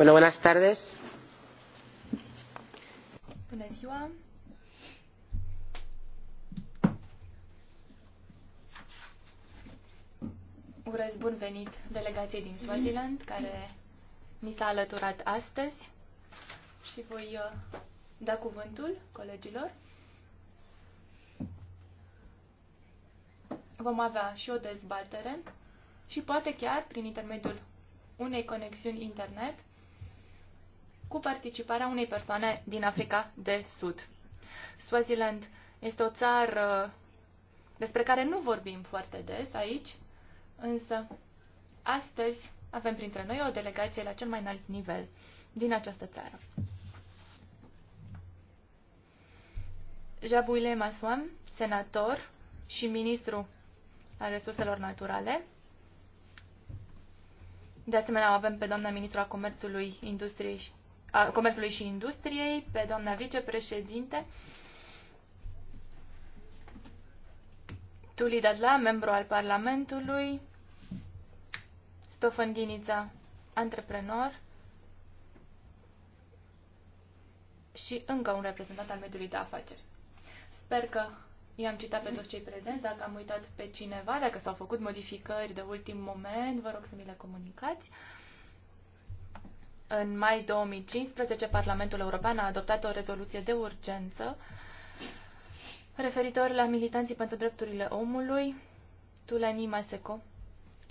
Bueno, buenas tardes. Bună Urez bun venit delegației din Swaziland, care mi s-a alăturat astăzi și voi uh, da cuvântul colegilor. Vom avea și o dezbatere și poate chiar prin intermediul unei conexiuni internet cu participarea unei persoane din Africa de Sud. Swaziland este o țară despre care nu vorbim foarte des aici, însă astăzi avem printre noi o delegație la cel mai înalt nivel din această țară. Jabuile Maswam, senator și ministru al resurselor naturale. De asemenea, avem pe doamna ministru a Comerțului, Industriei Comerțului și Industriei, pe doamna vicepreședinte, Tuli Dadla, membru al Parlamentului, Stofan Ghinița, antreprenor și încă un reprezentant al mediului de afaceri. Sper că i-am citat pe toți cei prezenți, dacă am uitat pe cineva, dacă s-au făcut modificări de ultim moment, vă rog să mi le comunicați. În mai 2015, Parlamentul European a adoptat o rezoluție de urgență referitor la militanții pentru drepturile omului, Tulani Maseko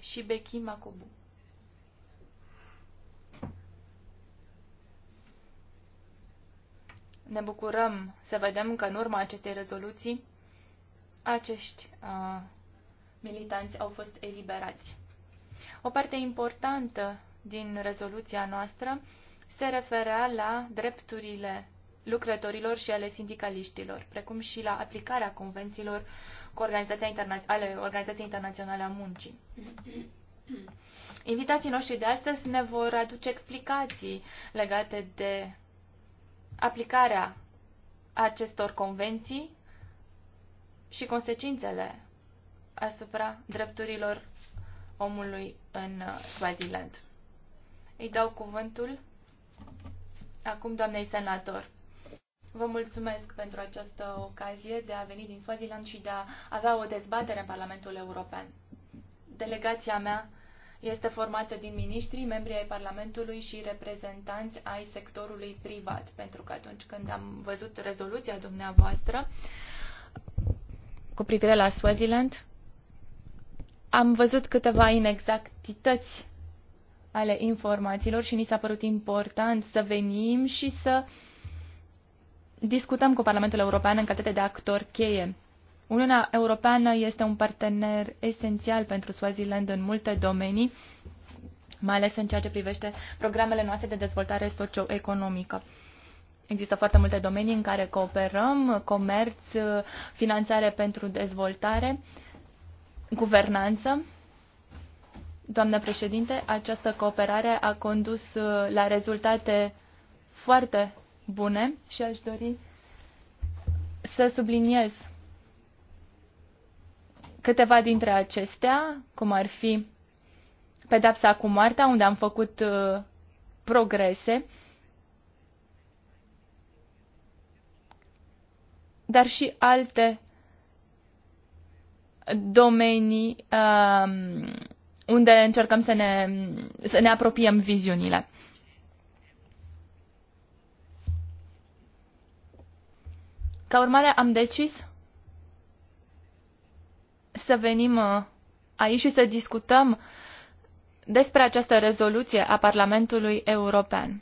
și Beki Makobu. Ne bucurăm să vedem că în urma acestei rezoluții acești uh, militanți au fost eliberați. O parte importantă din rezoluția noastră se referea la drepturile lucrătorilor și ale sindicaliștilor, precum și la aplicarea convențiilor cu Organizația Interna- ale Organizației Internaționale a Muncii. Invitații noștri de astăzi ne vor aduce explicații legate de aplicarea acestor convenții și consecințele asupra drepturilor omului în Swaziland. Îi dau cuvântul acum doamnei senator. Vă mulțumesc pentru această ocazie de a veni din Swaziland și de a avea o dezbatere în Parlamentul European. Delegația mea este formată din miniștri, membri ai Parlamentului și reprezentanți ai sectorului privat, pentru că atunci când am văzut rezoluția dumneavoastră cu privire la Swaziland, am văzut câteva inexactități ale informațiilor și ni s-a părut important să venim și să discutăm cu Parlamentul European în calitate de actor cheie. Uniunea Europeană este un partener esențial pentru Swaziland în multe domenii, mai ales în ceea ce privește programele noastre de dezvoltare socioeconomică. Există foarte multe domenii în care cooperăm, comerț, finanțare pentru dezvoltare, guvernanță Doamnă președinte, această cooperare a condus uh, la rezultate foarte bune și aș dori să subliniez câteva dintre acestea, cum ar fi pedapsa cu moartea, unde am făcut uh, progrese, dar și alte domenii um, unde încercăm să ne, să ne apropiem viziunile. Ca urmare, am decis să venim uh, aici și să discutăm despre această rezoluție a Parlamentului European.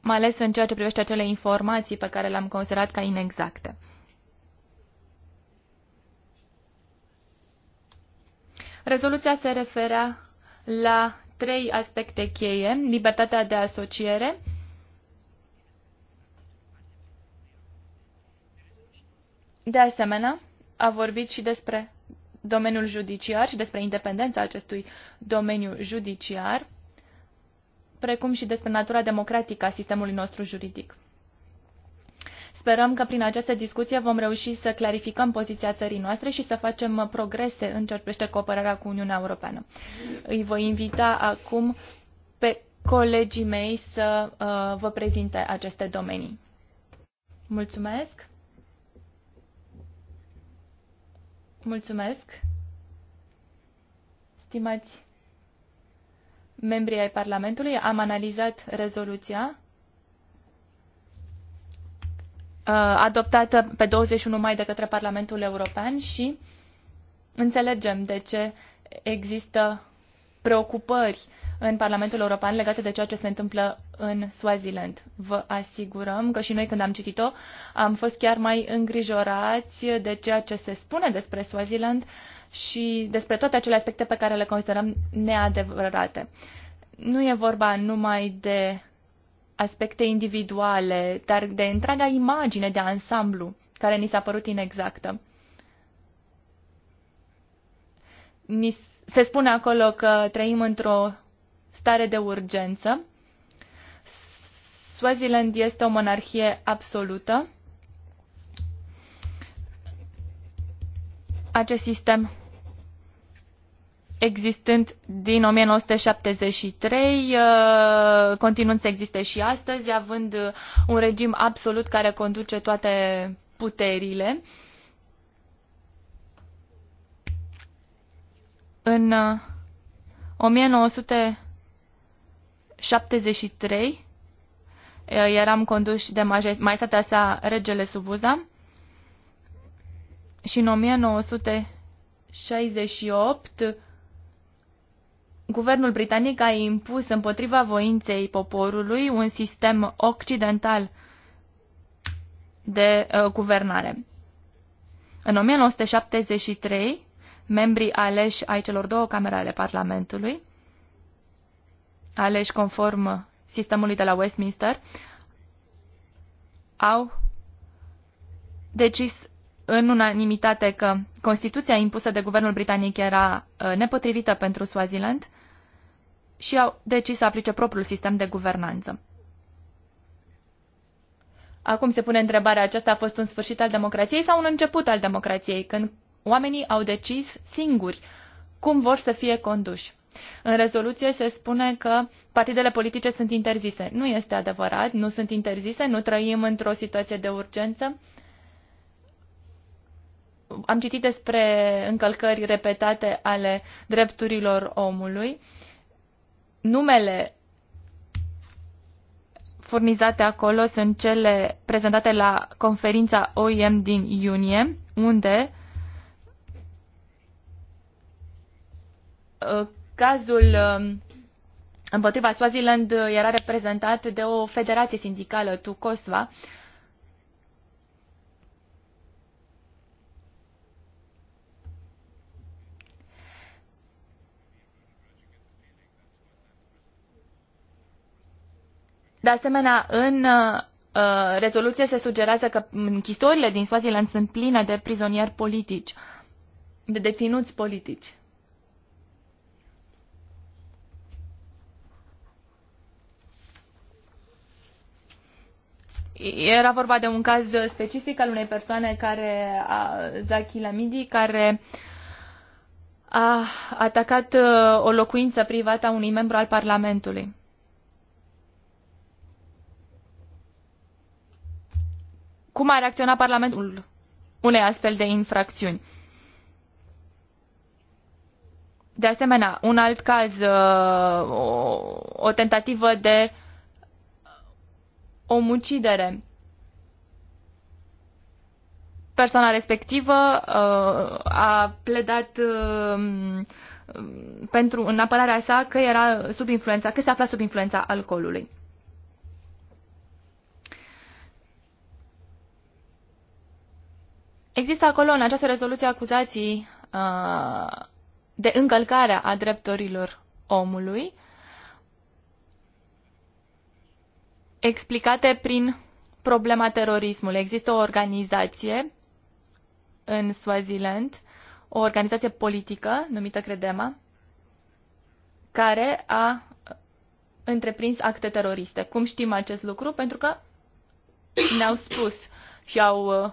Mai ales în ceea ce privește acele informații pe care le-am considerat ca inexacte. Rezoluția se referea la trei aspecte cheie, libertatea de asociere, De asemenea, a vorbit și despre domeniul judiciar și despre independența acestui domeniu judiciar, precum și despre natura democratică a sistemului nostru juridic. Sperăm că prin această discuție vom reuși să clarificăm poziția țării noastre și să facem progrese în ceea ce privește cooperarea cu Uniunea Europeană. Îi voi invita acum pe colegii mei să uh, vă prezinte aceste domenii. Mulțumesc! Mulțumesc! Stimați membrii ai Parlamentului, am analizat rezoluția Uh, adoptată pe 21 mai de către Parlamentul European și înțelegem de ce există preocupări în Parlamentul European legate de ceea ce se întâmplă în Swaziland. Vă asigurăm că și noi când am citit-o am fost chiar mai îngrijorați de ceea ce se spune despre Swaziland și despre toate acele aspecte pe care le considerăm neadevărate. Nu e vorba numai de aspecte individuale, dar de întreaga imagine de ansamblu care ni s-a părut inexactă. Ni se spune acolo că trăim într-o stare de urgență. Swaziland este o monarhie absolută. Acest sistem existând din 1973, uh, continuând să existe și astăzi, având un regim absolut care conduce toate puterile. În 1973 uh, uh, eram conduși de maestatea sa regele Subuza și în 1968 Guvernul britanic a impus împotriva voinței poporului un sistem occidental de uh, guvernare. În 1973, membrii aleși ai celor două camere ale Parlamentului, aleși conform sistemului de la Westminster, au decis în unanimitate că Constituția impusă de guvernul britanic era uh, nepotrivită pentru Swaziland și au decis să aplice propriul sistem de guvernanță. Acum se pune întrebarea, acesta a fost un sfârșit al democrației sau un început al democrației, când oamenii au decis singuri cum vor să fie conduși. În rezoluție se spune că partidele politice sunt interzise. Nu este adevărat, nu sunt interzise, nu trăim într-o situație de urgență. Am citit despre încălcări repetate ale drepturilor omului numele furnizate acolo sunt cele prezentate la conferința OIM din iunie, unde uh, cazul um, împotriva Swaziland era reprezentat de o federație sindicală, TUCOSVA, De asemenea, în uh, rezoluție se sugerează că închisorile din Swaziland sunt pline de prizonieri politici, de deținuți politici. Era vorba de un caz specific al unei persoane care, a, Zaki Lamidi, care a atacat uh, o locuință privată a unui membru al Parlamentului. cum a reacționat Parlamentul unei astfel de infracțiuni. De asemenea, un alt caz, uh, o, o tentativă de omucidere. Persoana respectivă uh, a pledat uh, pentru, în apărarea sa că era sub influența, că se afla sub influența alcoolului. Există acolo în această rezoluție acuzații uh, de încălcare a drepturilor omului, explicate prin problema terorismului. Există o organizație în Swaziland, o organizație politică numită Credema, care a întreprins acte teroriste. Cum știm acest lucru? Pentru că ne-au spus și au uh,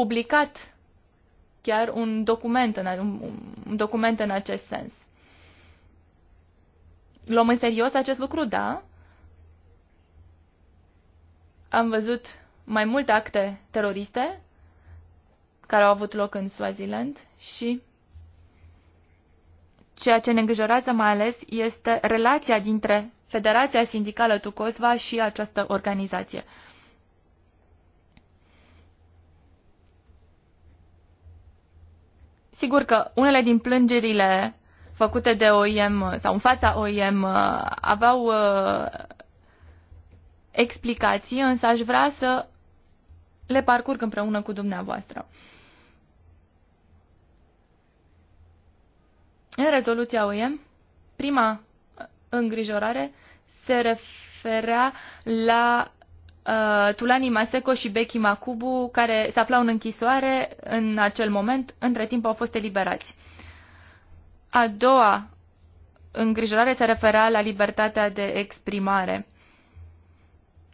publicat chiar un document în, un, un document în acest sens. Luăm în serios acest lucru, da? Am văzut mai multe acte teroriste care au avut loc în Swaziland și ceea ce ne îngrijorează mai ales este relația dintre Federația Sindicală Tucosva și această organizație. Sigur că unele din plângerile făcute de OIM uh, sau în fața OIM uh, aveau uh, explicații, însă aș vrea să le parcurg împreună cu dumneavoastră. În rezoluția OIM, prima îngrijorare se referea la Uh, Tulani Maseko și Beki Makubu, care se aflau în închisoare în acel moment, între timp au fost eliberați. A doua îngrijorare se refera la libertatea de exprimare.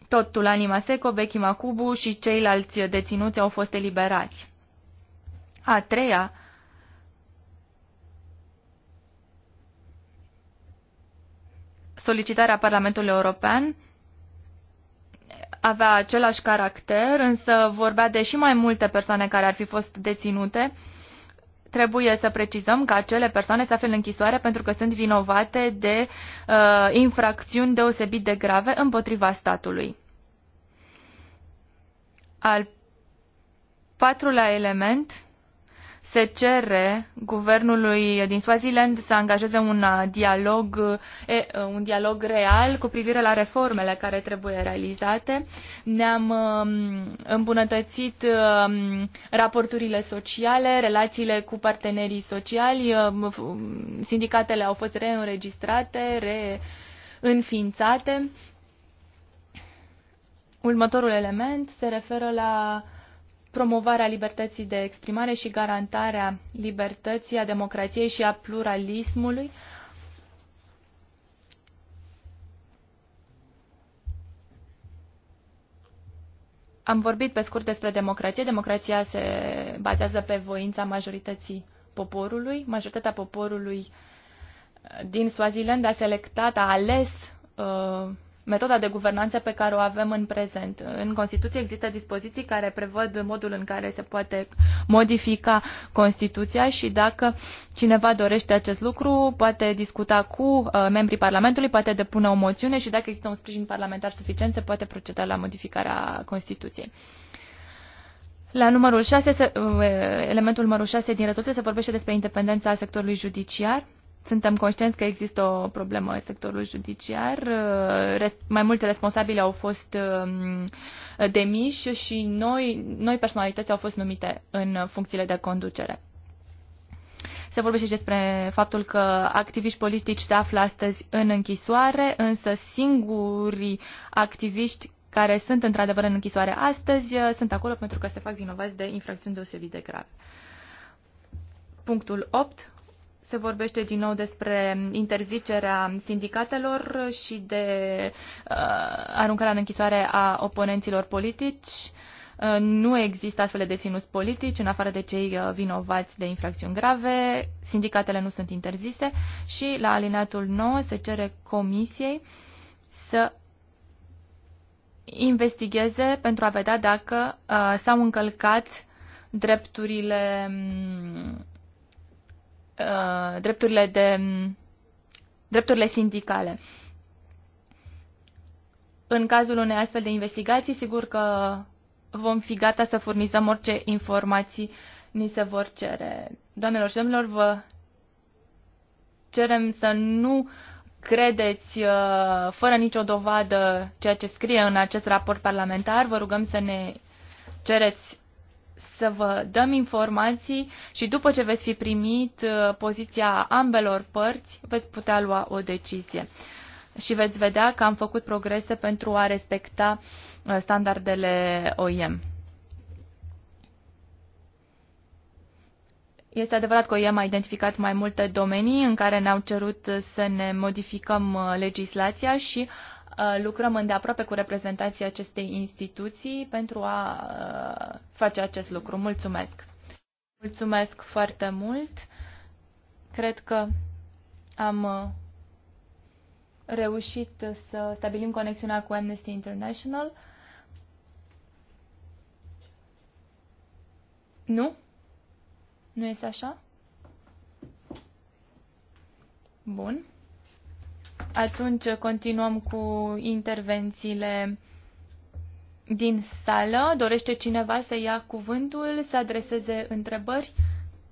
Tot Tulani Maseko, Beki Makubu și ceilalți deținuți au fost eliberați. A treia solicitarea Parlamentului European avea același caracter, însă vorbea de și mai multe persoane care ar fi fost deținute. Trebuie să precizăm că acele persoane se află în închisoare pentru că sunt vinovate de uh, infracțiuni deosebit de grave împotriva statului. Al patrulea element se cere guvernului din Swaziland să angajeze un uh, dialog, uh, un dialog real cu privire la reformele care trebuie realizate. Ne-am um, îmbunătățit um, raporturile sociale, relațiile cu partenerii sociali, um, sindicatele au fost reînregistrate, reînființate. Următorul element se referă la promovarea libertății de exprimare și garantarea libertății, a democrației și a pluralismului. Am vorbit pe scurt despre democrație. Democrația se bazează pe voința majorității poporului. Majoritatea poporului eh, din Swaziland a selectat, a ales uh, metoda de guvernanță pe care o avem în prezent. În Constituție există dispoziții care prevăd modul în care se poate modifica Constituția și dacă cineva dorește acest lucru, poate discuta cu uh, membrii Parlamentului, poate depune o moțiune și dacă există un sprijin parlamentar suficient, se poate proceda la modificarea Constituției. La numărul 6, uh, elementul numărul 6 din rezoluție se vorbește despre independența sectorului judiciar suntem conștienți că există o problemă în sectorul judiciar. Mai mulți responsabili au fost um, demiși și noi, noi personalități au fost numite în funcțiile de conducere. Se vorbește și despre faptul că activiști politici se află astăzi în închisoare, însă singurii activiști care sunt într-adevăr în închisoare astăzi uh, sunt acolo pentru că se fac vinovați de infracțiuni deosebit de grave. Punctul 8 se vorbește din nou despre interzicerea sindicatelor și de uh, aruncarea în închisoare a oponenților politici. Uh, nu există astfel de deținuți politici, în afară de cei uh, vinovați de infracțiuni grave. Sindicatele nu sunt interzise și la alineatul 9 se cere comisiei să investigheze pentru a vedea dacă uh, s-au încălcat drepturile mm, Uh, drepturile, de, drepturile sindicale. În cazul unei astfel de investigații, sigur că vom fi gata să furnizăm orice informații ni se vor cere. Doamnelor și domnilor, vă cerem să nu credeți uh, fără nicio dovadă ceea ce scrie în acest raport parlamentar. Vă rugăm să ne cereți să vă dăm informații și după ce veți fi primit uh, poziția ambelor părți, veți putea lua o decizie. Și veți vedea că am făcut progrese pentru a respecta uh, standardele OIM. Este adevărat că OIM a identificat mai multe domenii în care ne-au cerut să ne modificăm uh, legislația și Uh, lucrăm îndeaproape cu reprezentanții acestei instituții pentru a uh, face acest lucru. Mulțumesc! Mulțumesc foarte mult! Cred că am uh, reușit să stabilim conexiunea cu Amnesty International. Nu? Nu este așa? Bun. Atunci continuăm cu intervențiile din sală. Dorește cineva să ia cuvântul, să adreseze întrebări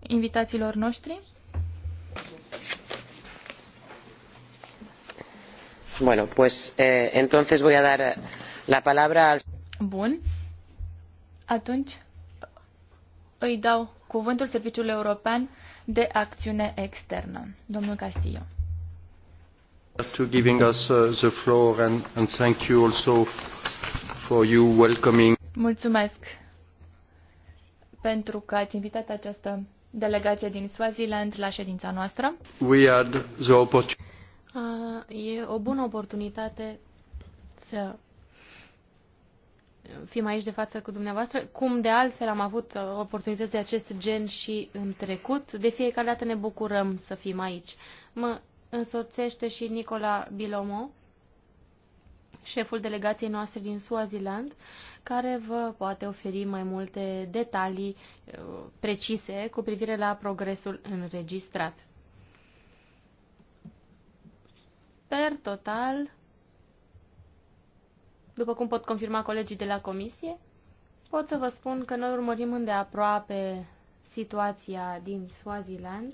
invitațiilor noștri? Bueno, pues eh, entonces voy a dar la palabra al... Bun. Atunci îi dau cuvântul Serviciului European de Acțiune Externă. Domnul Castillo to giving us uh, the floor and, and thank you also for you welcoming. Mulțumesc pentru că ați invitat această delegație din Swaziland la ședința noastră. We had the opportunity. Uh, e o bună oportunitate să fim aici de față cu dumneavoastră, cum de altfel am avut uh, oportunități de acest gen și în trecut. De fiecare dată ne bucurăm să fim aici. Mă însoțește și Nicola Bilomo, șeful delegației noastre din Swaziland, care vă poate oferi mai multe detalii uh, precise cu privire la progresul înregistrat. Per total, după cum pot confirma colegii de la comisie, pot să vă spun că noi urmărim îndeaproape situația din Swaziland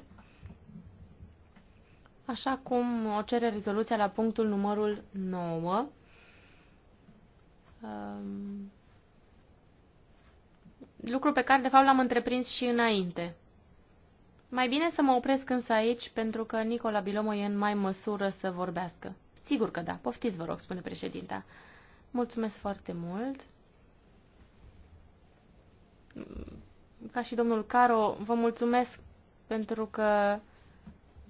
așa cum o cere rezoluția la punctul numărul 9. Um, lucru pe care, de fapt, l-am întreprins și înainte. Mai bine să mă opresc însă aici, pentru că Nicola Bilomo e în mai măsură să vorbească. Sigur că da, poftiți, vă rog, spune președinta. Mulțumesc foarte mult. Ca și domnul Caro, vă mulțumesc pentru că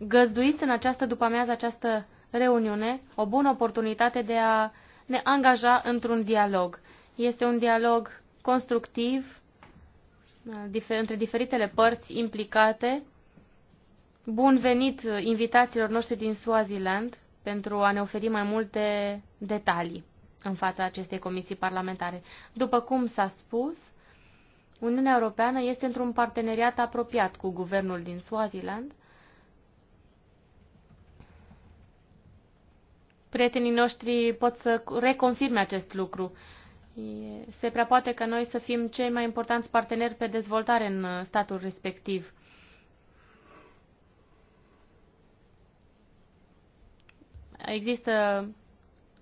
găzduiți în această după-amiază această reuniune o bună oportunitate de a ne angaja într-un dialog. Este un dialog constructiv uh, între diferitele părți implicate. Bun venit uh, invitațiilor noștri din Swaziland pentru a ne oferi mai multe detalii în fața acestei comisii parlamentare. După cum s-a spus, Uniunea Europeană este într-un parteneriat apropiat cu guvernul din Swaziland prietenii noștri pot să reconfirme acest lucru. Se prea poate ca noi să fim cei mai importanți parteneri pe dezvoltare în uh, statul respectiv. Există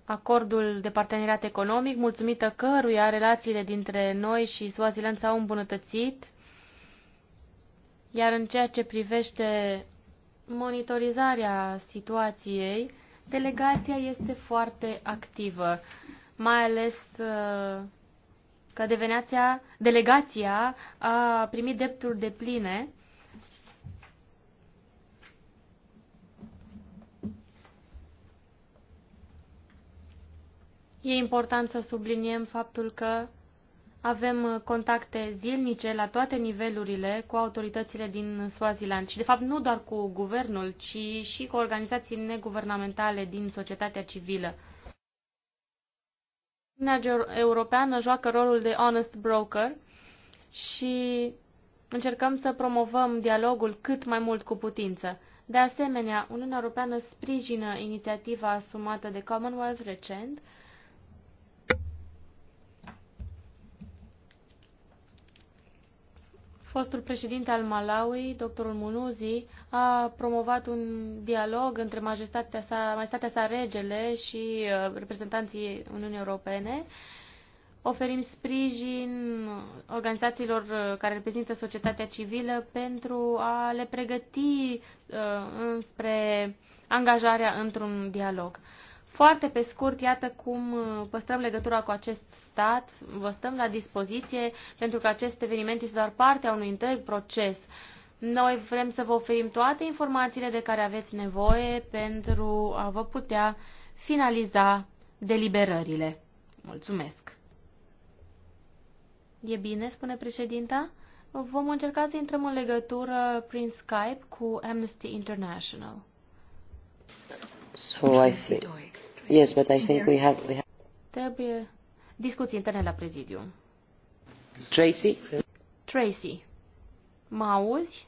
acordul de parteneriat economic, mulțumită căruia relațiile dintre noi și Swaziland s-au îmbunătățit, iar în ceea ce privește monitorizarea situației, Delegația este foarte activă, mai ales uh, că deveneația, delegația a primit drepturi de pline E important să subliniem faptul că avem uh, contacte zilnice la toate nivelurile cu autoritățile din Swaziland și, de fapt, nu doar cu guvernul, ci și cu organizații neguvernamentale din societatea civilă. Uniunea Europeană joacă rolul de honest broker și încercăm să promovăm dialogul cât mai mult cu putință. De asemenea, Uniunea Europeană sprijină inițiativa asumată de Commonwealth recent, Fostul președinte al Malawi, doctorul Munuzi, a promovat un dialog între majestatea sa, majestatea sa regele și uh, reprezentanții Uniunii Europene. Oferim sprijin organizațiilor uh, care reprezintă societatea civilă pentru a le pregăti uh, spre angajarea într-un dialog. Foarte pe scurt, iată cum uh, păstrăm legătura cu acest stat, vă stăm la dispoziție, pentru că acest eveniment este doar parte a unui întreg proces. Noi vrem să vă oferim toate informațiile de care aveți nevoie pentru a vă putea finaliza deliberările. Mulțumesc! E bine, spune președinta. Vom încerca să intrăm în legătură prin Skype cu Amnesty International. So I think. Yes, but I think we have, we have... Trebuie discuții interne la prezidiu. Tracy? Tracy, mă auzi?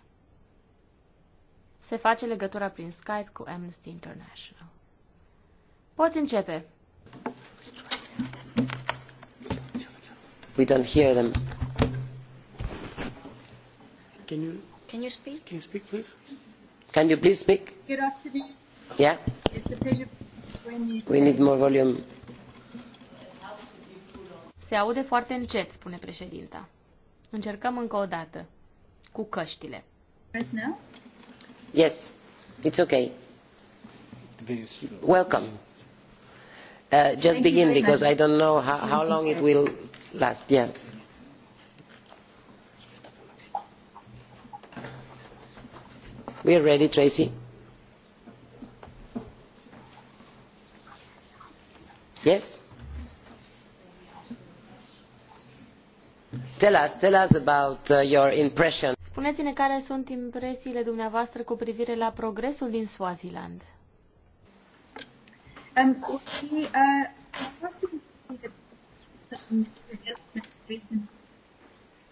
Se face legătura prin Skype cu Amnesty International. Poți începe. We don't hear them. Can you, Can you speak? Can you speak, please? Can you please speak? to the Yeah. It's the We need more volume. Se aude foarte încet, spune președinta. Încercăm încă o dată. Cu căștile. Yes, it's okay. Welcome. Uh, just Thank begin because I don't know how, how long it will last. Yeah. We are ready, Tracy. Yes? Tell us, tell us about uh, your impression. Spuneți-ne care sunt impresiile dumneavoastră cu privire la progresul din Swaziland. Um, uh,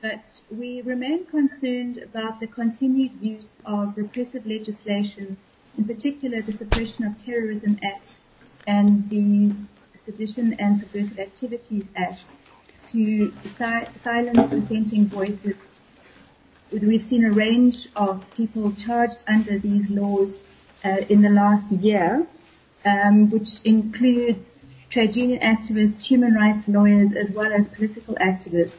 but we remain concerned about the continued use of repressive legislation, in particular the Suppression of Terrorism acts and the Sedition and Subversive Activities Act to si- silence dissenting voices. We've seen a range of people charged under these laws uh, in the last year, um, which includes trade union activists, human rights lawyers, as well as political activists.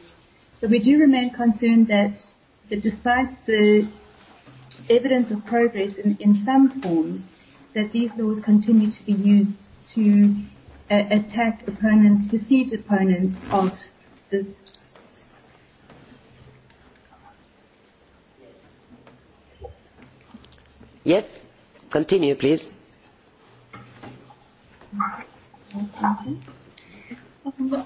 So we do remain concerned that, that despite the evidence of progress in, in some forms, that these laws continue to be used to uh, attack opponents, perceived opponents of the Yes, continue, please.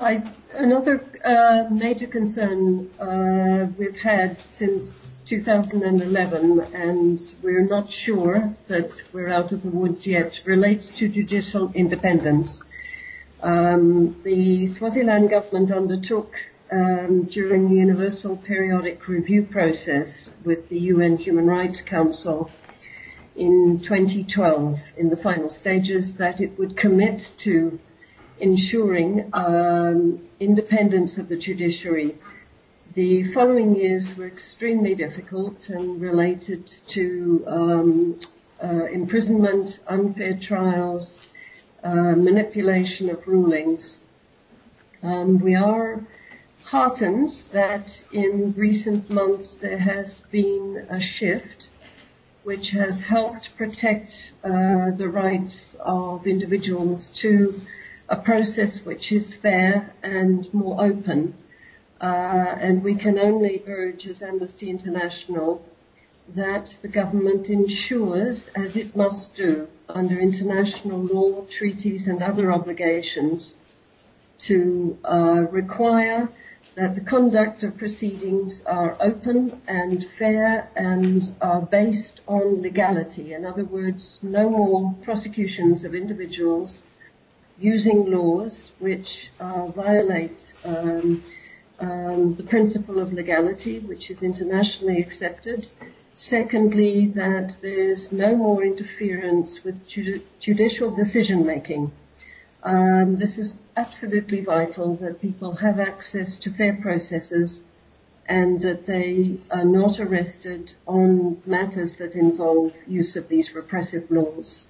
I, another uh, major concern uh, we've had since 2011, and we're not sure that we're out of the woods yet, relates to judicial independence. Uh, Um, the Swaziland government undertook um, during the Universal Periodic Review process with the UN Human Rights Council in 2012, in the final stages, that it would commit to ensuring um, independence of the judiciary. The following years were extremely difficult and related to um, uh, imprisonment, unfair trials, Uh, manipulation of rulings. Um, we are heartened that in recent months there has been a shift which has helped protect uh, the rights of individuals to a process which is fair and more open. Uh, and we can only urge as Amnesty International that the government ensures, as it must do under international law, treaties and other obligations, to uh, require that the conduct of proceedings are open and fair and are based on legality. In other words, no more prosecutions of individuals using laws which uh, violate um, um, the principle of legality, which is internationally accepted, Secondly, that there's no more interference with judi- judicial decision making. Um, this is absolutely vital that people have access to fair processes and that they are not arrested on matters that involve use of these repressive laws.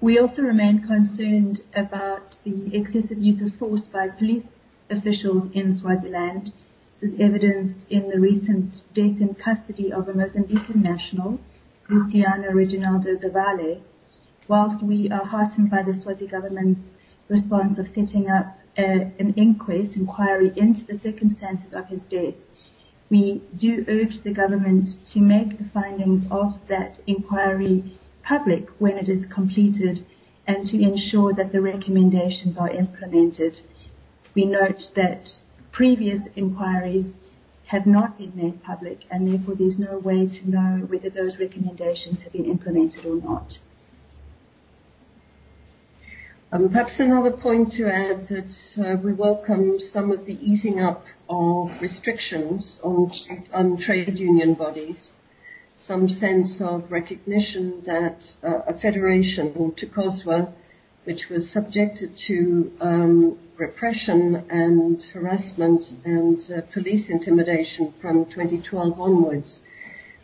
We also remain concerned about the excessive use of force by police officials in Swaziland This is evidenced in the recent death in custody of a Mozambican national, Luciano Reginaldo Zavale. Whilst we are heartened by the Swazi government's response of setting up a, an inquest inquiry into the circumstances of his death, we do urge the government to make the findings of that inquiry public when it is completed and to ensure that the recommendations are implemented. We note that previous inquiries have not been made public and therefore there's no way to know whether those recommendations have been implemented or not. Um, perhaps another point to add that uh, we welcome some of the easing up of restrictions on, on trade union bodies, some sense of recognition that uh, a federation to COSWA which was subjected to um, repression and harassment and uh, police intimidation from 2012 onwards,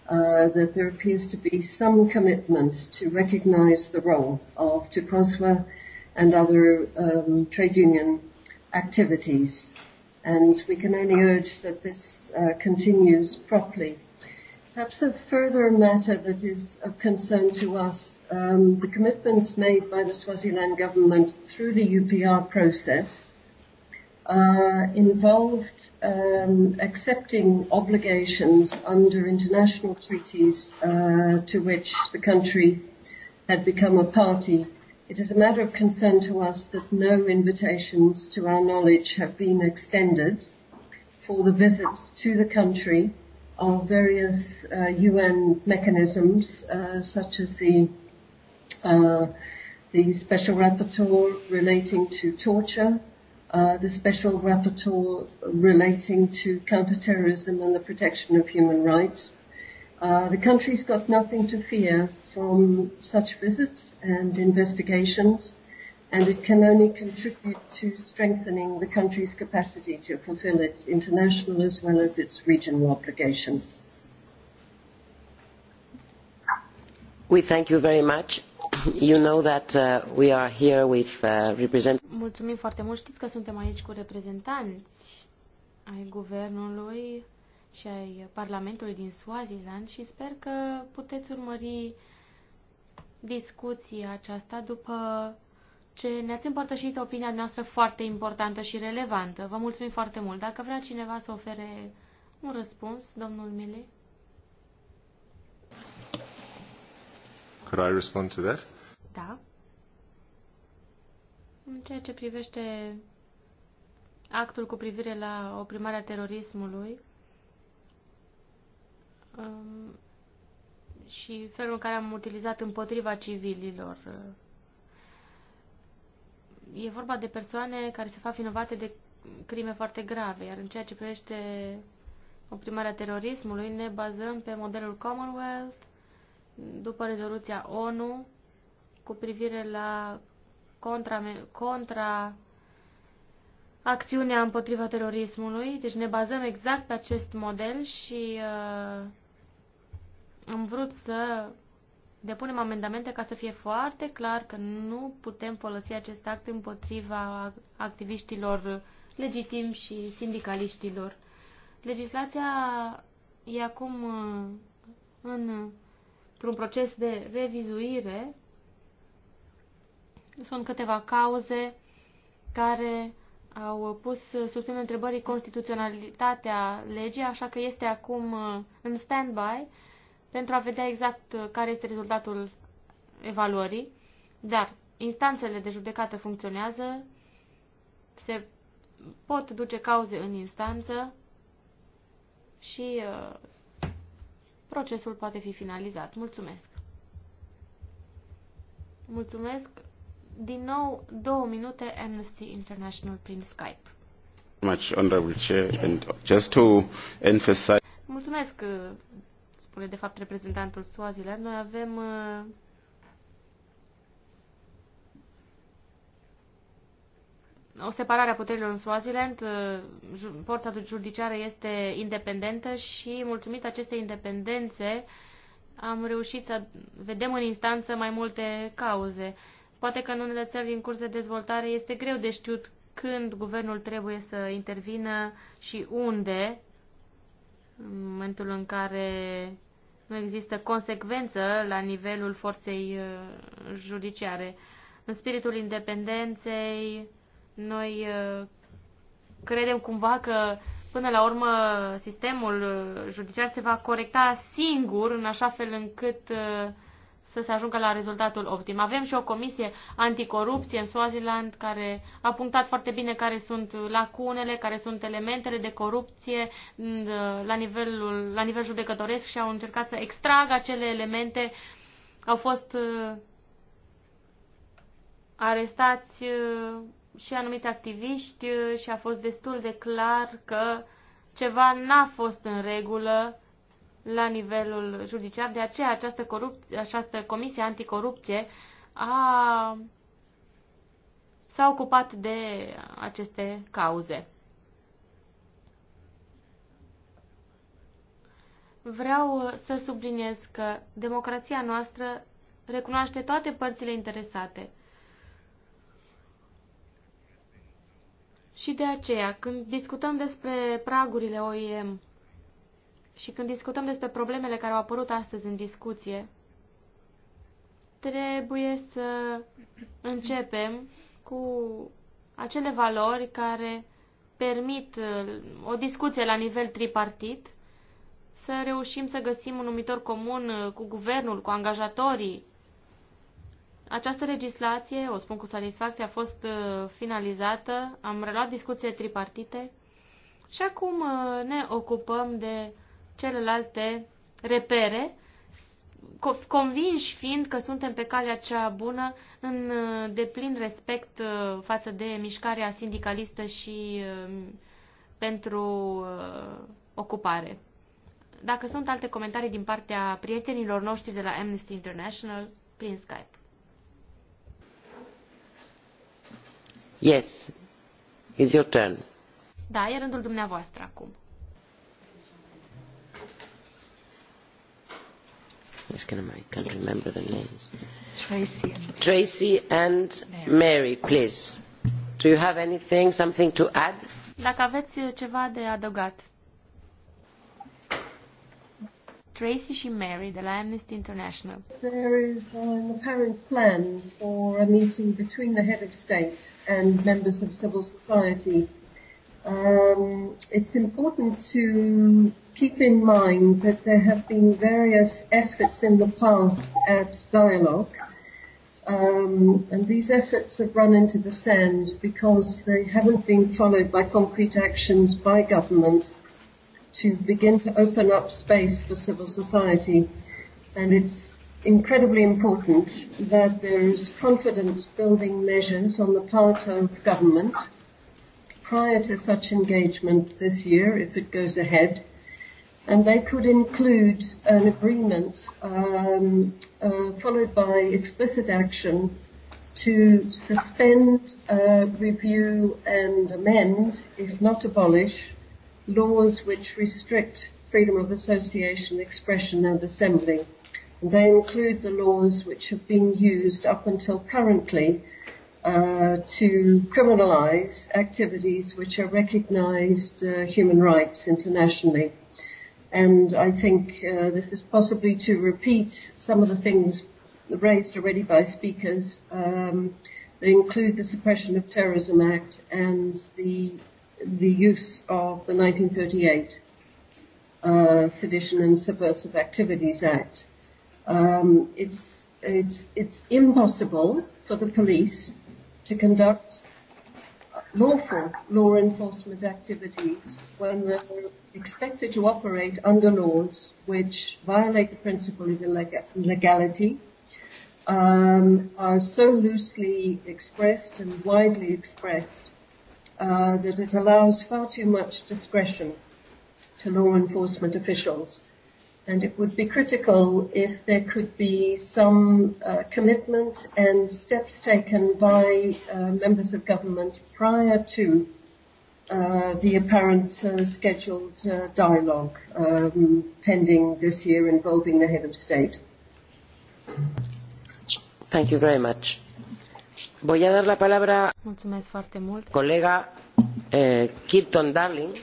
uh, that there appears to be some commitment to recognize the role of TUCOSWA and other um, trade union activities. And we can only urge that this uh, continues properly Perhaps a further matter that is of concern to us, um, the commitments made by the Swaziland government through the UPR process uh, involved um, accepting obligations under international treaties uh, to which the country had become a party. It is a matter of concern to us that no invitations to our knowledge have been extended for the visits to the country of various uh, UN mechanisms, uh, such as the uh, the special rapporteur relating to torture, uh, the special rapporteur relating to counterterrorism and the protection of human rights. Uh, the country's got nothing to fear from such visits and investigations and it can only contribute to strengthening the country's capacity to fulfill its international as well as its regional obligations. We thank you very much. You know that uh, we are here with uh, representatives. Mulțumim foarte mult. Știți că suntem aici cu reprezentanți ai guvernului și ai parlamentului din Swaziland și sper că puteți urmări discuția aceasta după ce ne-ați împărtășit opinia noastră foarte importantă și relevantă. Vă mulțumim foarte mult. Dacă vrea cineva să ofere un răspuns, domnul Mele. Could I respond to that? Da. În ceea ce privește actul cu privire la oprimarea terorismului um, și felul în care am utilizat împotriva civililor uh, e vorba de persoane care se fac vinovate de crime foarte grave, iar în ceea ce privește oprimarea terorismului, ne bazăm pe modelul Commonwealth, după rezoluția ONU, cu privire la contra, contra acțiunea împotriva terorismului. Deci ne bazăm exact pe acest model și uh, am vrut să depunem amendamente ca să fie foarte clar că nu putem folosi acest act împotriva activiștilor legitimi și sindicaliștilor. Legislația e acum uh, în, într-un proces de revizuire. Sunt câteva cauze care au pus sub semnul întrebării constituționalitatea legii, așa că este acum uh, în stand-by pentru a vedea exact uh, care este rezultatul evaluării, dar instanțele de judecată funcționează, se pot duce cauze în instanță și uh, procesul poate fi finalizat. Mulțumesc! Mulțumesc! Din nou, două minute Amnesty International prin Skype. Honorable Chair, and just to emphasize... Mulțumesc, uh, spune de fapt reprezentantul Swaziland, noi avem uh, o separare a puterilor în Swaziland, uh, forța judiciară este independentă și, mulțumit acestei independențe, am reușit să vedem în instanță mai multe cauze. Poate că în unele țări în curs de dezvoltare este greu de știut când guvernul trebuie să intervină și unde, momentul în care nu există consecvență la nivelul forței uh, judiciare. În spiritul independenței, noi uh, credem cumva că până la urmă sistemul uh, judiciar se va corecta singur în așa fel încât uh, să se ajungă la rezultatul optim. Avem și o comisie anticorupție în Swaziland care a punctat foarte bine care sunt lacunele, care sunt elementele de corupție mm, la, nivelul, la nivel judecătoresc și au încercat să extragă acele elemente. Au fost uh, arestați uh, și anumiți activiști uh, și a fost destul de clar că ceva n-a fost în regulă la nivelul judiciar. De aceea această, corup- această comisie anticorupție a, s-a ocupat de aceste cauze. Vreau să subliniez că democrația noastră recunoaște toate părțile interesate. Și de aceea, când discutăm despre pragurile OIM și când discutăm despre problemele care au apărut astăzi în discuție, trebuie să începem cu acele valori care permit uh, o discuție la nivel tripartit, să reușim să găsim un numitor comun uh, cu guvernul, cu angajatorii. Această legislație, o spun cu satisfacție, a fost uh, finalizată, am reluat discuții tripartite și acum ne ocupăm de celelalte repere, convinși fiind că suntem pe calea cea bună în uh, deplin respect uh, față de mișcarea sindicalistă și um, pentru uh, ocupare. Dacă sunt alte comentarii din partea prietenilor noștri de la Amnesty International, prin Skype. Yes, it's your turn. Da, e rândul dumneavoastră acum. Miss Kinnaman, I can't remember the names. Tracy and Mary. Tracy and Mary, Mary please. Do you have anything, something to add? Dacă aveți uh, ceva de adăugat. Tracy și Mary de la Amnesty International. There is an apparent plan for a meeting between the head of state and members of civil society. Um, it's important to keep in mind that there have been various efforts in the past at dialogue, um, and these efforts have run into the sand because they haven't been followed by concrete actions by government to begin to open up space for civil society. And it's incredibly important that there is confidence building measures on the part of government prior to such engagement this year if it goes ahead and they could include an agreement um, uh, followed by explicit action to suspend, uh, review and amend, if not abolish, laws which restrict freedom of association, expression and assembly. And they include the laws which have been used up until currently uh, to criminalize activities which are recognized uh, human rights internationally and I think uh, this is possibly to repeat some of the things raised already by speakers. Um, they include the Suppression of Terrorism Act and the the use of the 1938 uh, Sedition and Subversive Activities Act. Um, it's it's it's impossible for the police to conduct lawful law enforcement activities when the expected to operate under laws which violate the principle of legality, um, are so loosely expressed and widely expressed uh, that it allows far too much discretion to law enforcement officials. And it would be critical if there could be some uh, commitment and steps taken by uh, members of government prior to Uh, the apparent uh, scheduled uh, dialogue um, pending this year involving the head of state. Thank you very much. Voy a dar la palabra Mulțumesc foarte mult. colega eh, Kirton Darling.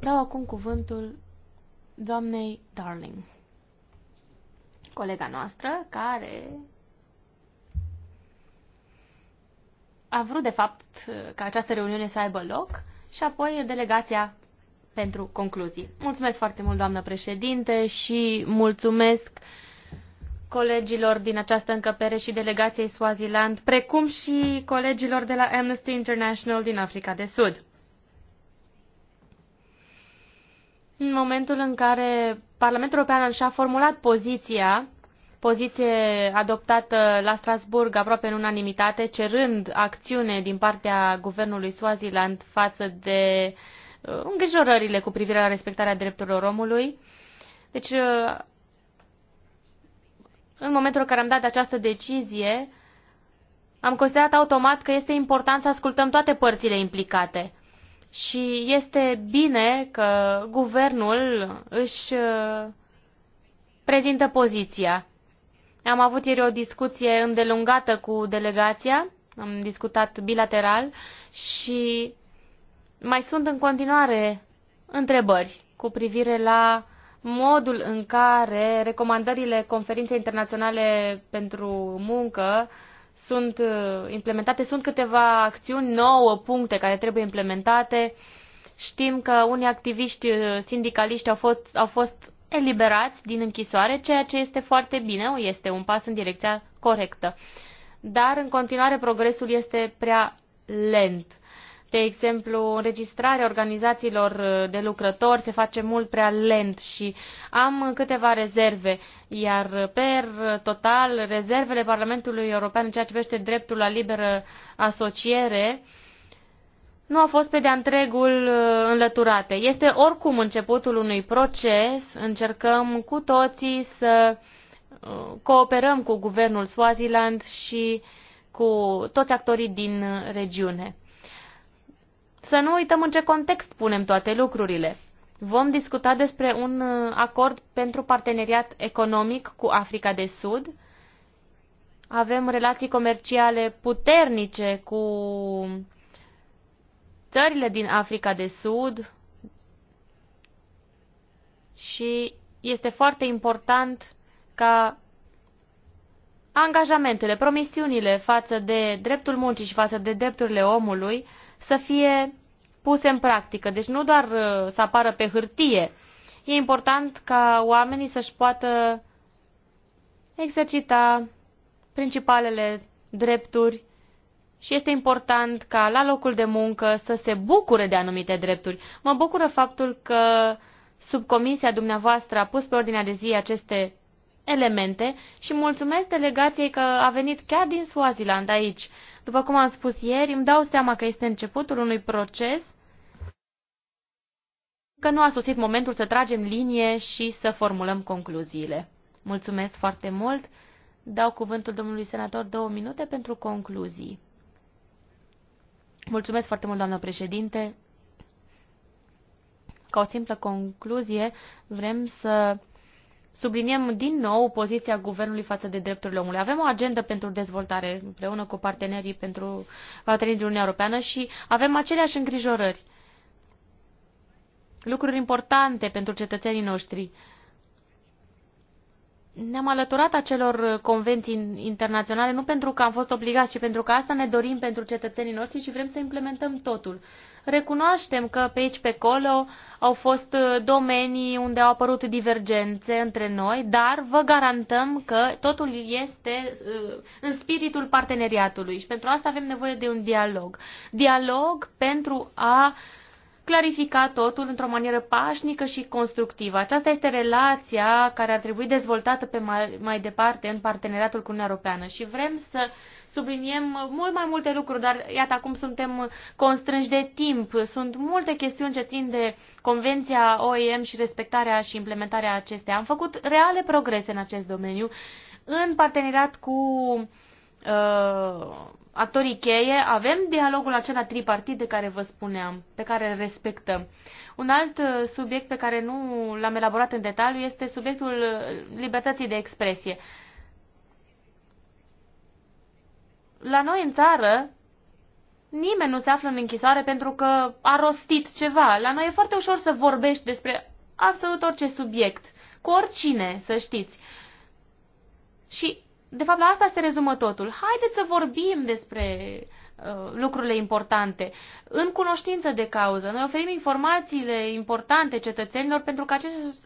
Dau acum cuvântul doamnei Darling, colega noastră care a vrut, de fapt, ca această reuniune să aibă loc și apoi delegația pentru concluzii. Mulțumesc foarte mult, doamnă președinte, și mulțumesc colegilor din această încăpere și delegației Swaziland, precum și colegilor de la Amnesty International din Africa de Sud. În momentul în care Parlamentul European și-a formulat poziția poziție adoptată la Strasburg aproape în unanimitate, cerând acțiune din partea guvernului Swaziland față de uh, îngrijorările cu privire la respectarea drepturilor omului. Deci, uh, în momentul în care am dat această decizie, am considerat automat că este important să ascultăm toate părțile implicate. Și este bine că guvernul își uh, prezintă poziția. Am avut ieri o discuție îndelungată cu delegația, am discutat bilateral și mai sunt în continuare întrebări cu privire la modul în care recomandările Conferinței Internaționale pentru Muncă sunt uh, implementate. Sunt câteva acțiuni, nouă puncte care trebuie implementate. Știm că unii activiști uh, sindicaliști au fost, au fost eliberați din închisoare, ceea ce este foarte bine, este un pas în direcția corectă. Dar, în continuare, progresul este prea lent. De exemplu, înregistrarea organizațiilor uh, de lucrători se face mult prea lent și am câteva rezerve, iar per total rezervele Parlamentului European în ceea ce privește dreptul la liberă asociere uh, nu au fost pe de-a întregul uh, înlăturate. Este oricum începutul unui proces, încercăm cu toții să uh, cooperăm cu guvernul Swaziland și cu toți actorii din regiune. Să nu uităm în ce context punem toate lucrurile. Vom discuta despre un uh, acord pentru parteneriat economic cu Africa de Sud. Avem relații comerciale puternice cu țările din Africa de Sud și este foarte important ca angajamentele, promisiunile față de dreptul muncii și față de drepturile omului să fie puse în practică. Deci nu doar uh, să apară pe hârtie. E important ca oamenii să-și poată exercita principalele drepturi și este important ca la locul de muncă să se bucure de anumite drepturi. Mă bucură faptul că subcomisia dumneavoastră a pus pe ordinea de zi aceste elemente și mulțumesc delegației că a venit chiar din Swaziland aici. După cum am spus ieri, îmi dau seama că este începutul unui proces, că nu a sosit momentul să tragem linie și să formulăm concluziile. Mulțumesc foarte mult! Dau cuvântul domnului senator două minute pentru concluzii. Mulțumesc foarte mult, doamnă președinte. Ca o simplă concluzie, vrem să subliniem din nou poziția guvernului față de drepturile omului. Avem o agendă pentru dezvoltare împreună cu partenerii pentru partenerii din Uniunea Europeană și avem aceleași îngrijorări. Lucruri importante pentru cetățenii noștri ne-am alăturat acelor convenții internaționale nu pentru că am fost obligați, ci pentru că asta ne dorim pentru cetățenii noștri și vrem să implementăm totul. Recunoaștem că pe aici, pe acolo, au fost domenii unde au apărut divergențe între noi, dar vă garantăm că totul este uh, în spiritul parteneriatului și pentru asta avem nevoie de un dialog. Dialog pentru a uh, clarifica totul într-o manieră pașnică și constructivă. Aceasta este relația care ar trebui dezvoltată pe mai, mai departe în parteneriatul cu Uniunea Europeană și vrem să subliniem mult mai multe lucruri, dar iată acum suntem constrânși de timp. Sunt multe chestiuni ce țin de convenția OEM și respectarea și implementarea acesteia. Am făcut reale progrese în acest domeniu în parteneriat cu uh, uh, actorii cheie, avem dialogul acela tripartit de care vă spuneam, pe care îl respectăm. Un alt uh, subiect pe care nu l-am elaborat în detaliu este subiectul uh, libertății de expresie. La noi în țară, nimeni nu se află în închisoare pentru că a rostit ceva. La noi e foarte ușor să vorbești despre absolut orice subiect, cu oricine, să știți. Și de fapt, la asta se rezumă totul. Haideți să vorbim despre uh, lucrurile importante, în cunoștință de cauză. Noi oferim informațiile importante cetățenilor pentru că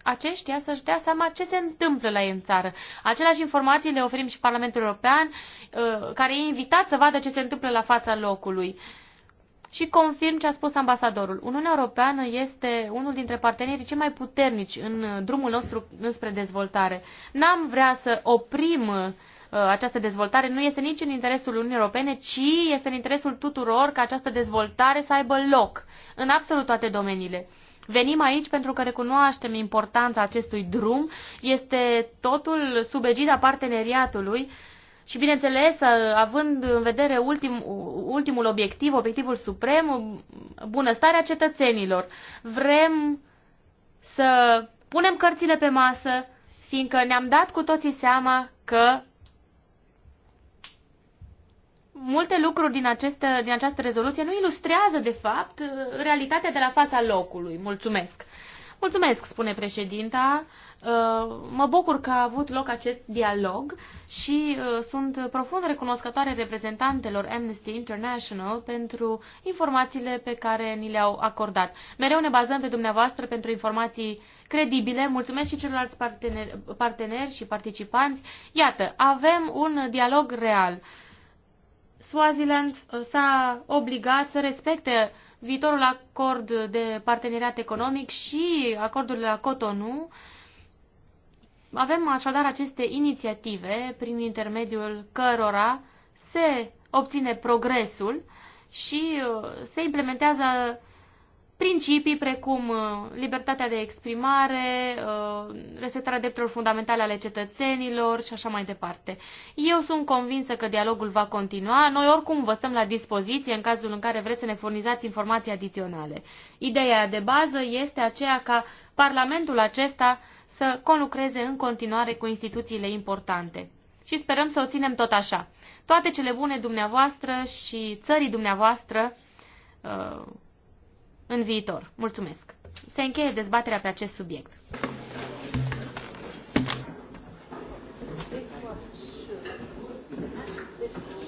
aceștia să-și dea seama ce se întâmplă la ei în țară. Aceleași informații le oferim și Parlamentul European, uh, care e invitat să vadă ce se întâmplă la fața locului. Și confirm ce a spus ambasadorul. Uniunea Europeană este unul dintre partenerii cei mai puternici în drumul nostru înspre dezvoltare. N-am vrea să oprim uh, Uh, această dezvoltare nu este nici în interesul Uniunii Europene, ci este în interesul tuturor ca această dezvoltare să aibă loc în absolut toate domeniile. Venim aici pentru că recunoaștem importanța acestui drum, este totul sub egida parteneriatului și, bineînțeles, uh, având în vedere ultim, ultimul obiectiv, obiectivul suprem, uh, bunăstarea cetățenilor. Vrem să punem cărțile pe masă, fiindcă ne-am dat cu toții seama că multe lucruri din, aceste, din această rezoluție nu ilustrează, de fapt, realitatea de la fața locului. Mulțumesc! Mulțumesc, spune președinta. Uh, mă bucur că a avut loc acest dialog și uh, sunt profund recunoscătoare reprezentantelor Amnesty International pentru informațiile pe care ni le-au acordat. Mereu ne bazăm pe dumneavoastră pentru informații credibile. Mulțumesc și celorlalți parteneri, parteneri și participanți. Iată, avem un dialog real. Swaziland uh, s-a obligat să respecte viitorul acord de parteneriat economic și acordul la Cotonou. Avem așadar aceste inițiative prin intermediul cărora se obține progresul și uh, se implementează principii precum uh, libertatea de exprimare, uh, respectarea drepturilor fundamentale ale cetățenilor și așa mai departe. Eu sunt convinsă că dialogul va continua. Noi oricum vă stăm la dispoziție în cazul în care vreți să ne furnizați informații adiționale. Ideea de bază este aceea ca Parlamentul acesta să conlucreze în continuare cu instituțiile importante. Și sperăm să o ținem tot așa. Toate cele bune dumneavoastră și țării dumneavoastră uh, în viitor. Mulțumesc! Se încheie dezbaterea pe acest subiect. This was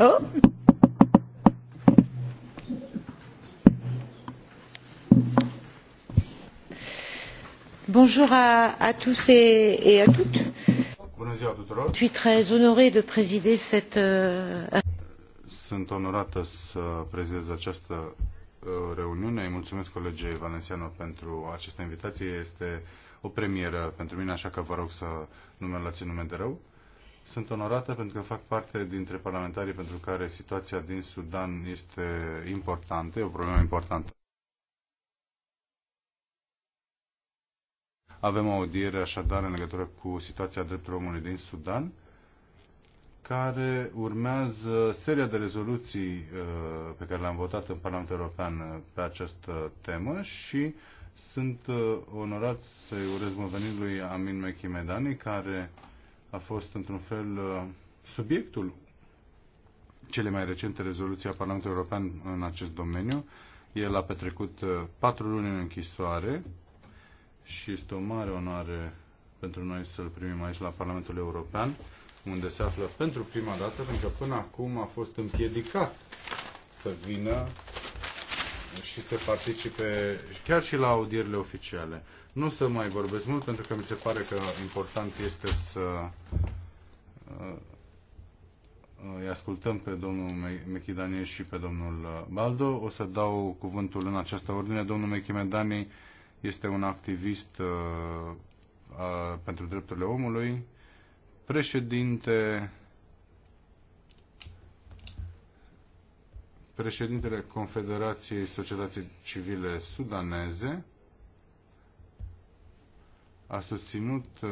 Oh. Bonjour à, à tous et, et à toutes. Bonjour à tuturor. Je suis très honorée de présider cette euh... Sunt onorată să prezidez această uh, reuniune. Îi mulțumesc colegei Valenciano pentru această invitație. Este o premieră pentru mine, așa că vă rog să nu mă lăsați în nume de rău. Sunt onorată pentru că fac parte dintre parlamentarii pentru care situația din Sudan este importantă, e o problemă importantă. Avem o audiere așadar în legătură cu situația drepturilor omului din Sudan, care urmează seria de rezoluții uh, pe care le-am votat în Parlamentul European uh, pe această temă și sunt uh, onorat să-i urez bun venit lui Amin Mechimedani, care a fost într-un fel uh, subiectul cele mai recente rezoluții a Parlamentului European în acest domeniu. El a petrecut uh, patru luni în închisoare și este o mare onoare pentru noi să-l primim aici la Parlamentul European, unde se află pentru prima dată, pentru că până acum a fost împiedicat să vină și să participe chiar și la audierile oficiale. Nu să mai vorbesc mult pentru că mi se pare că important este să uh, îi ascultăm pe domnul Mechidanie și pe domnul uh, Baldo. O să dau cuvântul în această ordine. Domnul Mechimedani este un activist uh, pentru drepturile omului, președinte președintele Confederației Societății Civile Sudaneze a susținut uh,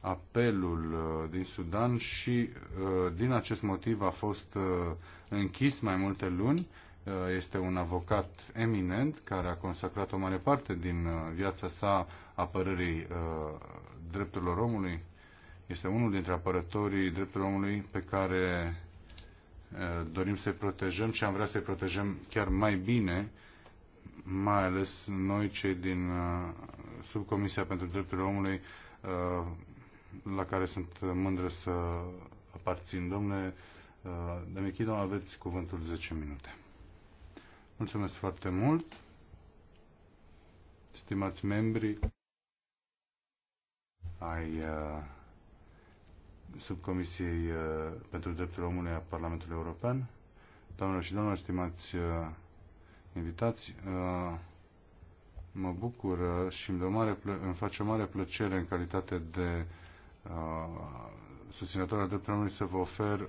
apelul uh, din Sudan și uh, din acest motiv a fost închis mai multe luni. Este un avocat eminent care a consacrat o mare parte din viața sa apărării drepturilor omului. Este unul dintre apărătorii drepturilor omului pe care Eh, dorim să-i protejăm și am vrea să-i protejăm chiar mai bine, mai ales noi cei din eh, Subcomisia pentru Drepturile Omului, eh, la care sunt mândră să aparțin. Domnule Demichidon, aveți cuvântul 10 minute. Mulțumesc foarte mult, stimați membri ai subcomisiei uh, pentru drepturile omului a Parlamentului European. Doamnelor și domnilor, stimați uh, invitați, uh, mă bucur și îmi, mare, îmi face o mare plăcere în calitate de susținător al drepturilor omului să vă ofer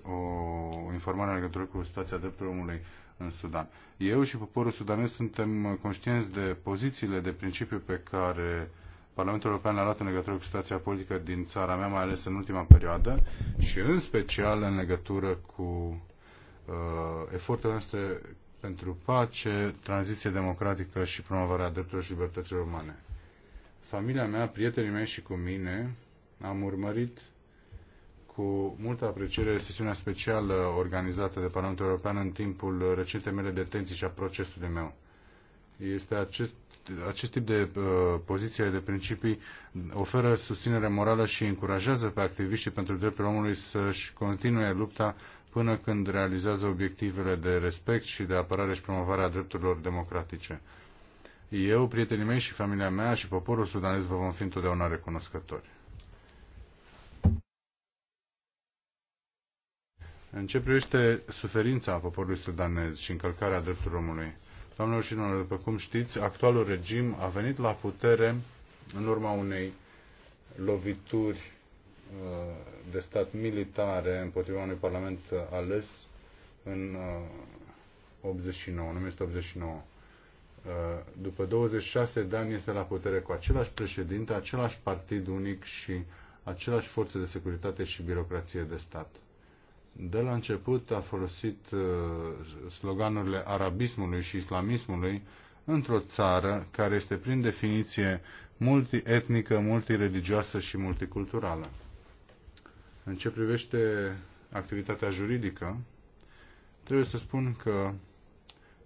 o informare în legătură cu situația drepturilor omului în Sudan. Eu și poporul sudanez suntem conștienți de pozițiile, de principiu pe care Parlamentul European a luat în legătură cu situația politică din țara mea, mai ales în ultima perioadă, și în special în legătură cu uh, eforturile noastre pentru pace, tranziție democratică și promovarea drepturilor și libertăților umane. Familia mea, prietenii mei și cu mine am urmărit cu multă apreciere sesiunea specială organizată de Parlamentul European în timpul recentei mele detenții și a procesului meu. Este acest acest tip de uh, poziție, de principii, oferă susținere morală și încurajează pe activiștii pentru drepturile omului să-și continue lupta până când realizează obiectivele de respect și de apărare și promovare a drepturilor democratice. Eu, prietenii mei și familia mea și poporul sudanez vă vom fi întotdeauna recunoscători. În ce privește suferința poporului sudanez și încălcarea drepturilor omului, Doamnelor și domnilor, după cum știți, actualul regim a venit la putere în urma unei lovituri uh, de stat militare împotriva unui parlament uh, ales în 89, uh, 1989. După 26 de ani este la putere cu același președinte, același partid unic și același forțe de securitate și birocrație de stat. De la început a folosit uh, sloganurile arabismului și islamismului într-o țară care este prin definiție multietnică, multireligioasă și multiculturală. În ce privește activitatea juridică, trebuie să spun că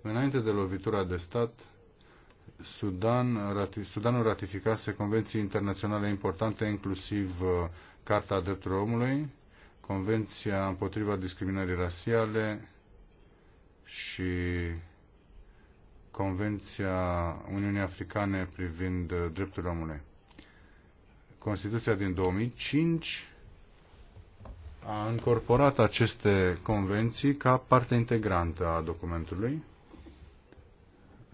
înainte de lovitura de stat, Sudan, rati, Sudanul ratificase convenții internaționale importante, inclusiv uh, Carta Drepturilor Omului, Convenția împotriva discriminării rasiale și Convenția Uniunii Africane privind uh, drepturile omului. Constituția din 2005 a încorporat aceste convenții ca parte integrantă a documentului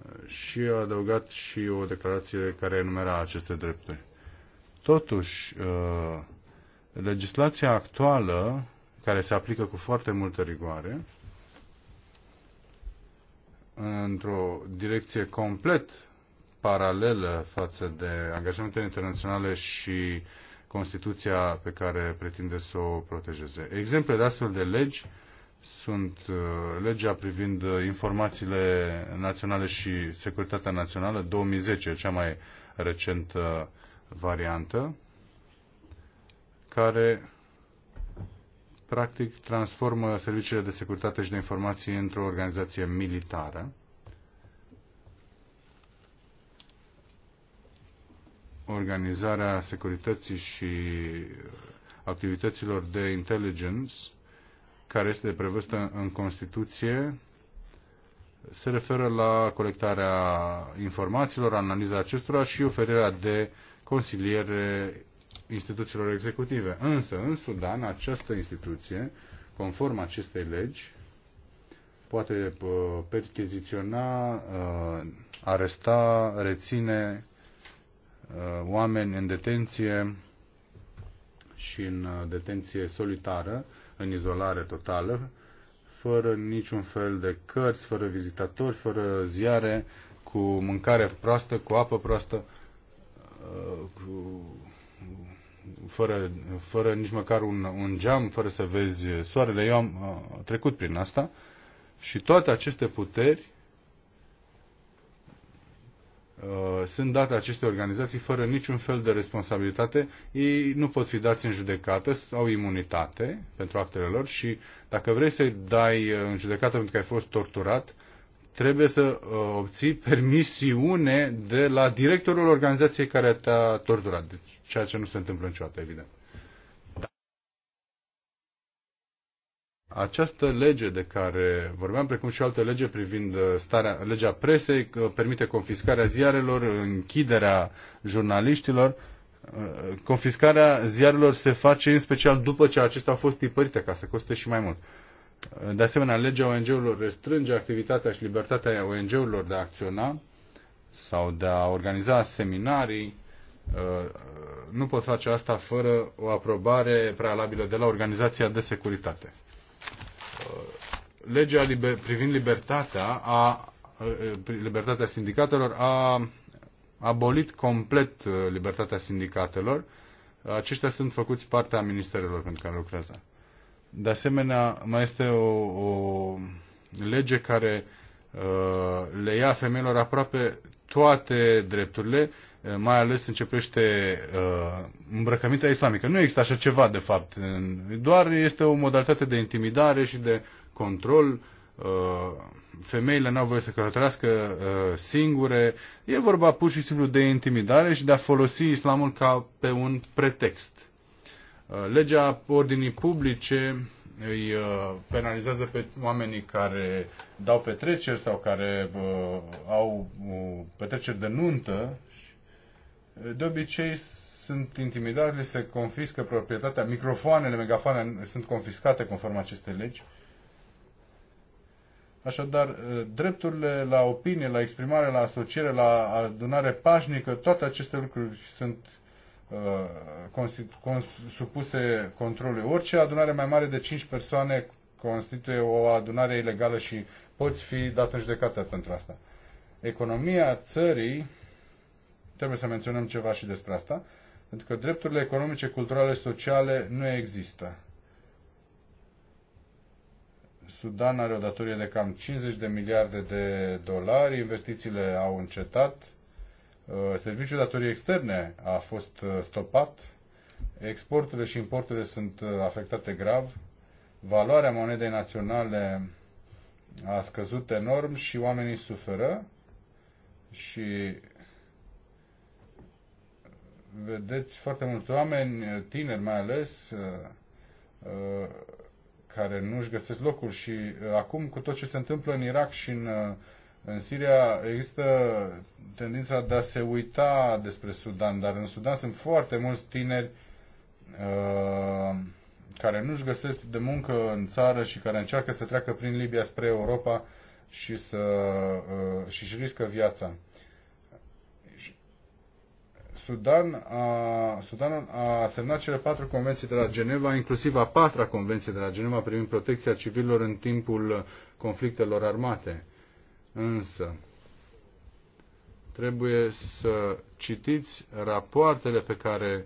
uh, și a adăugat și o declarație care enumera aceste drepturi. Totuși, uh, Legislația actuală, care se aplică cu foarte multă rigoare, într-o direcție complet paralelă față de angajamentele internaționale și Constituția pe care pretinde să o protejeze. Exemple de astfel de legi sunt uh, legea privind uh, informațiile naționale și securitatea națională 2010, cea mai recentă uh, variantă, care practic transformă serviciile de securitate și de informații într-o organizație militară. Organizarea securității și uh, activităților de intelligence, care este prevăzută în Constituție, se referă la colectarea informațiilor, analiza acestora și oferirea de consiliere instituțiilor executive. Însă, în Sudan, această instituție, conform acestei legi, poate uh, percheziționa, uh, aresta, reține uh, oameni în detenție și în detenție solitară, în izolare totală, fără niciun fel de cărți, fără vizitatori, fără ziare, cu mâncare proastă, cu apă proastă, cu fără, fără nici măcar un, un geam, fără să vezi soarele. Eu am uh, trecut prin asta și toate aceste puteri uh, sunt date aceste organizații fără niciun fel de responsabilitate. Ei nu pot fi dați în judecată, au imunitate pentru actele lor și dacă vrei să-i dai uh, în judecată pentru că ai fost torturat, uh, trebuie să uh, obții permisiune de la directorul organizației care te-a torturat. Deci, ceea ce nu se întâmplă niciodată, evident. Da. Această lege de care vorbeam, precum și alte lege privind uh, starea, legea presei, uh, permite confiscarea ziarelor, închiderea jurnaliștilor. Confiscarea ziarelor se face în special după ce acestea au fost tipărite, ca să coste și mai mult. De asemenea, legea ONG-urilor restrânge activitatea și libertatea ONG-urilor de a acționa sau de a organiza seminarii. Uh, nu pot face asta fără o aprobare prealabilă de la Organizația de Securitate. Uh, legea liber, privind libertatea, a, uh, libertatea sindicatelor a abolit complet libertatea sindicatelor. Aceștia sunt făcuți parte a ministerelor pentru care lucrează. De asemenea, mai este o, o lege care uh, le ia femeilor aproape toate drepturile, uh, mai ales începește uh, îmbrăcămintea islamică. Nu există așa ceva, de fapt. Doar este o modalitate de intimidare și de control. Uh, femeile n-au voie să călătorească uh, singure. E vorba pur și simplu de intimidare și de a folosi islamul ca pe un pretext. Uh, legea ordinii publice îi uh, penalizează pe oamenii care dau petreceri sau care uh, au petreceri de nuntă. De obicei sunt intimidate, le se confiscă proprietatea, microfoanele, megafoanele sunt confiscate conform acestei legi. Așadar, drepturile la opinie, la exprimare, la asociere, la adunare pașnică, toate aceste lucruri sunt uh, Uh, supuse controlului. Orice adunare mai mare de 5 persoane constituie o adunare ilegală și poți fi dat în judecată pentru asta. Economia țării, trebuie să menționăm ceva și despre asta, pentru că drepturile economice, culturale, sociale nu există. Sudan are o datorie de cam 50 de miliarde de dolari, investițiile au încetat, Uh, serviciul datorii externe a fost uh, stopat, exporturile și importurile sunt uh, afectate grav, valoarea monedei naționale a scăzut enorm și oamenii suferă și vedeți foarte mulți oameni, tineri mai ales, care nu își găsesc locul și acum cu tot ce se întâmplă în Irak și în în Siria există tendința de a se uita despre Sudan, dar în Sudan sunt foarte mulți tineri uh, care nu-și găsesc de muncă în țară și care încearcă să treacă prin Libia spre Europa și să, uh, și-și riscă viața. Sudan a, Sudanul a semnat cele patru convenții de la Geneva, inclusiv a patra convenție de la Geneva privind protecția civililor în timpul conflictelor armate. Însă, trebuie să citiți rapoartele pe care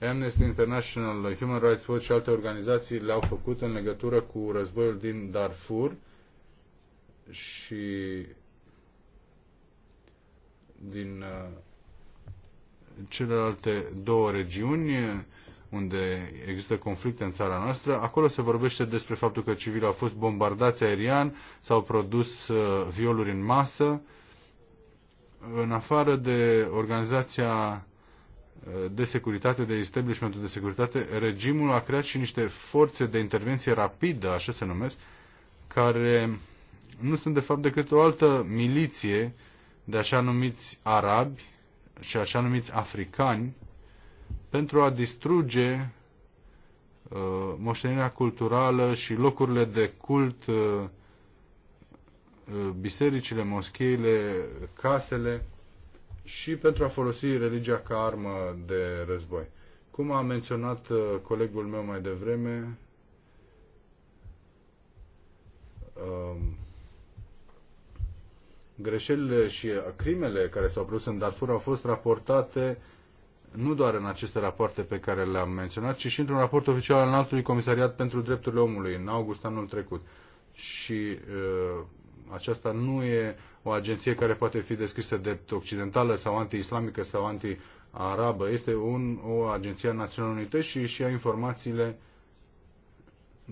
Amnesty International, Human Rights Watch și alte organizații le-au făcut în legătură cu războiul din Darfur și din uh, celelalte două regiuni unde există conflicte în țara noastră, acolo se vorbește despre faptul că civilii au fost bombardați aerian, s-au produs uh, violuri în masă. În afară de organizația uh, de securitate, de establishmentul de securitate, regimul a creat și niște forțe de intervenție rapidă, așa se numesc, care nu sunt de fapt decât o altă miliție de așa numiți arabi și așa numiți africani, pentru a distruge uh, moștenirea culturală și locurile de cult, uh, uh, bisericile, moscheile, casele și pentru a folosi religia ca armă de război. Cum a menționat colegul meu mai devreme, um, greșelile și crimele care s-au produs în Darfur au fost raportate nu doar în aceste rapoarte pe care le-am menționat, ci și într-un raport oficial al Înaltului Comisariat pentru Drepturile Omului, în august anul trecut. Și uh, aceasta nu e o agenție care poate fi descrisă de occidentală sau anti-islamică sau anti-arabă. Este un, o agenție a Națiunilor Unite și și a informațiile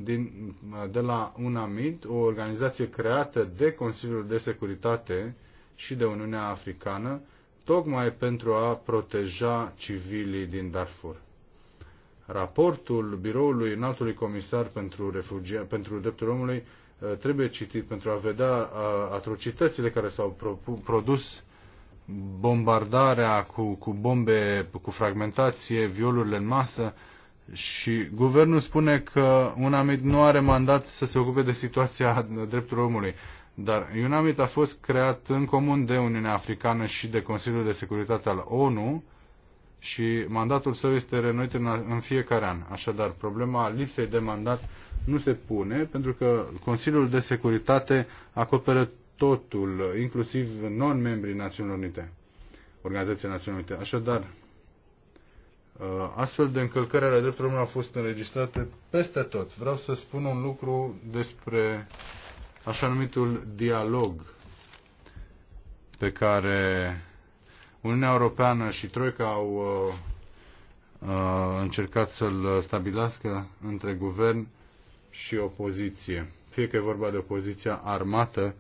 din, de la UNAMID, o organizație creată de Consiliul de Securitate și de Uniunea Africană, tocmai pentru a proteja civilii din Darfur. Raportul biroului înaltului comisar pentru, refugia, pentru dreptul omului uh, trebuie citit pentru a vedea uh, atrocitățile care s-au produs bombardarea cu, cu bombe, cu fragmentație, violurile în masă și guvernul spune că un amit nu are mandat să se ocupe de situația drepturilor omului. Dar UNAMID a fost creat în comun de Uniunea Africană și de Consiliul de Securitate al ONU și mandatul său este renuit în, în fiecare an. Așadar, problema lipsei de mandat nu se pune pentru că Consiliul de Securitate acoperă totul, inclusiv non-membrii Națiunilor Unite, Organizația Națiunilor Unite. Așadar, ă, astfel de încălcări ale drepturilor au fost înregistrate peste tot. Vreau să spun un lucru despre așa numitul dialog pe care Uniunea Europeană și Troica au uh, uh, încercat să-l stabilească între guvern și opoziție. Fie că e vorba de opoziția armată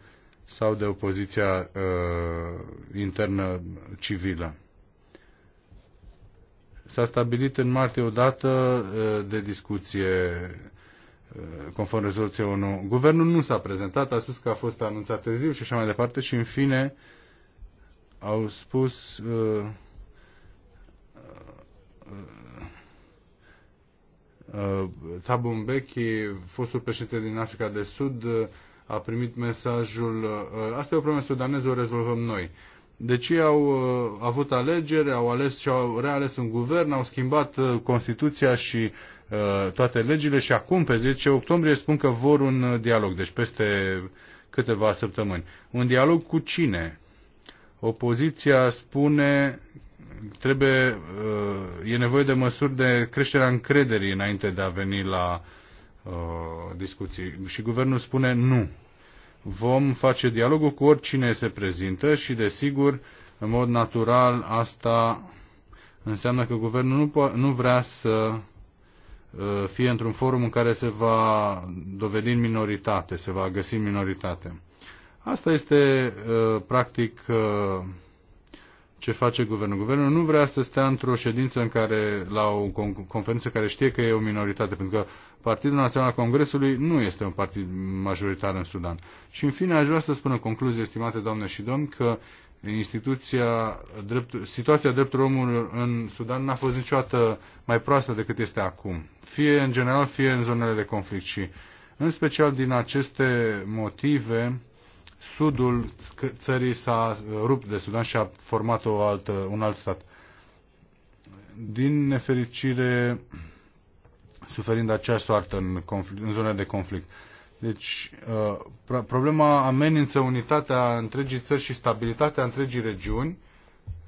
sau de opoziția uh, internă civilă. S-a stabilit în martie o dată uh, de discuție conform rezoluției ONU. Guvernul nu s-a prezentat, a spus că a fost anunțat târziu și așa mai departe și în fine au spus uh, uh, uh, Thabo Mbeki, fostul președinte din Africa de Sud, uh, a primit mesajul uh, asta e o problemă sudaneză, o rezolvăm noi. Deci ei au uh, avut alegeri, au ales și au reales un guvern, au schimbat Constituția și uh, Uh, toate legile și acum, pe 10 octombrie, spun că vor un uh, dialog, deci peste câteva săptămâni. Un dialog cu cine? Opoziția spune trebuie, uh, e nevoie de măsuri de creșterea încrederii înainte de a veni la discuții. Și guvernul spune nu. Vom face dialogul cu oricine se prezintă și, desigur, în mod natural, asta înseamnă că guvernul nu, nu vrea să Uh, fie într-un forum în care se va dovedi în minoritate, se va găsi în minoritate. Asta este, uh, practic, uh, ce face guvernul. Guvernul nu vrea să stea într-o ședință în care, la o conferință care știe că e o minoritate, pentru că Partidul Național al Congresului nu este un partid majoritar în Sudan. Și în fine aș vrea să spun în concluzie, estimate doamne și domni, că instituția, drept, situația drepturilor omului în Sudan n-a fost niciodată mai proastă decât este acum, fie în general, fie în zonele de conflict. Și în special din aceste motive, sudul țării s-a rupt de Sudan și a format o altă, un alt stat. Din nefericire, suferind aceeași soartă în, conflict, în zone de conflict. Deci, uh, problema amenință unitatea întregii țări și stabilitatea întregii regiuni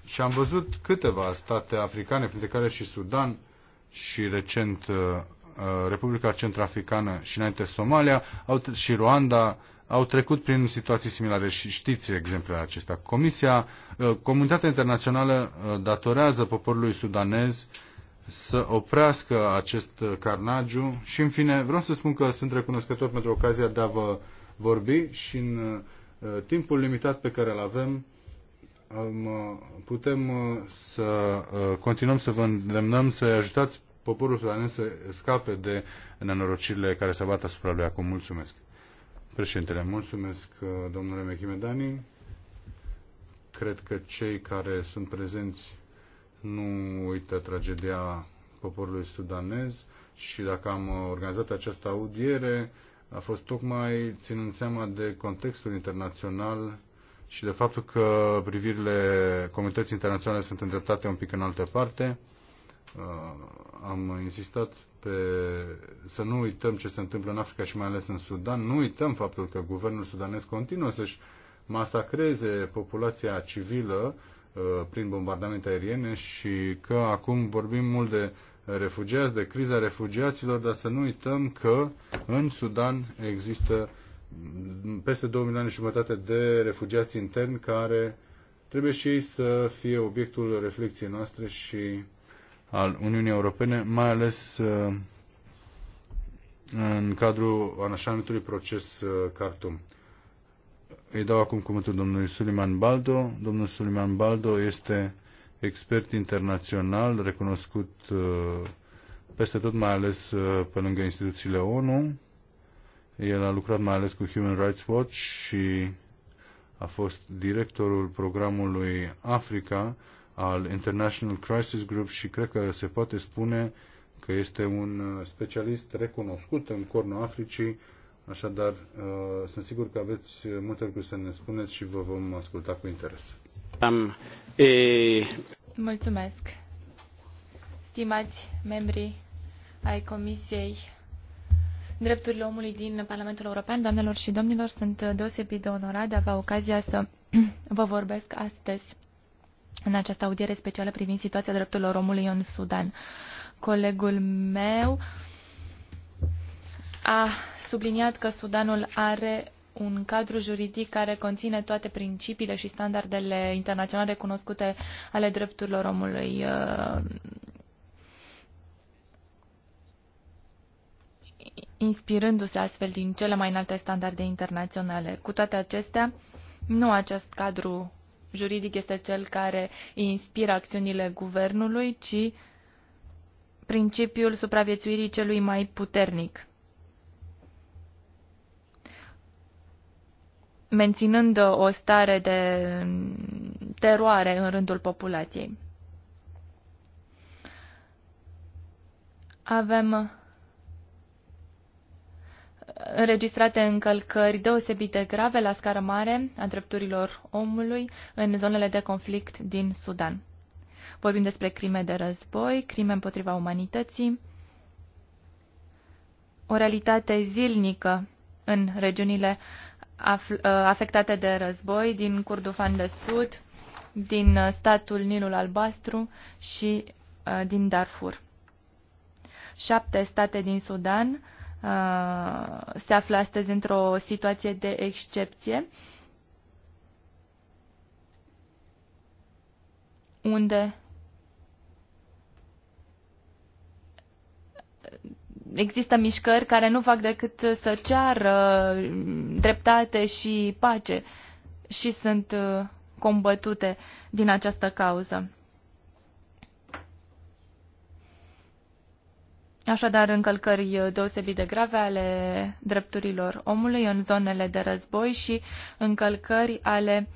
și am văzut câteva state africane, printre care și Sudan și recent uh, uh, Republica Centrafricană și înainte Somalia au, și Rwanda au trecut prin situații similare și știți exemplele acestea. Comisia, comunitatea internațională datorează poporului sudanez să oprească acest carnagiu și în fine vreau să spun că sunt recunoscător pentru ocazia de a vă vorbi și în uh, timpul limitat pe care îl avem uh, putem uh, să continuăm să vă îndemnăm să ajutați poporul sudanez să scape de nenorocirile care se bat asupra lui acum. Mulțumesc. Președintele, mulțumesc domnule Mechimedani. Cred că cei care sunt prezenți nu uită tragedia poporului sudanez și dacă am organizat această audiere, a fost tocmai ținând seama de contextul internațional și de faptul că privirile comunității internaționale sunt îndreptate un pic în altă parte. Uh, am insistat pe să nu uităm ce se întâmplă în Africa și mai ales în Sudan. Nu uităm faptul că guvernul sudanez continuă să-și masacreze populația civilă Uh, prin bombardamente aeriene și că acum vorbim mult de refugiați, de criza refugiaților, dar să nu uităm că în Sudan există peste 2 milioane și jumătate de refugiați interni care trebuie și ei să fie obiectul reflexiei noastre și al Uniunii Europene, mai ales uh, în cadrul anașamentului proces Cartum. Uh, îi dau acum cuvântul domnului Suliman Baldo. Domnul Suliman Baldo este expert internațional recunoscut uh, peste tot, mai ales uh, pe lângă instituțiile ONU. El a lucrat mai ales cu Human Rights Watch și a fost directorul programului Africa al International Crisis Group și cred că se poate spune că este un uh, specialist recunoscut în cornul Africii Așadar, uh, sunt sigur că aveți multe lucruri să ne spuneți și vă vom asculta cu interes. Am, e... Mulțumesc. Stimați membri ai Comisiei Drepturile Omului din Parlamentul European, doamnelor și domnilor, sunt deosebit de onorat de a avea ocazia să vă vorbesc astăzi în această audiere specială privind situația drepturilor omului în Sudan. Colegul meu, uh, a subliniat că Sudanul are un cadru juridic care conține toate principiile și standardele internaționale cunoscute ale drepturilor omului. Uh, inspirându-se astfel din cele mai înalte standarde internaționale. Cu toate acestea, nu acest cadru juridic este cel care inspiră acțiunile guvernului, ci principiul supraviețuirii celui mai puternic. menținând o stare de teroare în rândul populației. Avem înregistrate încălcări deosebite grave la scară mare a drepturilor omului în zonele de conflict din Sudan. Vorbim despre crime de război, crime împotriva umanității, o realitate zilnică în regiunile Uh, afectate de război din Kurdufan de Sud, din uh, statul Nilul Albastru și uh, din Darfur. Șapte state din Sudan se află astăzi într-o situație de excepție, unde există mișcări care nu fac decât să ceară dreptate și pace și sunt uh, combătute din această cauză. Așadar, încălcări uh, deosebit de grave ale drepturilor omului în zonele de război și încălcări ale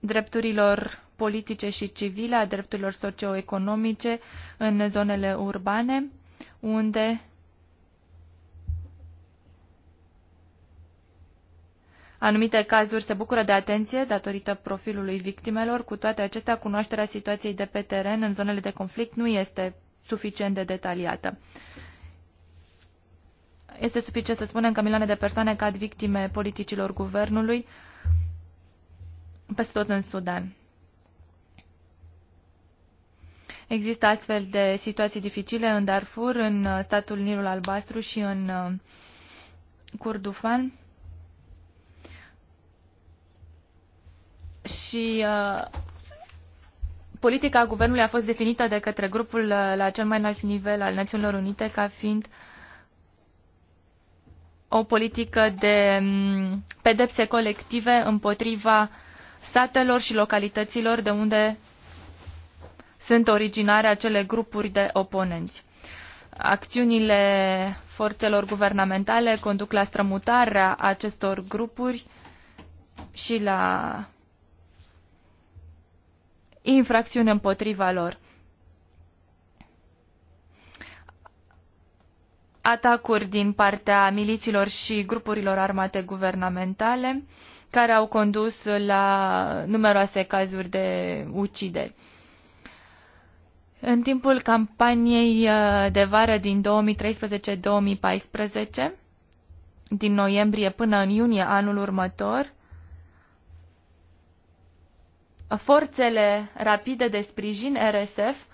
drepturilor politice și civile, a drepturilor socioeconomice în zonele urbane, unde Anumite cazuri se bucură de atenție datorită profilului victimelor. Cu toate acestea, cunoașterea situației de pe teren în zonele de conflict nu este suficient de detaliată. Este suficient să spunem că milioane de persoane cad victime politicilor guvernului peste tot în Sudan. Există astfel de situații dificile în Darfur, în uh, statul Nilul Albastru și în uh, Kurdufan. Și uh, politica guvernului a fost definită de către grupul la cel mai înalt nivel al Națiunilor Unite ca fiind o politică de um, pedepse colective împotriva statelor și localităților de unde sunt originare acele grupuri de oponenți. Acțiunile forțelor guvernamentale conduc la strămutarea acestor grupuri și la infracțiuni împotriva lor. Atacuri din partea miliților și grupurilor armate guvernamentale care au condus la numeroase cazuri de ucideri. În timpul campaniei uh, de vară din 2013-2014, din noiembrie până în iunie anul următor, forțele rapide de sprijin RSF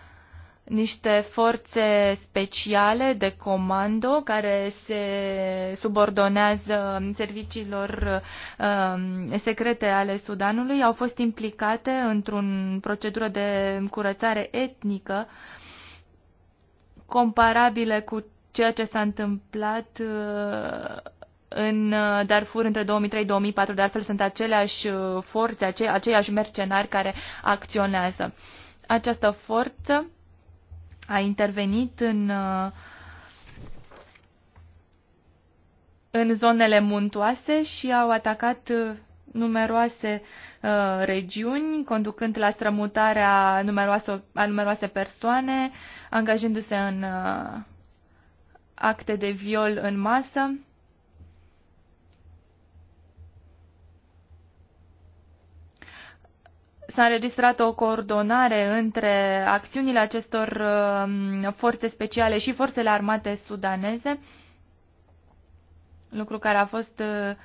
niște forțe speciale de comando care se subordonează serviciilor um, secrete ale Sudanului au fost implicate într-un procedură de curățare etnică comparabile cu ceea ce s-a întâmplat uh, în uh, Darfur între 2003-2004. De altfel sunt aceleași uh, forțe, aceiași mercenari care acționează. Această forță a intervenit în, uh, în zonele muntoase și au atacat uh, numeroase uh, regiuni, conducând la strămutarea numeroase, a numeroase persoane, angajându-se în acte de viol în masă. s-a înregistrat o coordonare între acțiunile acestor um, forțe speciale și forțele armate sudaneze, lucru care a fost uh,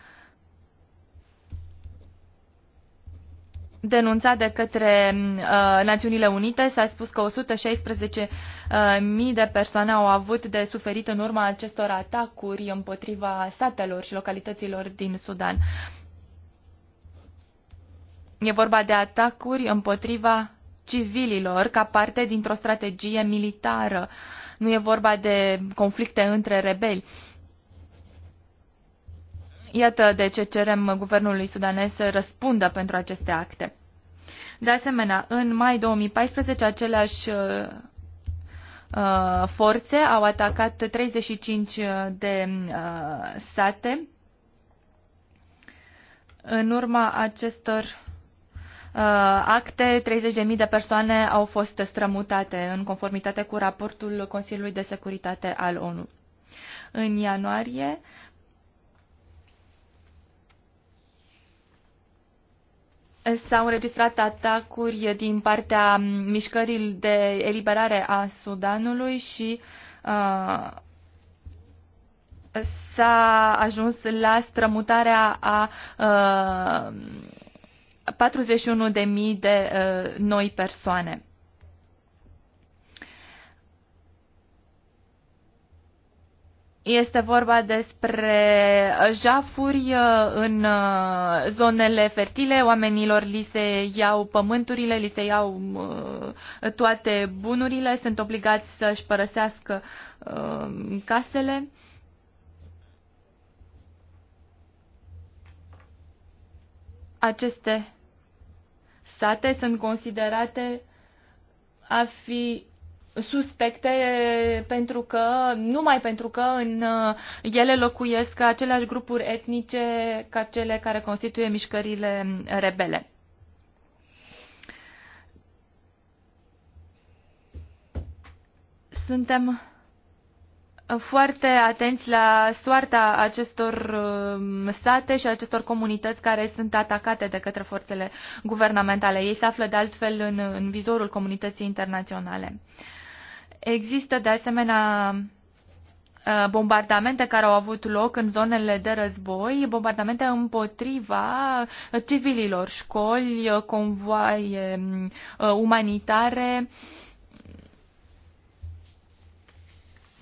denunțat de către um, uh, Națiunile Unite. S-a spus că 116.000 uh, de persoane au avut de suferit în urma acestor atacuri împotriva satelor și localităților din Sudan. E vorba de atacuri împotriva civililor ca parte dintr-o strategie militară. Nu e vorba de conflicte între rebeli. Iată de ce cerem guvernului sudanez să răspundă pentru aceste acte. De asemenea, în mai 2014, aceleași uh, uh, forțe au atacat 35 de uh, sate. În urma acestor Uh, acte, 30.000 de persoane au fost strămutate în conformitate cu raportul Consiliului de Securitate al ONU. În ianuarie, S-au înregistrat atacuri din partea mișcării de eliberare a Sudanului și uh, s-a ajuns la strămutarea a uh, 41.000 de uh, noi persoane. Este vorba despre uh, jafuri uh, în uh, zonele fertile, oamenilor li se iau pământurile, li se iau toate bunurile, sunt obligați să-și părăsească casele. aceste sate sunt considerate a fi suspecte pentru că, numai pentru că în uh, ele locuiesc aceleași grupuri etnice ca cele care constituie mișcările rebele. Suntem foarte atenți la soarta acestor um, sate și acestor comunități care sunt atacate de către forțele guvernamentale. Ei se află de altfel în, în vizorul comunității internaționale. Există de asemenea uh, bombardamente care au avut loc în zonele de război, bombardamente împotriva civililor, școli, convoaie uh, umanitare, uh,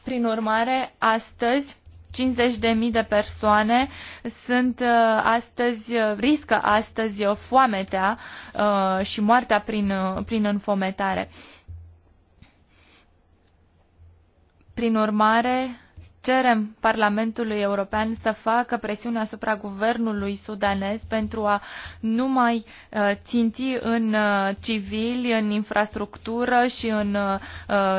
Prin urmare, astăzi 50.000 de persoane sunt uh, astăzi, uh, riscă astăzi uh, foametea și moartea prin, prin înfometare. Prin urmare, cerem Parlamentului European să facă presiune asupra guvernului sudanez pentru a nu mai uh, ținti în uh, civili, în infrastructură și în uh,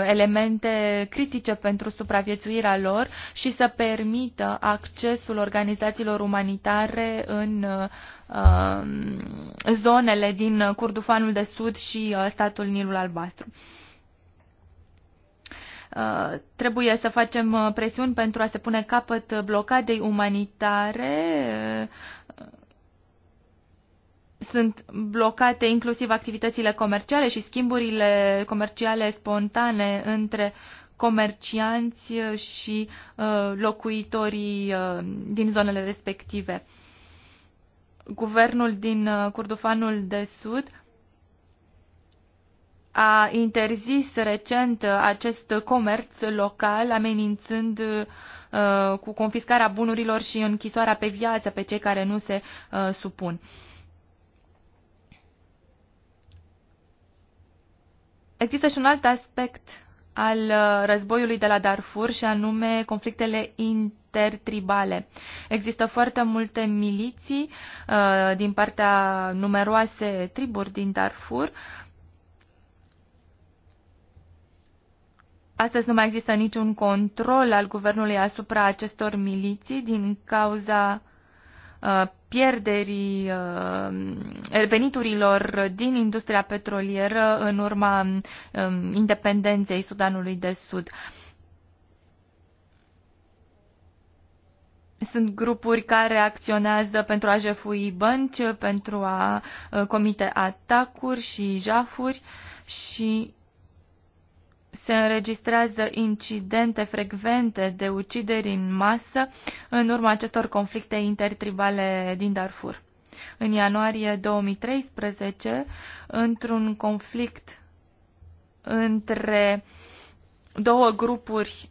elemente critice pentru supraviețuirea lor și să permită accesul organizațiilor umanitare în um, zonele din Kurdufanul de Sud și statul Nilul Albastru. Uh, trebuie să facem uh, presiuni pentru a se pune capăt blocadei umanitare. Uh, sunt blocate inclusiv activitățile comerciale și schimburile comerciale spontane între comercianți și locuitorii din zonele respective. Guvernul din Kurdufanul de Sud a interzis recent acest comerț local, amenințând uh, cu confiscarea bunurilor și închisoarea pe viață pe cei care nu se uh, supun. Există și un alt aspect al uh, războiului de la Darfur și anume conflictele intertribale. Există foarte multe miliții uh, din partea numeroase triburi din Darfur uh, Astăzi nu mai există niciun control al guvernului asupra acestor miliții din cauza uh, pierderii uh, veniturilor din industria petrolieră în urma um, independenței Sudanului de Sud. Sunt grupuri care acționează pentru a jefui bănci, pentru a uh, comite atacuri și jafuri și se înregistrează incidente frecvente de ucideri în masă în urma acestor conflicte intertribale din Darfur. În ianuarie 2013, într-un conflict între două grupuri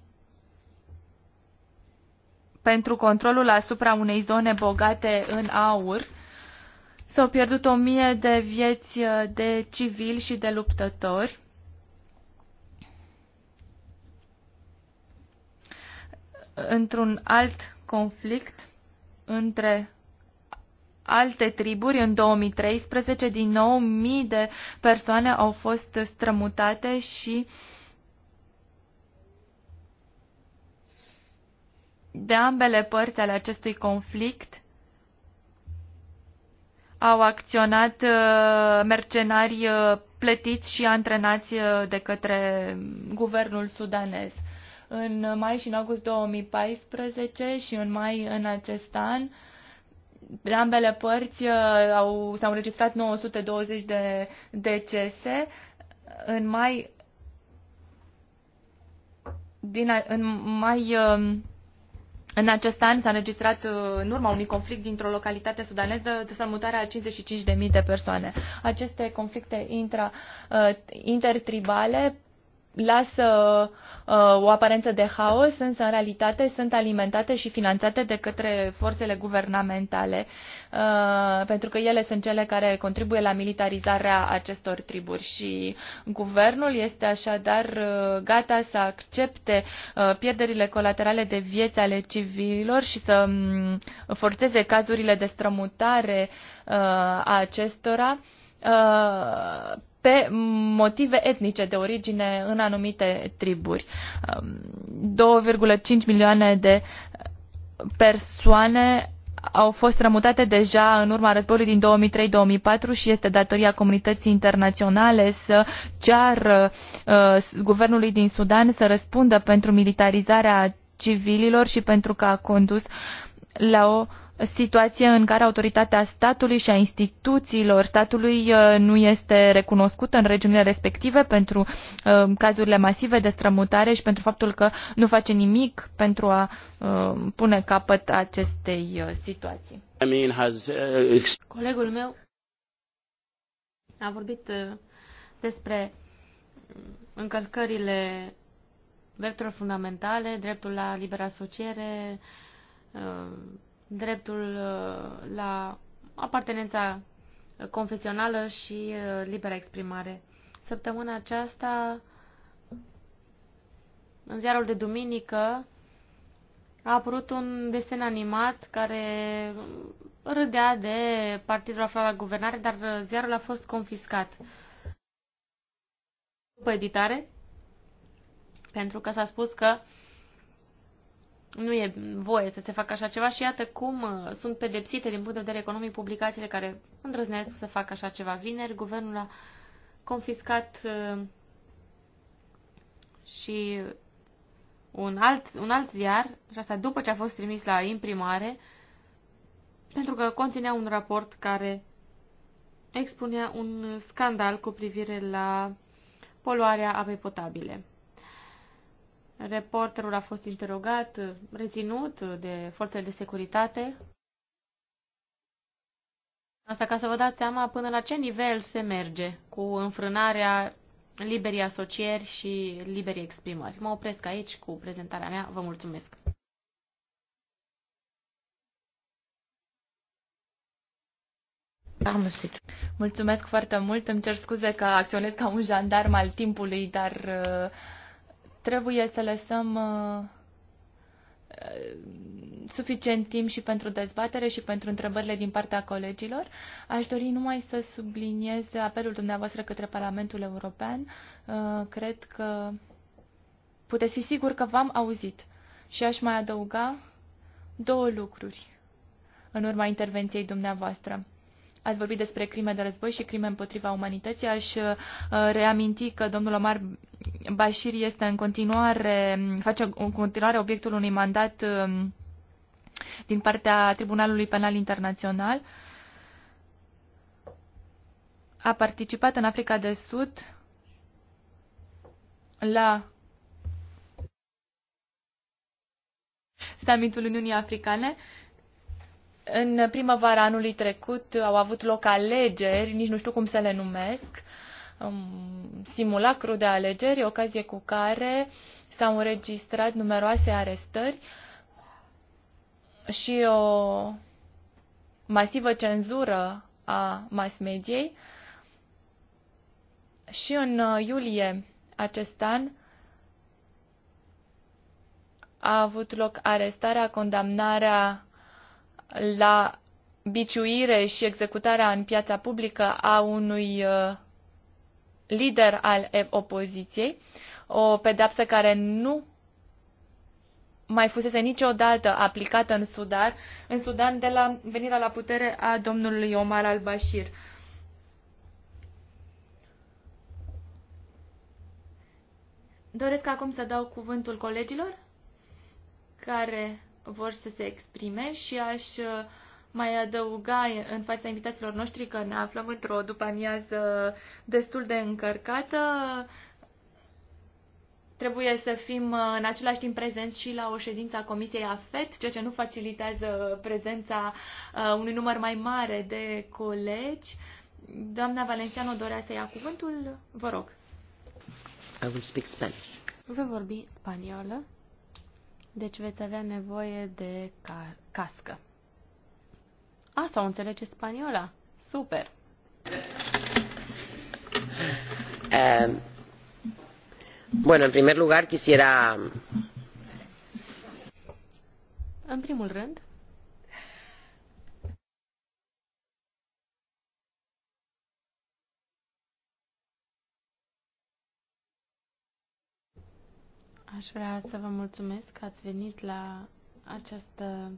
pentru controlul asupra unei zone bogate în aur, s-au pierdut o mie de vieți de civili și de luptători într-un alt conflict între alte triburi în 2013. Din nou, mii de persoane au fost strămutate și de ambele părți ale acestui conflict au acționat uh, mercenari uh, plătiți și antrenați uh, de către guvernul sudanez în mai și în august 2014 și în mai în acest an. De ambele părți uh, au, s-au înregistrat 920 de decese. În mai, din, în mai um, în acest an s-a înregistrat, uh, în urma unui conflict dintr-o localitate sudaneză, de destrămutarea a 55.000 de persoane. Aceste conflicte intra, uh, intertribale lasă uh, o aparență de haos, însă în realitate sunt alimentate și finanțate de către forțele guvernamentale, uh, pentru că ele sunt cele care contribuie la militarizarea acestor triburi și guvernul este așadar uh, gata să accepte pierderile colaterale de vieți ale civililor și să mm, forțeze cazurile de strămutare a acestora pe motive etnice de origine în anumite triburi. 2,5 um, milioane de persoane au fost rămutate deja în urma războiului din 2003-2004 și este datoria comunității internaționale să ceară uh, guvernului din Sudan să răspundă pentru militarizarea civililor și pentru că a condus la o uh, situație în care autoritatea statului și a instituțiilor statului uh, nu este recunoscută în regiunile respective pentru uh, cazurile masive de strămutare și pentru faptul că nu face nimic pentru a uh, pune capăt acestei situații. Colegul meu a vorbit despre încălcările drepturilor fundamentale, dreptul la liberă asociere, dreptul uh, la apartenența confesională și uh, libera exprimare. Săptămâna aceasta, în ziarul de duminică, a apărut un desen animat care râdea de partidul aflat la guvernare, dar uh, ziarul a fost confiscat. După editare, pentru că s-a spus că nu e voie să se facă așa ceva și iată cum uh, sunt pedepsite din punct de vedere economic publicațiile care îndrăznesc să facă așa ceva. Vineri, guvernul a confiscat uh, și un alt, un alt ziar, și asta după ce a fost trimis la imprimare, pentru că conținea un raport care expunea un scandal cu privire la poluarea apei potabile. Reporterul a fost interogat, reținut de forțele de securitate. Asta ca să vă dați seama până la ce nivel se merge cu înfrânarea liberii asocieri și liberii exprimări. Mă opresc aici cu prezentarea mea. Vă mulțumesc! Mulțumesc foarte mult. Îmi cer scuze că acționez ca un jandarm al timpului, dar uh, trebuie să lăsăm uh, uh, suficient timp și pentru dezbatere și pentru întrebările din partea colegilor. Aș dori numai să subliniez apelul dumneavoastră către Parlamentul European. Uh, cred că puteți fi sigur că v-am auzit și aș mai adăuga două lucruri în urma intervenției dumneavoastră. Ați vorbit despre crime de război și crime împotriva umanității. Aș uh, reaminti că domnul Omar Bashir este în continuare, face în continuare obiectul unui mandat um, din partea Tribunalului Penal Internațional. A participat în Africa de Sud la summitul Uniunii Africane. În primăvara anului trecut au avut loc alegeri, nici nu știu cum să le numesc, um, simulacru de alegeri, ocazie cu care s-au înregistrat numeroase arestări și o masivă cenzură a mass mediei. Și în uh, iulie acest an a avut loc arestarea, condamnarea la biciuire și executarea în piața publică a unui uh, lider al opoziției, o pedapsă care nu mai fusese niciodată aplicată în Sudan, în Sudan de la venirea la putere a domnului Omar al-Bashir. Doresc acum să dau cuvântul colegilor care vor să se exprime și aș uh, mai adăuga în fața invitaților noștri că ne aflăm într-o după-amiază destul de încărcată. Trebuie să fim uh, în același timp prezenți și la o ședință a Comisiei AFET, ceea ce nu facilitează prezența uh, unui număr mai mare de colegi. Doamna Valenciano dorea să ia cuvântul. Vă rog. I will speak Spanish. Voi vorbi spaniolă deci veți avea nevoie de ca cască. Asta o înțelege spaniola. Super! Eh, bueno, en primer lugar quisiera... În primul rând, Aș vrea să vă mulțumesc că ați venit la această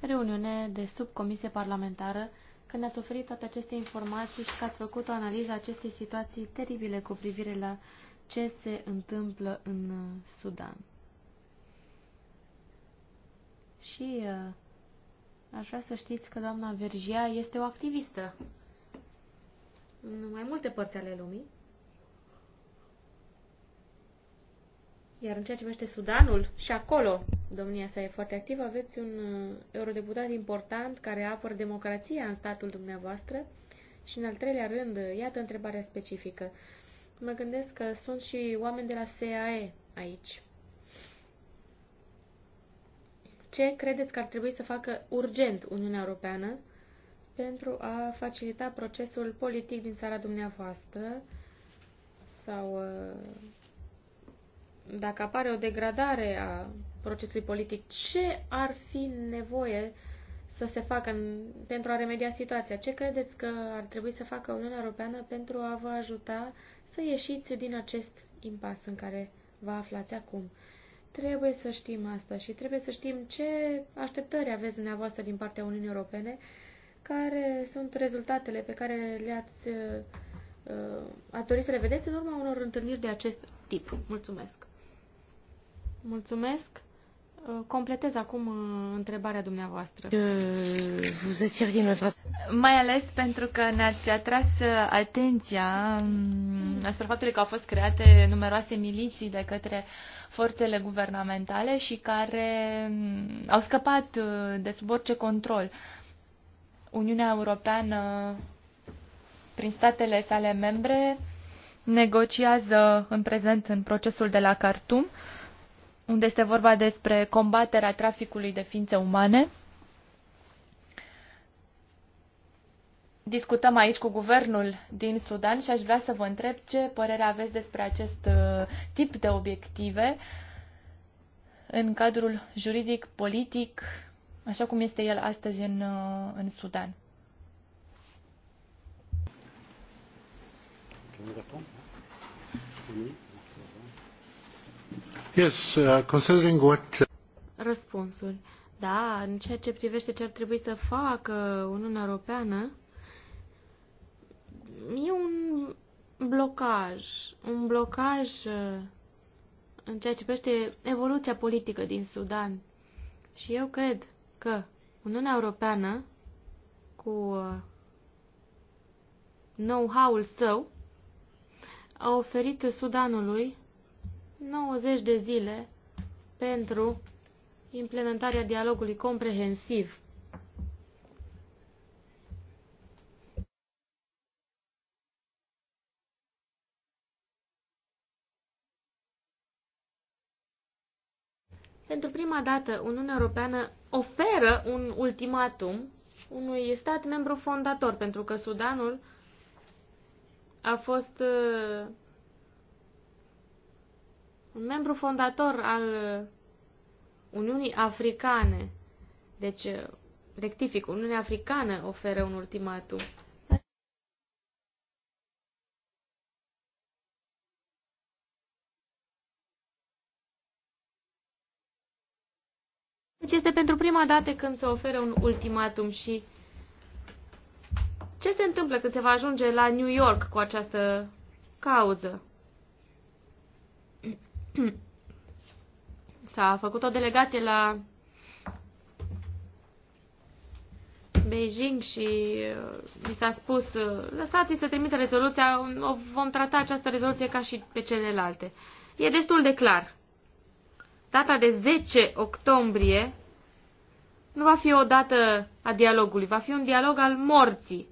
reuniune de subcomisie parlamentară, că ne-ați oferit toate aceste informații și că ați făcut o analiză a acestei situații teribile cu privire la ce se întâmplă în uh, Sudan. Și uh, aș vrea să știți că doamna Vergia este o activistă în mai multe părți ale lumii Iar în ceea ce vește Sudanul, și acolo domnia sa e foarte activă, aveți un uh, eurodeputat important care apără democrația în statul dumneavoastră. Și în al treilea rând, uh, iată întrebarea specifică. Mă gândesc că sunt și oameni de la SAE aici. Ce credeți că ar trebui să facă urgent Uniunea Europeană pentru a facilita procesul politic din țara dumneavoastră sau uh, dacă apare o degradare a procesului politic, ce ar fi nevoie să se facă în, pentru a remedia situația? Ce credeți că ar trebui să facă Uniunea Europeană pentru a vă ajuta să ieșiți din acest impas în care vă aflați acum? Trebuie să știm asta și trebuie să știm ce așteptări aveți dumneavoastră din partea Uniunii Europene, care sunt rezultatele pe care le-ați uh, uh dori să le vedeți în urma unor întâlniri de acest tip. Mulțumesc! Mulțumesc. Uh, completez acum uh, întrebarea dumneavoastră. Uh, Mai ales pentru că ne-ați atras atenția um, asupra faptului că au fost create numeroase miliții de către forțele guvernamentale și care um, au scăpat de sub orice control. Uniunea Europeană, prin statele sale membre, negociază în prezent în procesul de la Khartoum unde este vorba despre combaterea traficului de ființe umane. Discutăm aici cu guvernul din Sudan și aș vrea să vă întreb ce părere aveți despre acest uh, tip de obiective în cadrul juridic, politic, așa cum este el astăzi în, uh, în Sudan. Can you Yes, uh, considering what... Uh, Răspunsul. Da, în ceea ce privește ce ar trebui să facă Uniunea Europeană, e un blocaj, un blocaj uh, în ceea ce privește evoluția politică din Sudan. Și eu cred că Uniunea Europeană, cu uh, know-how-ul său, a oferit Sudanului 90 de zile pentru implementarea dialogului comprehensiv. Pentru prima dată, Uniunea Europeană oferă un ultimatum unui stat membru fondator, pentru că Sudanul a fost uh, un membru fondator al uh, Uniunii Africane. Deci, uh, rectific, Uniunea Africană oferă un ultimatum. Deci este pentru prima dată când se oferă un ultimatum și ce se întâmplă când se va ajunge la New York cu această cauză? S-a făcut o delegație la Beijing și uh, mi s-a spus uh, lăsați-i să trimită rezoluția, o vom trata această rezoluție ca și pe celelalte. E destul de clar. Data de 10 octombrie nu va fi o dată a dialogului, va fi un dialog al morții.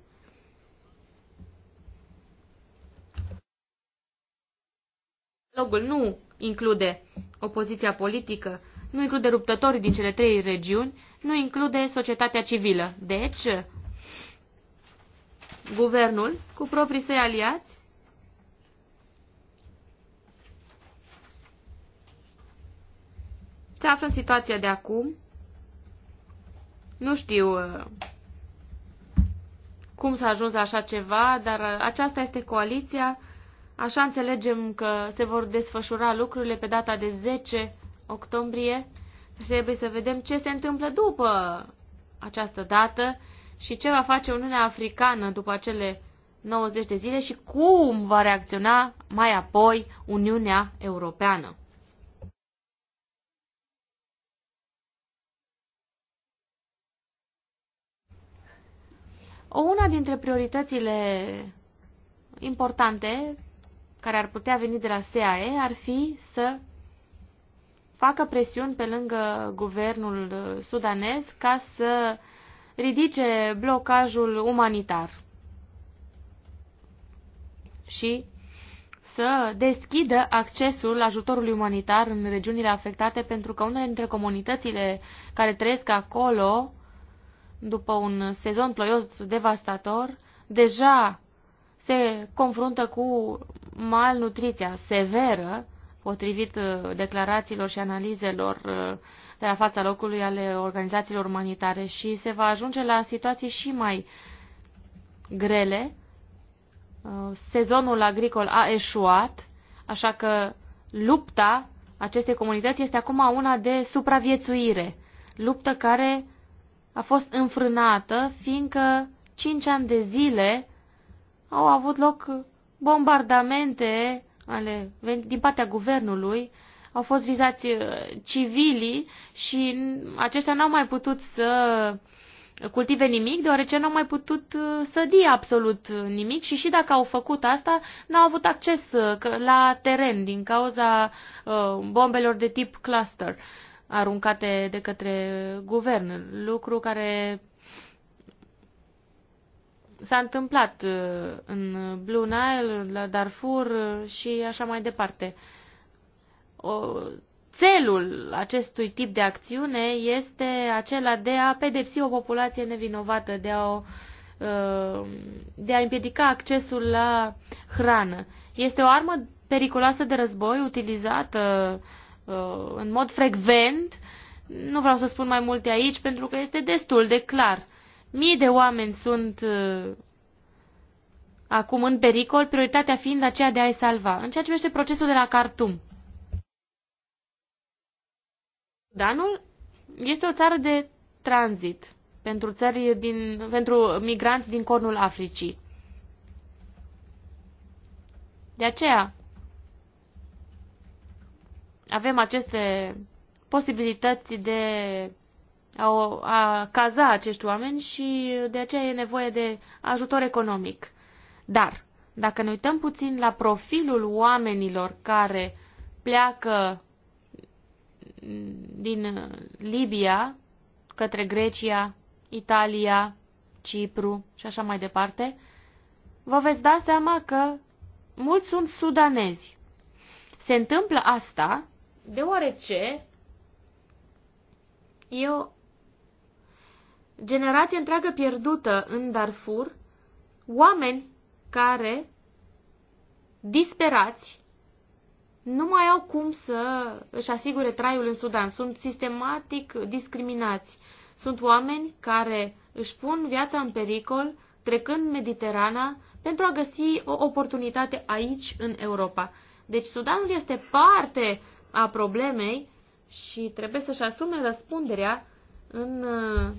Dialogul nu include opoziția politică, nu include ruptătorii din cele trei regiuni, nu include societatea civilă. Deci, guvernul, cu proprii săi aliați, se află în situația de acum. Nu știu uh, cum s-a ajuns la așa ceva, dar uh, aceasta este coaliția Așa înțelegem că se vor desfășura lucrurile pe data de 10 octombrie și deci trebuie să vedem ce se întâmplă după această dată și ce va face Uniunea Africană după acele 90 de zile și cum va reacționa mai apoi Uniunea Europeană. O una dintre prioritățile importante care ar putea veni de la SAE ar fi să facă presiuni pe lângă guvernul uh, sudanez ca să ridice blocajul umanitar și să deschidă accesul ajutorului umanitar în regiunile afectate, pentru că unele dintre comunitățile care trăiesc acolo, după un sezon ploios devastator, deja se confruntă cu malnutriția severă, potrivit uh, declarațiilor și analizelor uh, de la fața locului ale organizațiilor umanitare și se va ajunge la situații și mai grele. Uh, sezonul agricol a eșuat, așa că lupta acestei comunități este acum una de supraviețuire, luptă care a fost înfrânată, fiindcă cinci ani de zile au avut loc bombardamente ale, din partea guvernului, au fost vizați uh, civilii și aceștia n-au mai putut să cultive nimic, deoarece n-au mai putut uh, sădi absolut uh, nimic și și dacă au făcut asta, n-au avut acces la teren din cauza bombelor de tip cluster aruncate de către guvern, lucru care s-a întâmplat uh, în Blue Nile, la Darfur uh, și așa mai departe. O, țelul acestui tip de acțiune este acela de a pedepsi o populație nevinovată, de a, o, uh, de a împiedica accesul la hrană. Este o armă periculoasă de război utilizată în mod frecvent. Nu vreau să spun mai multe aici pentru că este destul de clar. Mii de oameni sunt uh, acum în pericol, prioritatea fiind aceea de a-i salva. În ceea ce privește procesul de la Khartoum. Danul este o țară de tranzit pentru, țări din, pentru migranți din cornul Africii. De aceea avem aceste posibilități de a, a caza acești oameni și de aceea e nevoie de ajutor economic. Dar, dacă ne uităm puțin la profilul oamenilor care pleacă din Libia către Grecia, Italia, Cipru și așa mai departe, vă veți da seama că mulți sunt sudanezi. Se întâmplă asta deoarece e generație întreagă pierdută în Darfur, oameni care, disperați, nu mai au cum să își asigure traiul în Sudan. Sunt sistematic discriminați. Sunt oameni care își pun viața în pericol trecând Mediterana pentru a găsi o oportunitate aici, în Europa. Deci Sudanul este parte a problemei și trebuie să-și asume răspunderea în uh,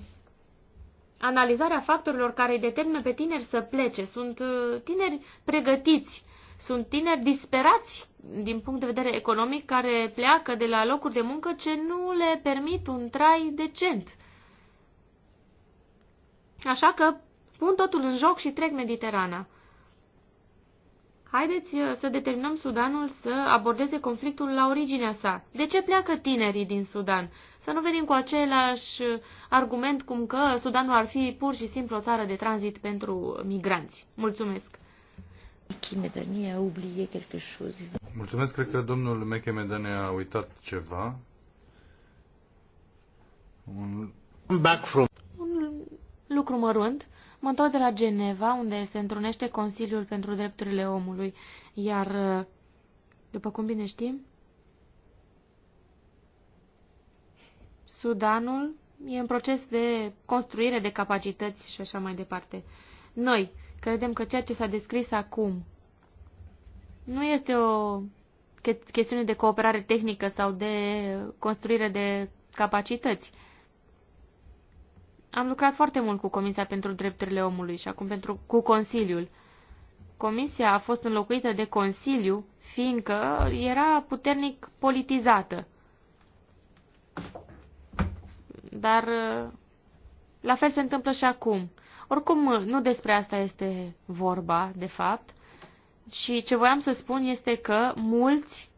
analizarea factorilor care îi determină pe tineri să plece. Sunt uh, tineri pregătiți, sunt tineri disperați din punct de vedere economic care pleacă de la locuri de muncă ce nu le permit un trai decent. Așa că pun totul în joc și trec Mediterana haideți uh, să determinăm Sudanul să abordeze conflictul la originea sa. De ce pleacă tinerii din Sudan? Să nu venim cu același uh, argument cum că Sudanul ar fi pur și simplu o țară de tranzit pentru uh, migranți. Mulțumesc! Mechemedani a oublié quelque chose. Mulțumesc, cred că domnul Mechemedani a uitat ceva. Un... Back from... Un lucru mărunt. Mă întorc de la Geneva, unde se întrunește Consiliul pentru Drepturile Omului, iar, uh, după cum bine știm, Sudanul e în proces de construire de capacități și așa mai departe. Noi credem că ceea ce s-a descris acum nu este o chestiune de cooperare tehnică sau de construire de capacități. Am lucrat foarte mult cu Comisia pentru Drepturile Omului și acum pentru, cu Consiliul. Comisia a fost înlocuită de Consiliu, fiindcă era puternic politizată. Dar la fel se întâmplă și acum. Oricum, nu despre asta este vorba, de fapt. Și ce voiam să spun este că mulți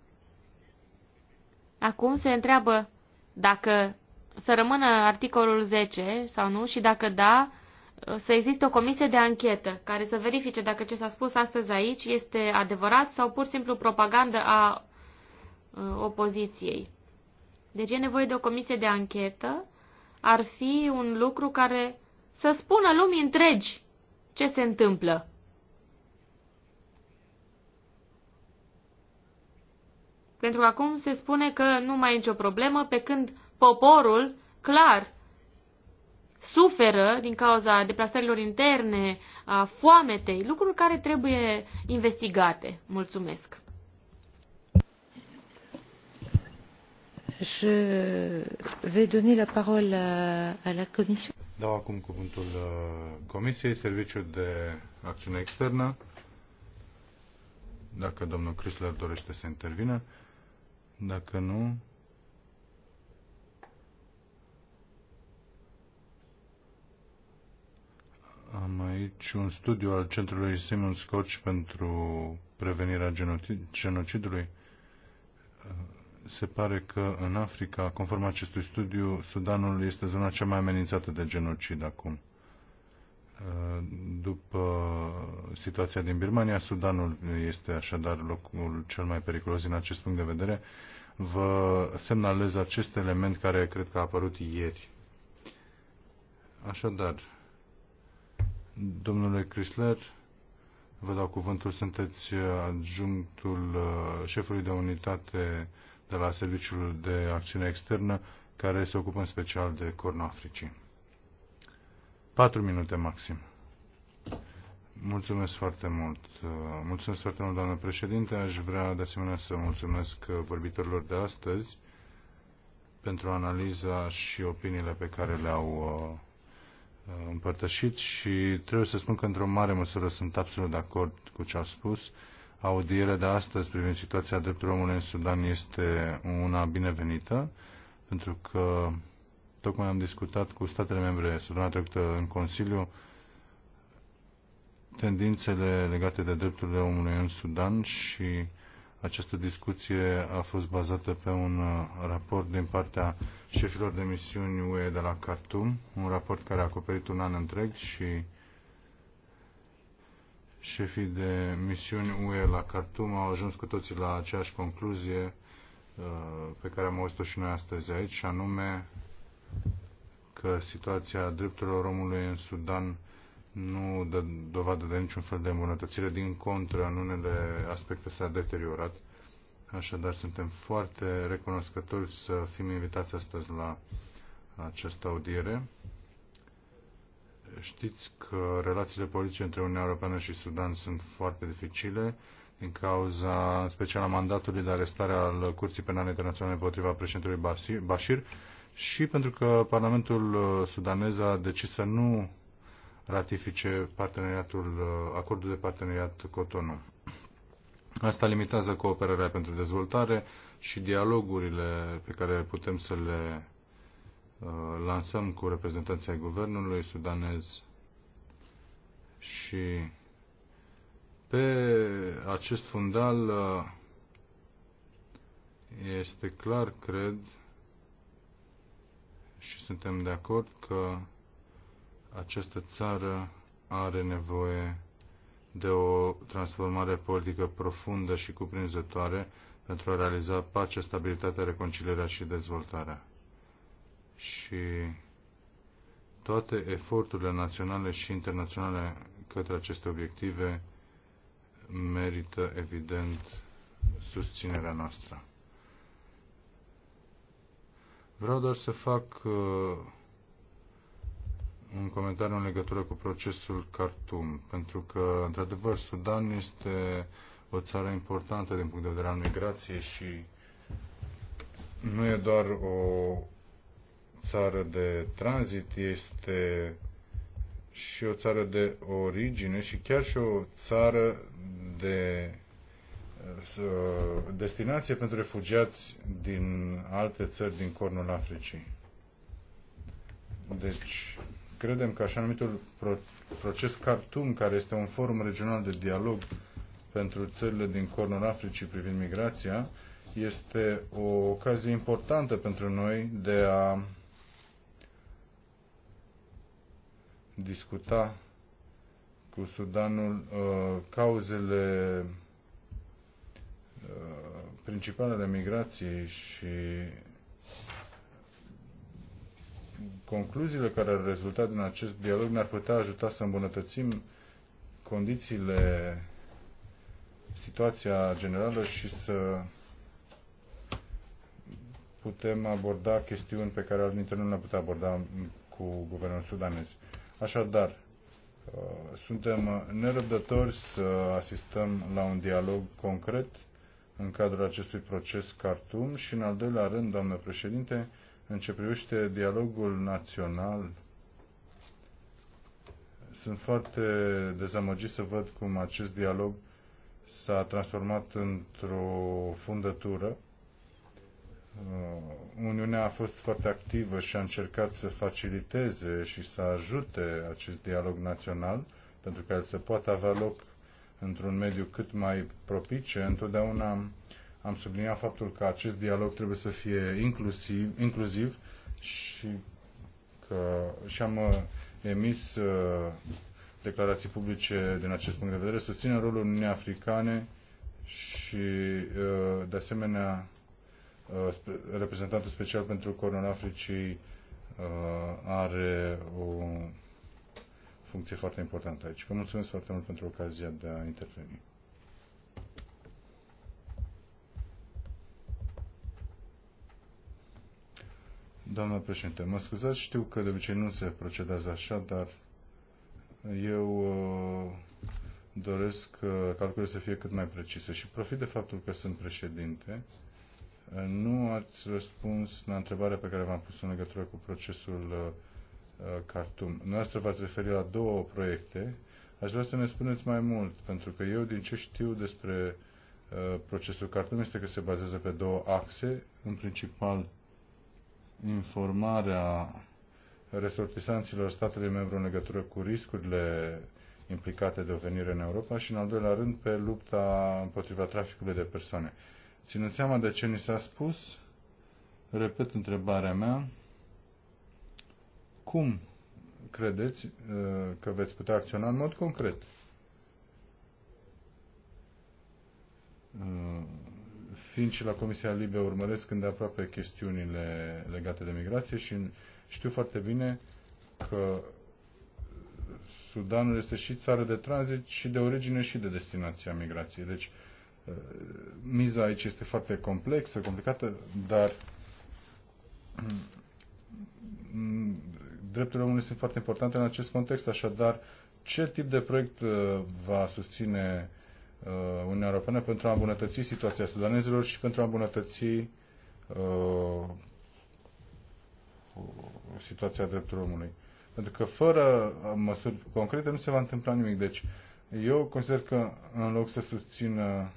acum se întreabă dacă să rămână articolul 10 sau nu și dacă da, să existe o comisie de anchetă care să verifice dacă ce s-a spus astăzi aici este adevărat sau pur și simplu propagandă a ă, opoziției. Deci e nevoie de o comisie de anchetă, ar fi un lucru care să spună lumii întregi ce se întâmplă. Pentru că acum se spune că nu mai e nicio problemă, pe când poporul clar suferă din cauza deplasărilor interne, a foametei, lucruri care trebuie investigate. Mulțumesc. Je vais donner la parole à, à la commission. Dau acum cuvântul uh, Comisiei, Serviciul de Acțiune Externă. Dacă domnul Chrysler dorește să intervină. Dacă nu, Am aici un studiu al Centrului Simon Scotch pentru prevenirea genocidului. Se pare că în Africa, conform acestui studiu, Sudanul este zona cea mai amenințată de genocid acum. După situația din Birmania, Sudanul este așadar locul cel mai periculos din acest punct de vedere. Vă semnalez acest element care cred că a apărut ieri. Așadar, Domnule Chrysler, vă dau cuvântul, sunteți adjunctul uh, șefului de unitate de la Serviciul de Acțiune Externă, care se ocupă în special de Cornul Africii. Patru minute maxim. Mulțumesc foarte mult. Uh, mulțumesc foarte mult, doamnă președinte. Aș vrea de asemenea să mulțumesc uh, vorbitorilor de astăzi pentru analiza și opiniile pe care le-au Uh, împărtășit și trebuie să spun că într-o mare măsură sunt absolut de acord cu ce a spus. Audierea de astăzi privind situația drepturilor omului în Sudan este una binevenită, pentru că tocmai am discutat cu statele membre săptămâna trecută în Consiliu tendințele legate de drepturile omului în Sudan și această discuție a fost bazată pe un uh, raport din partea șefilor de misiuni UE de la Khartoum, un raport care a acoperit un an întreg și șefii de misiuni UE la Khartoum au ajuns cu toții la aceeași concluzie uh, pe care am auzit-o și noi astăzi aici, și anume că situația drepturilor omului în Sudan nu dă dovadă de niciun fel de îmbunătățire, din contră, în unele aspecte s-a deteriorat Așadar, suntem foarte recunoscători să fim invitați astăzi la această audiere. Știți că relațiile politice între Uniunea Europeană și Sudan sunt foarte dificile din cauza, în special, a mandatului de arestare al Curții Penale Internaționale împotriva președintelui Bashir și pentru că Parlamentul sudanez a decis să nu ratifice parteneriatul, acordul de parteneriat Cotonou. Asta limitează cooperarea pentru dezvoltare și dialogurile pe care putem să le uh, lansăm cu reprezentanții ai guvernului sudanez și pe acest fundal uh, este clar, cred, și suntem de acord că această țară are nevoie de o transformare politică profundă și cuprinzătoare pentru a realiza pacea, stabilitatea, reconcilierea și dezvoltarea. Și toate eforturile naționale și internaționale către aceste obiective merită, evident, susținerea noastră. Vreau doar să fac uh, un comentariu în legătură cu procesul Khartoum, pentru că, într-adevăr, Sudan este o țară importantă din punct de vedere al migrației și nu e doar o țară de tranzit, este și o țară de origine și chiar și o țară de uh, destinație pentru refugiați din alte țări din cornul Africii. Deci, Credem că așa numitul proces Cartum, care este un forum regional de dialog pentru țările din cornul Africii privind migrația, este o ocazie importantă pentru noi de a discuta cu Sudanul uh, cauzele uh, principalele migrației și concluziile care ar rezulta din acest dialog ne-ar putea ajuta să îmbunătățim condițiile, situația generală și să putem aborda chestiuni pe care altfel nu le-am putea aborda cu guvernul sudanez. Așadar, uh, suntem nerăbdători să asistăm la un dialog concret în cadrul acestui proces Cartum și, în al doilea rând, doamnă președinte, în ce privește dialogul național, sunt foarte dezamăgit să văd cum acest dialog s-a transformat într-o fundătură. Uh, Uniunea a fost foarte activă și a încercat să faciliteze și să ajute acest dialog național pentru că el să poată avea loc într-un mediu cât mai propice. Întotdeauna am am subliniat faptul că acest dialog trebuie să fie inclusiv, inclusiv și că și am uh, emis uh, declarații publice din acest punct de vedere, susține rolul Uniunii Africane și uh, de asemenea reprezentantul special pentru Cornul Africii are o funcție foarte importantă aici. Vă mulțumesc foarte mult pentru ocazia de a interveni. Doamna președinte, mă scuzați, știu că de obicei nu se procedează așa, dar eu uh, doresc uh, calculele să fie cât mai precise și profit de faptul că sunt președinte. Uh, nu ați răspuns la întrebarea pe care v-am pus în legătură cu procesul Cartum. Noastră v-ați referit la două proiecte. Aș vrea să ne spuneți mai mult, pentru că eu din ce știu despre procesul Cartum este că se bazează pe două axe, în principal informarea resortisanților statului membru în legătură cu riscurile implicate de o venire în Europa și, în al doilea rând, pe lupta împotriva traficului de persoane. Ținând seama de ce ni s-a spus, repet întrebarea mea, cum credeți uh, că veți putea acționa în mod concret? Uh, Fiind și la Comisia Libe urmăresc când aproape chestiunile legate de migrație și știu foarte bine că Sudanul este și țară de tranzit, și de origine, și de destinație a migrației. Deci, uh, miza aici este foarte complexă, complicată, dar drepturile omului sunt foarte importante în acest context, așadar, ce tip de proiect uh, va susține uh, Uh, Uniunea Europeană pentru a îmbunătăți situația sudanezilor și pentru a îmbunătăți uh, situația drepturilor omului. Pentru că fără uh, măsuri concrete nu se va întâmpla nimic. Deci eu consider că în loc să susțină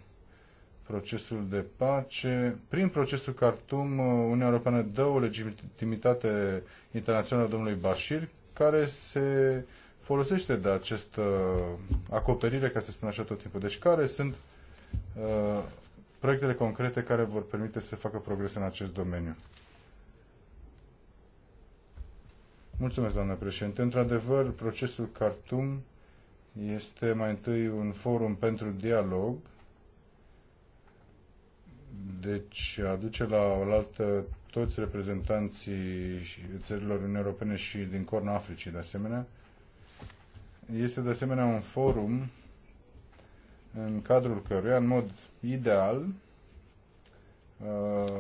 procesul de pace, prin procesul Cartum, uh, Uniunea Europeană dă o legitimitate internațională domnului Bashir, care se folosește de această acoperire, ca să spun așa, tot timpul. Deci care sunt uh, proiectele concrete care vor permite să facă progrese în acest domeniu? Mulțumesc, doamnă președinte. Într-adevăr, procesul Cartum este mai întâi un forum pentru dialog, deci aduce la oaltă toți reprezentanții țărilor Uniunii Europene și din Cornul Africii, de asemenea, este de asemenea un forum în cadrul căruia, în mod ideal, uh,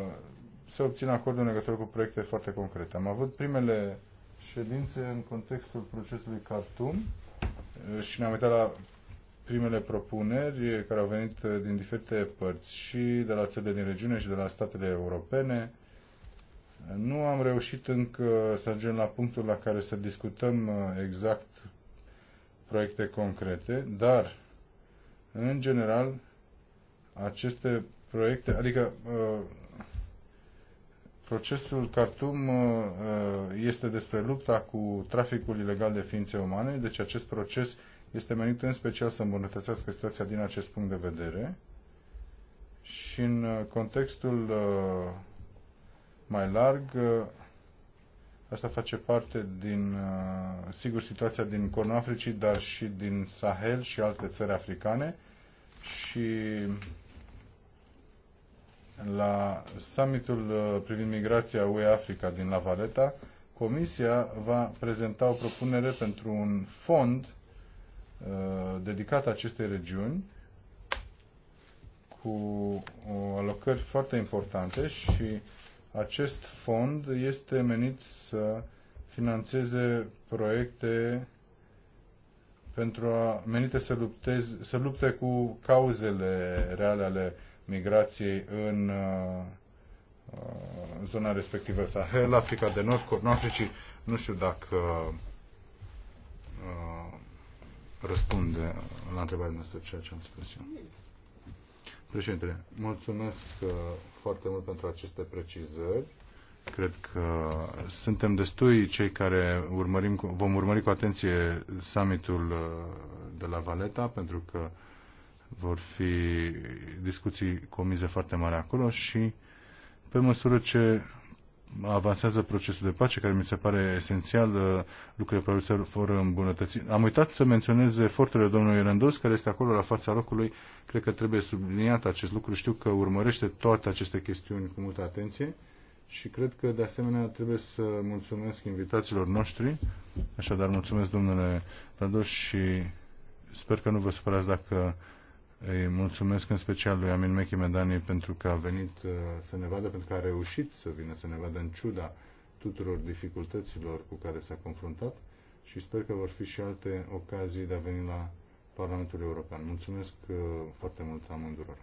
se obțin acordul legătură cu proiecte foarte concrete. Am avut primele ședințe în contextul procesului Cartum, uh, și ne-am uitat la primele propuneri care au venit uh, din diferite părți și de la țările din regiune și de la statele europene. Nu am reușit încă să ajungem la punctul la care să discutăm exact proiecte concrete, dar în general aceste proiecte, adică uh, procesul cartum uh, uh, este despre lupta cu traficul ilegal de ființe umane, deci acest proces este menit în special să îmbunătățească situația din acest punct de vedere și în contextul mai larg Asta face parte din, uh, sigur, situația din Cornul Africii, dar și din Sahel și alte țări africane. Și la summitul uh, privind migrația UE Africa din La Valeta, Comisia va prezenta o propunere pentru un fond uh, dedicat acestei regiuni cu alocări foarte importante și acest fond este menit să financeze proiecte pentru a menite să, luptez, să lupte cu cauzele reale ale migrației în uh, uh, zona respectivă, Sahel, Africa de Nord, Cornul Africii. Nu știu dacă uh, răspunde la întrebarea noastră ceea ce am spus eu. Președintele, mulțumesc uh, foarte mult pentru aceste precizări. Cred că suntem destui cei care urmărim, vom urmări cu atenție summitul uh, de la Valeta, pentru că vor fi discuții cu o miză foarte mare acolo și pe măsură ce avansează procesul de pace, care mi se pare esențial, uh, lucrurile probabil se vor îmbunătăți. Am uitat să menționez eforturile domnului Rândos, care este acolo la fața locului. Cred că trebuie subliniat acest lucru. Știu că urmărește toate aceste chestiuni cu multă atenție și cred că de asemenea trebuie să mulțumesc invitațiilor noștri. Așadar, mulțumesc domnule Rândos și sper că nu vă supărați dacă îi mulțumesc în special lui Amin Mechi Medani pentru că a venit uh, să ne vadă, pentru că a reușit să vină să ne vadă în ciuda tuturor dificultăților cu care s-a confruntat și sper că vor fi și alte ocazii de a veni la Parlamentul European. Mulțumesc uh, foarte mult amândurora.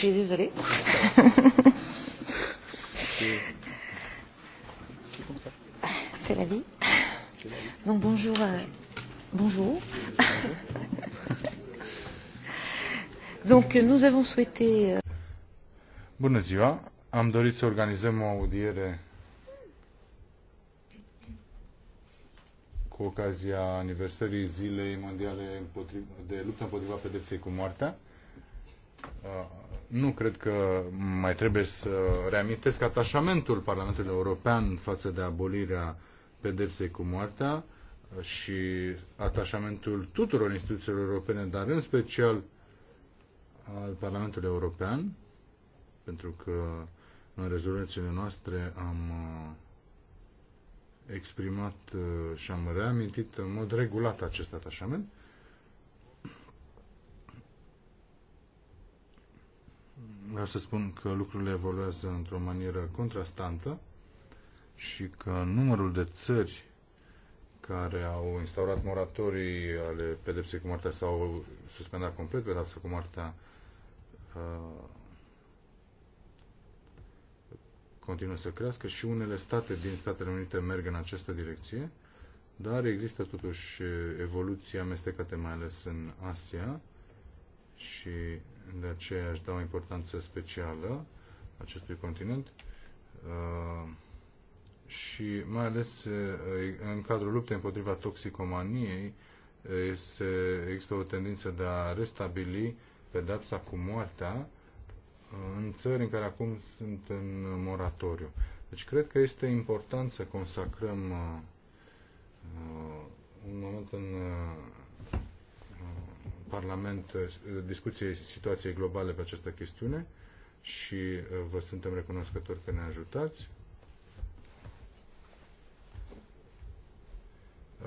je suis désolée. C'est la vie. Donc bonjour. Euh, bonjour. Donc nous avons souhaité. Euh... Bună ziua. Am dorit să organizăm o audiere cu ocazia aniversării Zilei Mondiale de luptă împotriva pedepsei cu moartea nu cred că mai trebuie să reamintesc atașamentul Parlamentului European față de abolirea pedepsei cu moartea și atașamentul tuturor instituțiilor europene, dar în special al Parlamentului European, pentru că în rezoluțiile noastre am uh, exprimat uh, și am reamintit în mod regulat acest atașament vreau să spun că lucrurile evoluează într-o manieră contrastantă și că numărul de țări care au instaurat moratorii ale pedepsei cu moartea sau suspendat complet pedepsa cu moartea uh, continuă să crească și unele state din Statele Unite merg în această direcție, dar există totuși evoluții amestecate mai ales în Asia și de aceea își dau importanță specială acestui continent uh, și mai ales uh, în cadrul luptei împotriva toxicomaniei este, uh, există o tendință de a restabili pedapsa cu moartea în țări în care acum sunt în moratoriu. Deci cred că este important să consacrăm un moment în Parlament eh, discuție situației globale pe această chestiune și eh, vă suntem recunoscători că ne ajutați.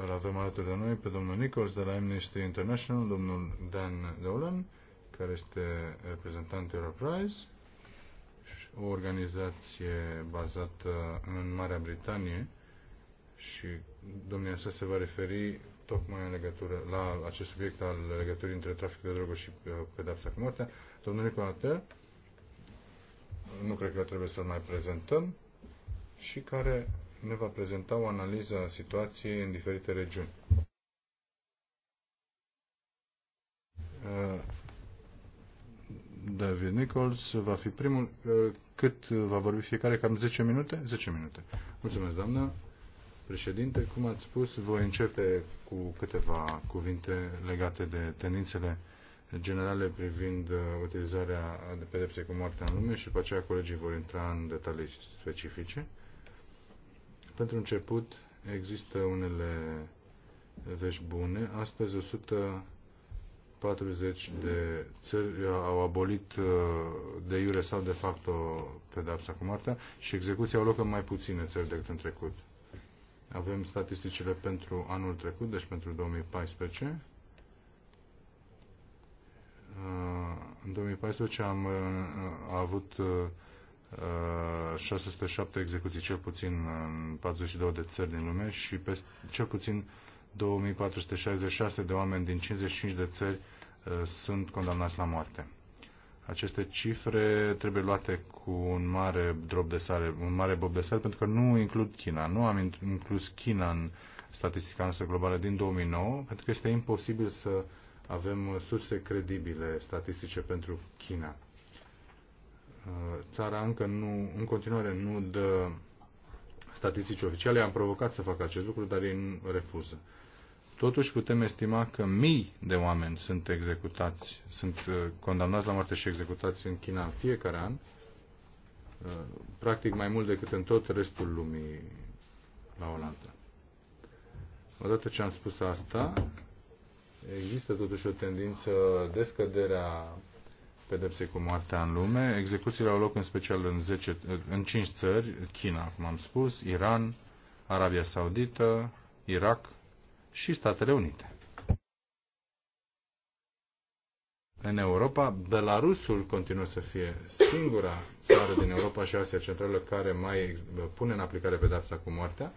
Îl avem alături de noi pe domnul Nichols de la Amnesty International, domnul Dan Dolan, care este reprezentant Europrise, o organizație bazată în Marea Britanie și domnia sa se va referi tocmai în legătură la acest subiect al legăturii între traficul de droguri și uh, pedapsa cu moartea. Domnul Nicolate, nu cred că trebuie să-l mai prezentăm, și care ne va prezenta o analiză a situației în diferite regiuni. Uh, David Nichols va fi primul. Uh, cât va vorbi fiecare? Cam 10 minute? 10 minute. Mulțumesc, doamnă președinte. Cum ați spus, voi începe cu câteva cuvinte legate de tendințele generale privind uh, utilizarea de pedepsei cu moartea în lume și după aceea colegii vor intra în detalii specifice. Pentru început, există unele vești bune. Astăzi 140 de țări uh, au abolit uh, de iure sau de facto pedepsa cu moartea și execuția au loc în mai puține țări decât în trecut. Avem statisticile pentru anul trecut, deci pentru 2014. Uh, în 2014 am uh, a avut 607 uh, execuții, cel puțin în 42 de țări din lume și peste, cel puțin 2466 de oameni din 55 de țări sunt condamnați la moarte aceste cifre trebuie luate cu un mare drop de sare, un mare bob de sare, pentru că nu includ China. Nu am inclus China în statistica noastră globală din 2009, pentru că este imposibil să avem surse credibile statistice pentru China. Uh, țara încă nu, în continuare nu dă statistici oficiale, am provocat să facă acest lucru, dar ei refuză. Totuși putem estima că mii de oameni sunt executați, sunt uh, condamnați la moarte și executați în China în fiecare an, uh, practic mai mult decât în tot restul lumii la Olanda. Odată ce am spus asta, există totuși o tendință de scăderea pedepsei cu moartea în lume. Execuțiile au loc în special în, 10, în 5 țări, China, cum am spus, Iran, Arabia Saudită, Irak, și Statele Unite. În Europa, Belarusul continuă să fie singura țară din Europa și Asia Centrală care mai pune în aplicare pedapsa cu moartea.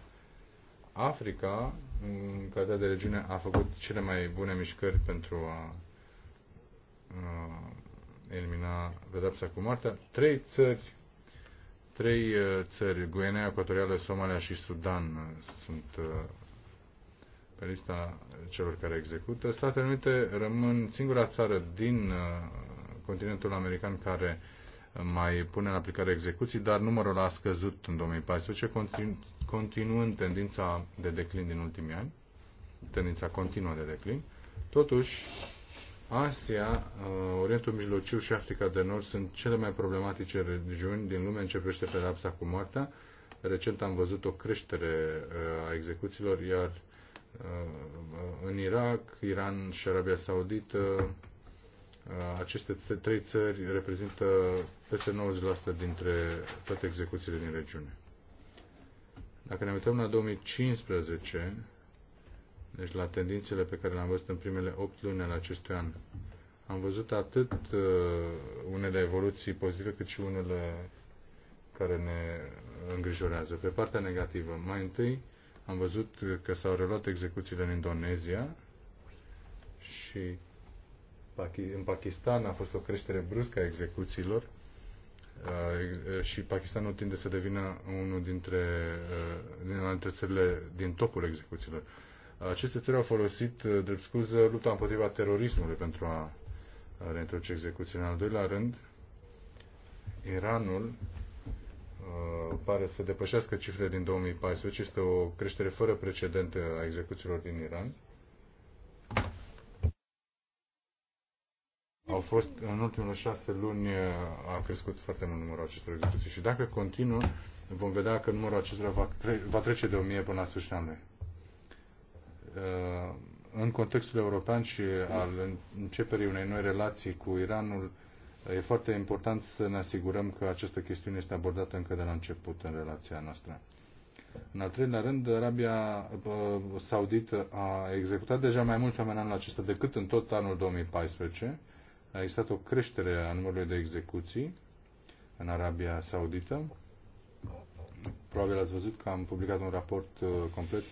Africa, în calitate de regiune, a făcut cele mai bune mișcări pentru a, elimina pedapsa cu moartea. Trei țări, trei uh, țări, Guinea Ecuatorială, Somalia și Sudan uh, sunt uh, pe lista celor care execută. Statele Unite rămân singura țară din uh, continentul american care uh, mai pune în aplicare execuții, dar numărul a scăzut în 2014, continu continuând tendința de declin din ultimii ani, tendința continuă de declin. Totuși, Asia, uh, Orientul Mijlociu și Africa de Nord sunt cele mai problematice regiuni din lume în ce privește pedapsa cu moartea. Recent am văzut o creștere a execuțiilor, iar Uh, în Irak, Iran și Arabia Saudită. Uh, aceste trei țări reprezintă peste 90% dintre toate execuțiile din regiune. Dacă ne uităm la 2015, deci la tendințele pe care le-am văzut în primele 8 luni ale acestui an, am văzut atât uh, unele evoluții pozitive cât și unele care ne îngrijorează. Pe partea negativă, mai întâi, am văzut că s-au reluat execuțiile în Indonezia și în Pakistan a fost o creștere bruscă a execuțiilor uh, uh, și Pakistanul tinde să devină unul dintre, uh, dintre țările din topul execuțiilor. Aceste țări au folosit, drept scuză, lupta împotriva terorismului pentru a reintroduce execuțiile. În al doilea rând, Iranul Uh, pare să depășească cifrele din 2014. Este o creștere fără precedente a execuțiilor din Iran. Au fost, în ultimele șase luni, uh, a crescut foarte mult numărul acestor execuții și dacă continuă, vom vedea că numărul acestora va, tre- va trece de 1000 până la sfârșitul anului. Uh, în contextul european și al începerii unei noi relații cu Iranul, E foarte important să ne asigurăm că această chestiune este abordată încă de la început în relația noastră. În al treilea rând, Arabia uh, Saudită a executat deja mai mulți oameni anul acesta decât în tot anul 2014. A existat o creștere a numărului de execuții în Arabia Saudită. Probabil ați văzut că am publicat un raport uh, complet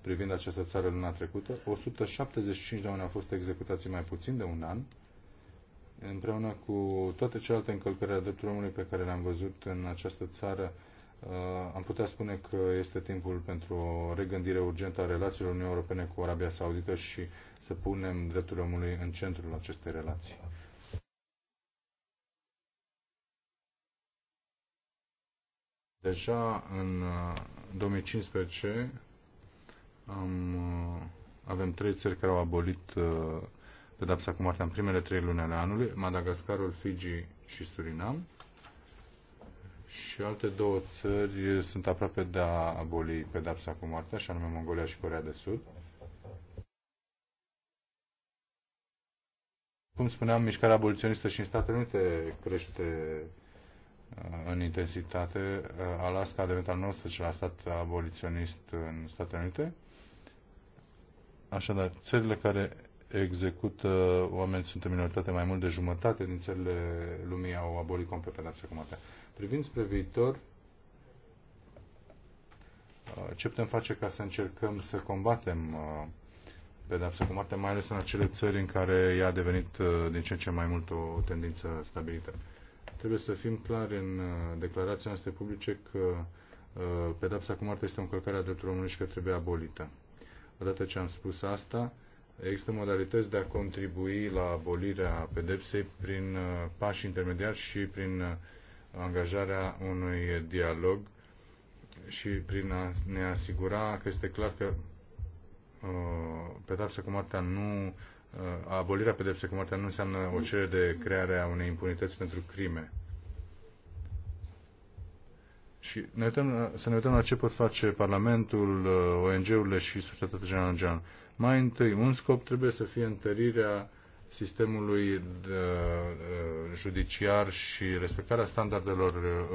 privind această țară luna trecută. 175 de oameni au fost executați mai puțin de un an împreună cu toate celelalte încălcări a drepturilor omului pe care le-am văzut în această țară, uh, am putea spune că este timpul pentru o regândire urgentă a relațiilor Uniunii Europene cu Arabia Saudită și să punem drepturile omului în centrul acestei relații. Deja în 2015 uh, am, uh, avem trei țări care au abolit pedapsa cu moartea în primele trei luni ale anului, Madagascarul, Fiji și Surinam. Și alte două țări sunt aproape de a aboli pedapsa cu moartea, și anume Mongolia și Corea de Sud. Cum spuneam, mișcarea aboliționistă și în Statele Unite crește uh, în intensitate. Uh, Alaska a devenit al 19-lea stat aboliționist în Statele Unite. Așadar, țările care execută oameni sunt în minoritate. Mai mult de jumătate din țările lumii au abolit cu moartea. Privind spre viitor, uh, ce putem face ca să încercăm să combatem uh, pedapsa cu moartea, mai ales în acele țări în care ea a devenit uh, din ce în ce mai mult o tendință stabilită. Trebuie să fim clari în declarația noastră publice că pedapsa cu moartea este o încălcare a drepturilor omului și că trebuie abolită. Odată ce am spus asta, Există modalități de a contribui la abolirea pedepsei prin uh, pași intermediari și prin uh, angajarea unui dialog și prin a ne asigura că este clar că uh, pedepsa cu moartea nu abolirea pedepsei cu moartea nu înseamnă o cerere de creare a unei impunități pentru crime. Și ne uităm, să ne uităm la ce pot face Parlamentul, ONG-urile și societatea generală mai întâi, un scop trebuie să fie întărirea sistemului de, judiciar și respectarea standardelor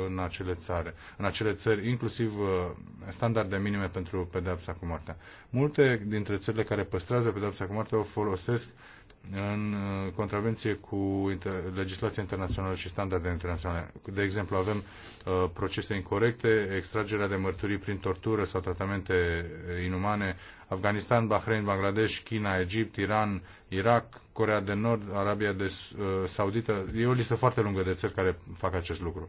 în acele țare. în acele țări inclusiv uh, standarde minime pentru pedepsa cu moartea. Multe dintre țările care păstrează pedepsa cu moartea o folosesc în uh, contravenție cu legislația internațională și standardele internaționale. De exemplu, avem uh, procese incorrecte, extragerea de mărturii prin tortură sau tratamente uh, inumane, Afganistan, Bahrain, Bangladesh, China, Egipt, Iran, Irak, Corea de Nord, Arabia de Saudită. E o listă foarte lungă de țări care fac acest lucru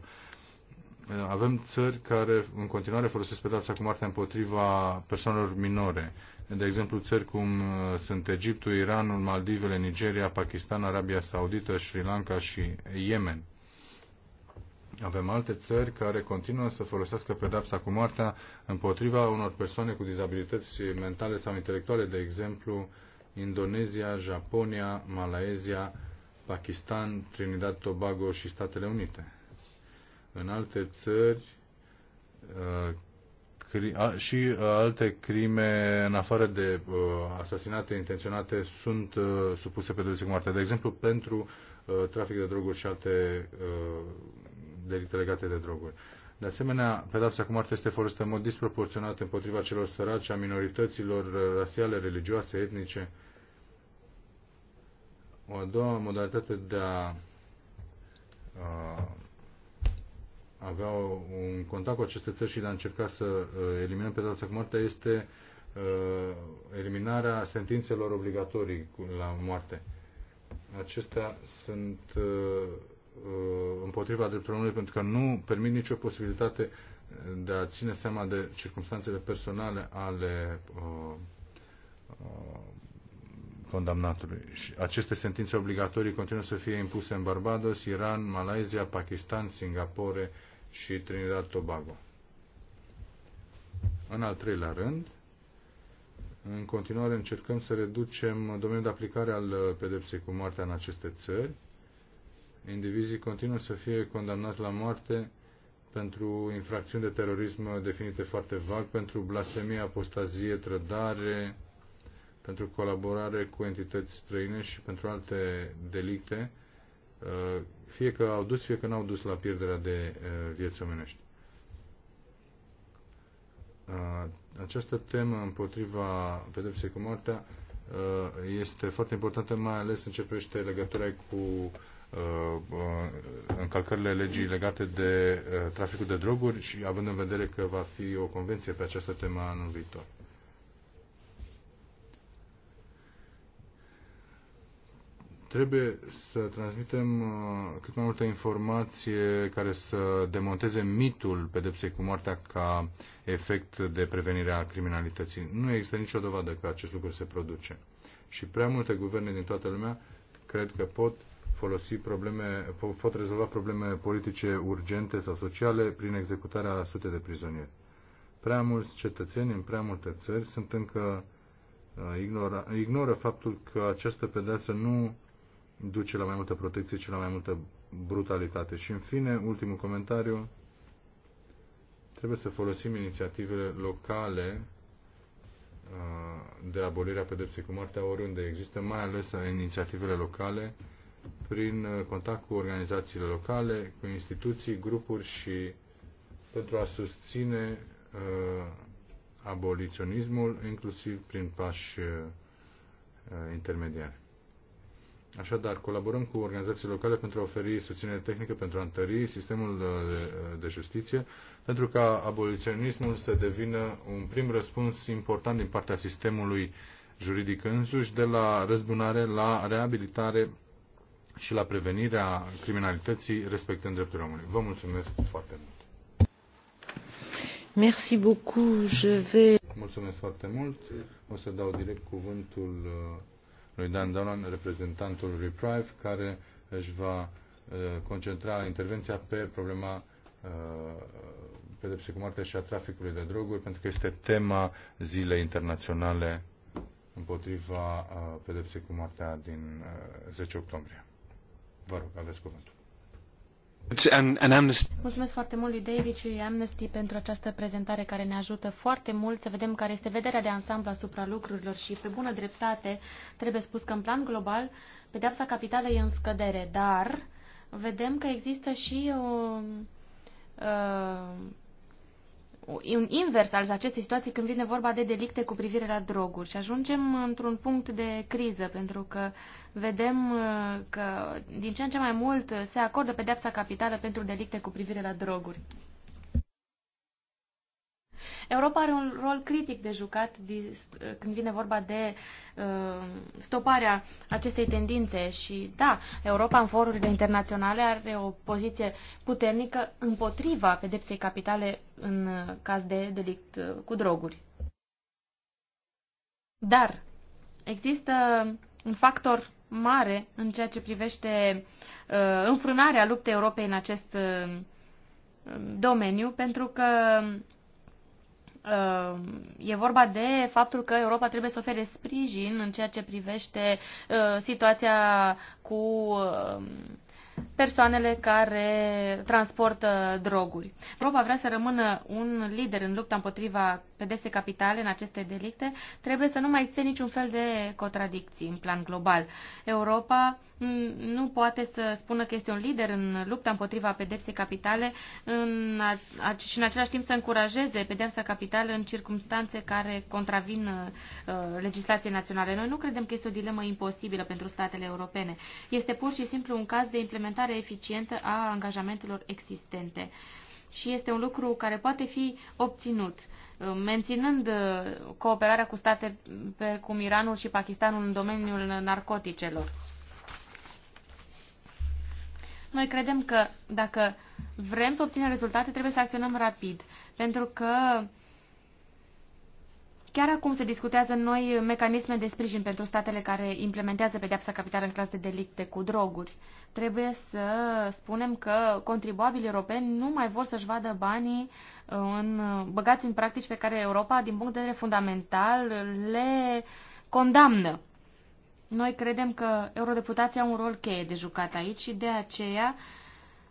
avem țări care în continuare folosesc pedapsa cu moartea împotriva persoanelor minore. De exemplu, țări cum uh, sunt Egiptul, Iranul, Maldivele, Nigeria, Pakistan, Arabia Saudită, Sri Lanka și Yemen. Avem alte țări care continuă să folosească pedapsa cu moartea împotriva unor persoane cu dizabilități mentale sau intelectuale, de exemplu Indonezia, Japonia, Malaezia, Pakistan, Trinidad, Tobago și Statele Unite. În alte țări uh, și uh, alte crime în afară de uh, asasinate intenționate sunt supuse pe cu moarte. De exemplu, pentru trafic de droguri și alte delicte legate de droguri. De asemenea, pedapsa cu moarte este folosită în mod disproporționat împotriva celor săraci, a minorităților rasiale, religioase, etnice. O a doua modalitate de a avea un contact cu aceste țări și de a încerca să uh, eliminăm pedeapsa cu moartea este uh, eliminarea sentințelor obligatorii la moarte. Acestea sunt uh, împotriva drepturilor omului pentru că nu permit nicio posibilitate de a ține seama de circunstanțele personale ale uh, uh, condamnatului. Și aceste sentințe obligatorii continuă să fie impuse în Barbados, Iran, Malaysia, Pakistan, Singapore și Trinidad Tobago. În al treilea rând, în continuare încercăm să reducem domeniul de aplicare al pedepsei cu moartea în aceste țări. Indivizii continuă să fie condamnați la moarte pentru infracțiuni de terorism definite foarte vag, pentru blasfemie, apostazie, trădare, pentru colaborare cu entități străine și pentru alte delicte Uh, fie că au dus, fie că n-au dus la pierderea de uh, vieți omenești. Uh, această temă împotriva pedepsei cu moartea este foarte importantă, mai ales în ce privește legătura cu încălcările legii legate de traficul de droguri și având în vedere că va fi o convenție pe această temă anul viitor. Trebuie să transmitem uh, cât mai multă informație care să demonteze mitul pedepsei cu moartea ca efect de prevenire a criminalității. Nu există nicio dovadă că acest lucru se produce. Și prea multe guverne din toată lumea cred că pot folosi probleme, pot rezolva probleme politice urgente sau sociale prin executarea sute de prizonieri. Prea mulți cetățeni în prea multe țări sunt încă uh, ignora, ignoră faptul că această pedeapsă nu duce la mai multă protecție și la mai multă brutalitate. Și în fine, ultimul comentariu, trebuie să folosim inițiativele locale uh, de abolirea pedepsei cu moartea oriunde există, mai ales inițiativele locale, prin uh, contact cu organizațiile locale, cu instituții, grupuri și pentru a susține uh, aboliționismul, inclusiv prin pași intermediari. Așadar, colaborăm cu organizații locale pentru a oferi susținere tehnică, pentru a întări sistemul de, de justiție, pentru ca aboliționismul să devină un prim răspuns important din partea sistemului juridic însuși, de la răzbunare la reabilitare și la prevenirea criminalității respectând drepturile omului. Vă mulțumesc foarte mult! Merci beaucoup. Je vais... Mulțumesc foarte mult. O să dau direct cuvântul uh, lui Dan Donan, reprezentantul Reprive, care își va uh, concentra intervenția pe problema uh, pedepsei cu moartea și a traficului de droguri, pentru că este tema zilei internaționale împotriva uh, pedepsei cu moartea din 10 octombrie. Vă rog, aveți cuvântul. Mulțumesc foarte mult lui David și lui Amnesty pentru această prezentare care ne ajută foarte mult să vedem care este vederea de ansamblu asupra lucrurilor și pe bună dreptate trebuie spus că în plan global pedeapsa capitală e în scădere, dar vedem că există și o, uh, un invers al acestei situații când vine vorba de delicte cu privire la droguri. Și ajungem într-un punct de criză, pentru că vedem uh, că din ce în ce mai mult se acordă pedepsa capitală pentru delicte cu privire la droguri. Europa are un rol critic de jucat când vine vorba de uh, stoparea acestei tendințe și, da, Europa în forurile internaționale are o poziție puternică împotriva pedepsei capitale în uh, caz de delict uh, cu droguri. Dar există un factor mare în ceea ce privește înfrânarea luptei Europei în acest domeniu, pentru că Uh, e vorba de faptul că Europa trebuie să ofere sprijin în ceea ce privește uh, situația cu uh, persoanele care transportă droguri. Europa vrea să rămână un lider în lupta împotriva pedese capitale în aceste delicte. Trebuie să nu mai existe niciun fel de contradicții în plan global. Europa nu poate să spună că este un lider în lupta împotriva pedepsei capitale în a, și în același timp să încurajeze pedepsa capitală în circunstanțe care contravin uh, legislației naționale. Noi nu credem că este o dilemă imposibilă pentru statele europene. Este pur și simplu un caz de implementare implementare eficientă a angajamentelor existente. Și este un lucru care poate fi obținut, uh, menținând uh, cooperarea cu state precum Iranul și Pakistanul în domeniul narcoticelor. Noi credem că dacă vrem să obținem rezultate, trebuie să acționăm rapid, pentru că Chiar acum se discutează noi mecanisme de sprijin pentru statele care implementează pedeapsa capitală în clas de delicte cu droguri. Trebuie să spunem că contribuabilii europeni nu mai vor să-și vadă banii în, băgați în practici pe care Europa, din punct de vedere fundamental, le condamnă. Noi credem că eurodeputații au un rol cheie de jucat aici și de aceea uh,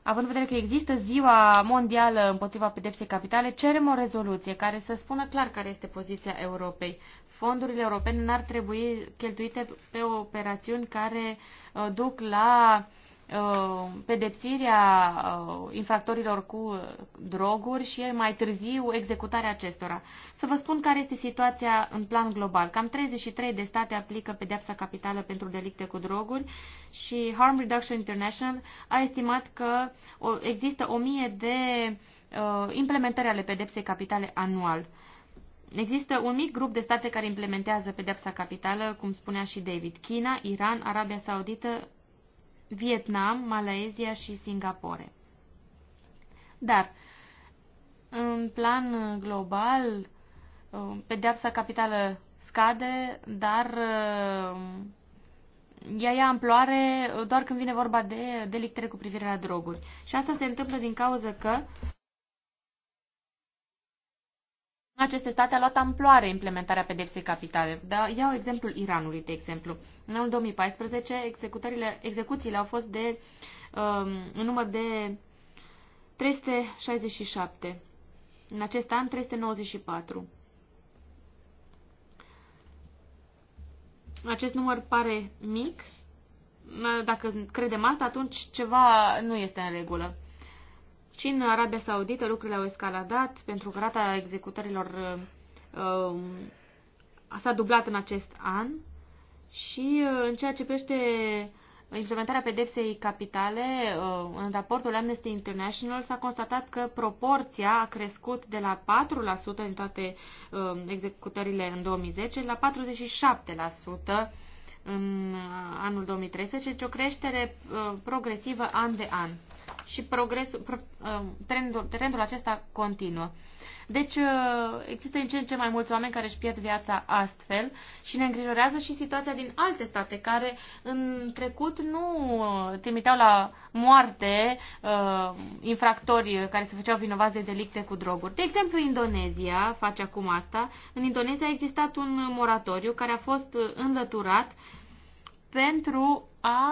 având în vedere că există ziua mondială împotriva pedepsei capitale, cerem o rezoluție care să spună clar care este poziția Europei. Fondurile europene n-ar trebui cheltuite pe operațiuni care uh, duc la uh, Uh, pedepsirea uh, infractorilor cu droguri și mai târziu executarea acestora. Să vă spun care este situația în plan global. Cam 33 de state aplică pedepsa capitală pentru delicte cu droguri și Harm Reduction International a estimat că există 1000 de uh, implementări ale pedepsei capitale anual. Există un mic grup de state care implementează pedepsa capitală, cum spunea și David, China, Iran, Arabia Saudită, Vietnam, Malaezia și Singapore. Dar, în plan global, uh, pedeapsa capitală scade, dar uh, ea ia amploare doar când vine vorba de delictele cu privire la droguri. Și asta se întâmplă din cauza că aceste state a luat amploare implementarea pedepsei capitale. Da, iau exemplul Iranului, de exemplu. În anul 2014, execuțiile au fost de um, în număr de 367. În acest an, 394. Acest număr pare mic. Dacă credem asta, atunci ceva nu este în regulă. Și în Arabia Saudită lucrurile au escaladat pentru că rata executărilor uh, s-a dublat în acest an și uh, în ceea ce privește implementarea pedepsei capitale, uh, în raportul Amnesty International s-a constatat că proporția a crescut de la 4% în toate uh, executările în 2010 la 47% în uh, anul 2013, deci o creștere uh, progresivă an de an și progresul, pro, um, trendul, trendul acesta continuă. Deci uh, există în ce în ce mai mulți oameni care își pierd viața astfel și ne îngrijorează și situația din alte state care în trecut nu uh, trimiteau la moarte uh, infractori care se făceau vinovați de delicte cu droguri. De exemplu, Indonezia face acum asta. În Indonezia a existat un moratoriu care a fost înlăturat pentru a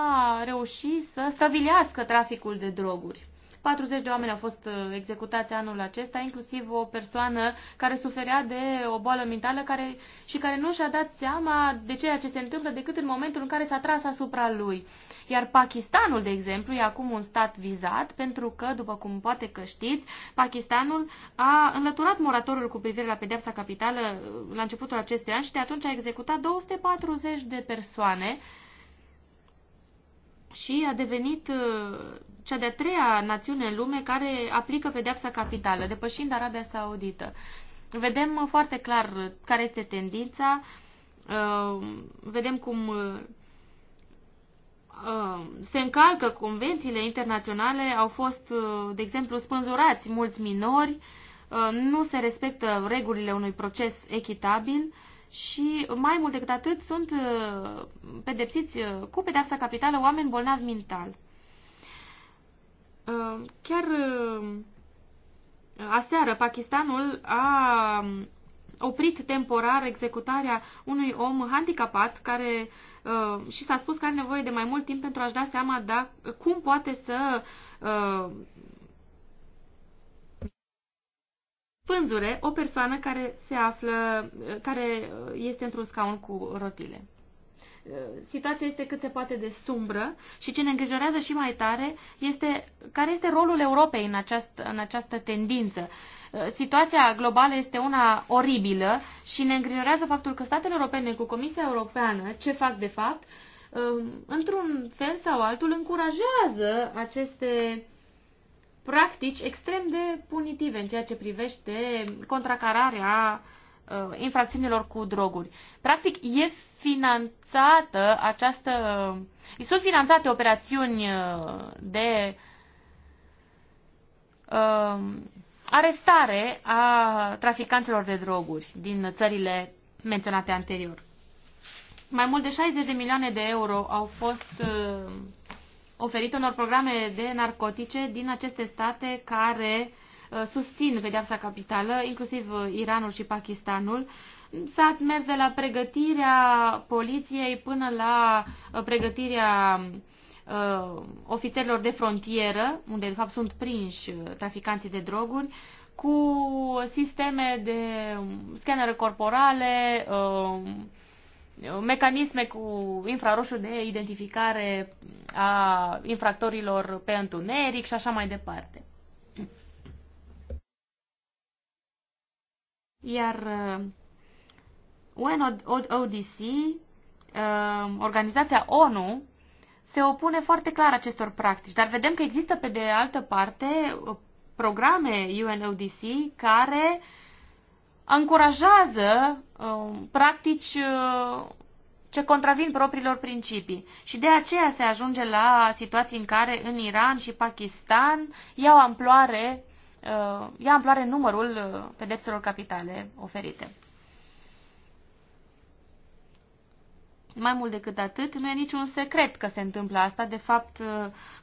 reuși să stăvilească traficul de droguri. 40 de oameni au fost uh, executați anul acesta, inclusiv o persoană care suferea de o boală mentală care, și care nu și-a dat seama de ceea ce se întâmplă decât în momentul în care s-a tras asupra lui. Iar Pakistanul, de exemplu, e acum un stat vizat pentru că, după cum poate că știți, Pakistanul a înlăturat moratorul cu privire la pedeapsa capitală uh, la începutul acestui an și de atunci a executat 240 de persoane și a devenit uh, cea de-a treia națiune în lume care aplică pedeapsa capitală, depășind Arabia Saudită. Vedem uh, foarte clar uh, care este tendința, vedem cum se încalcă convențiile internaționale, au fost, de exemplu, spânzurați mulți minori, nu se respectă regulile unui proces echitabil, și mai mult decât atât sunt uh, pedepsiți uh, cu pedepsa capitală oameni bolnavi mental. Uh, chiar aseară Pakistanul a um, oprit temporar executarea unui om handicapat care și s-a spus că are nevoie de mai mult timp pentru a-și da seama da, cum poate să pânzure o persoană care se află, care este într-un scaun cu rotile. Situația este cât se poate de sumbră și ce ne îngrijorează și mai tare este care este rolul Europei în această, în această tendință. Situația globală este una oribilă și ne îngrijorează faptul că statele europene cu Comisia Europeană ce fac de fapt, um, într-un fel sau altul, încurajează aceste practici extrem de punitive în ceea ce privește contracararea uh, infracțiunilor cu droguri. Practic, e finanțată această... Uh, sunt finanțate operațiuni uh, de uh, arestare a traficanților de droguri din țările menționate anterior. Mai mult de 60 de milioane de euro au fost uh, oferit unor programe de narcotice din aceste state care uh, susțin pedeapsa capitală, inclusiv uh, Iranul și Pakistanul. S-a mers de la pregătirea poliției până la uh, pregătirea uh, ofițerilor de frontieră, unde de fapt sunt prinși traficanții de droguri, cu sisteme de um, scanere corporale, uh, mecanisme cu infraroșu de identificare a infractorilor pe întuneric și așa mai departe. Iar uh, UNODC, uh, organizația ONU, se opune foarte clar acestor practici, dar vedem că există pe de altă parte programe UNODC care încurajează Um, practici uh, ce contravin propriilor principii. Și de aceea se ajunge la situații în care în Iran și Pakistan iau amploare, uh, ia amploare numărul uh, pedepselor capitale oferite. Mai mult decât atât, nu e niciun secret că se întâmplă asta. De fapt,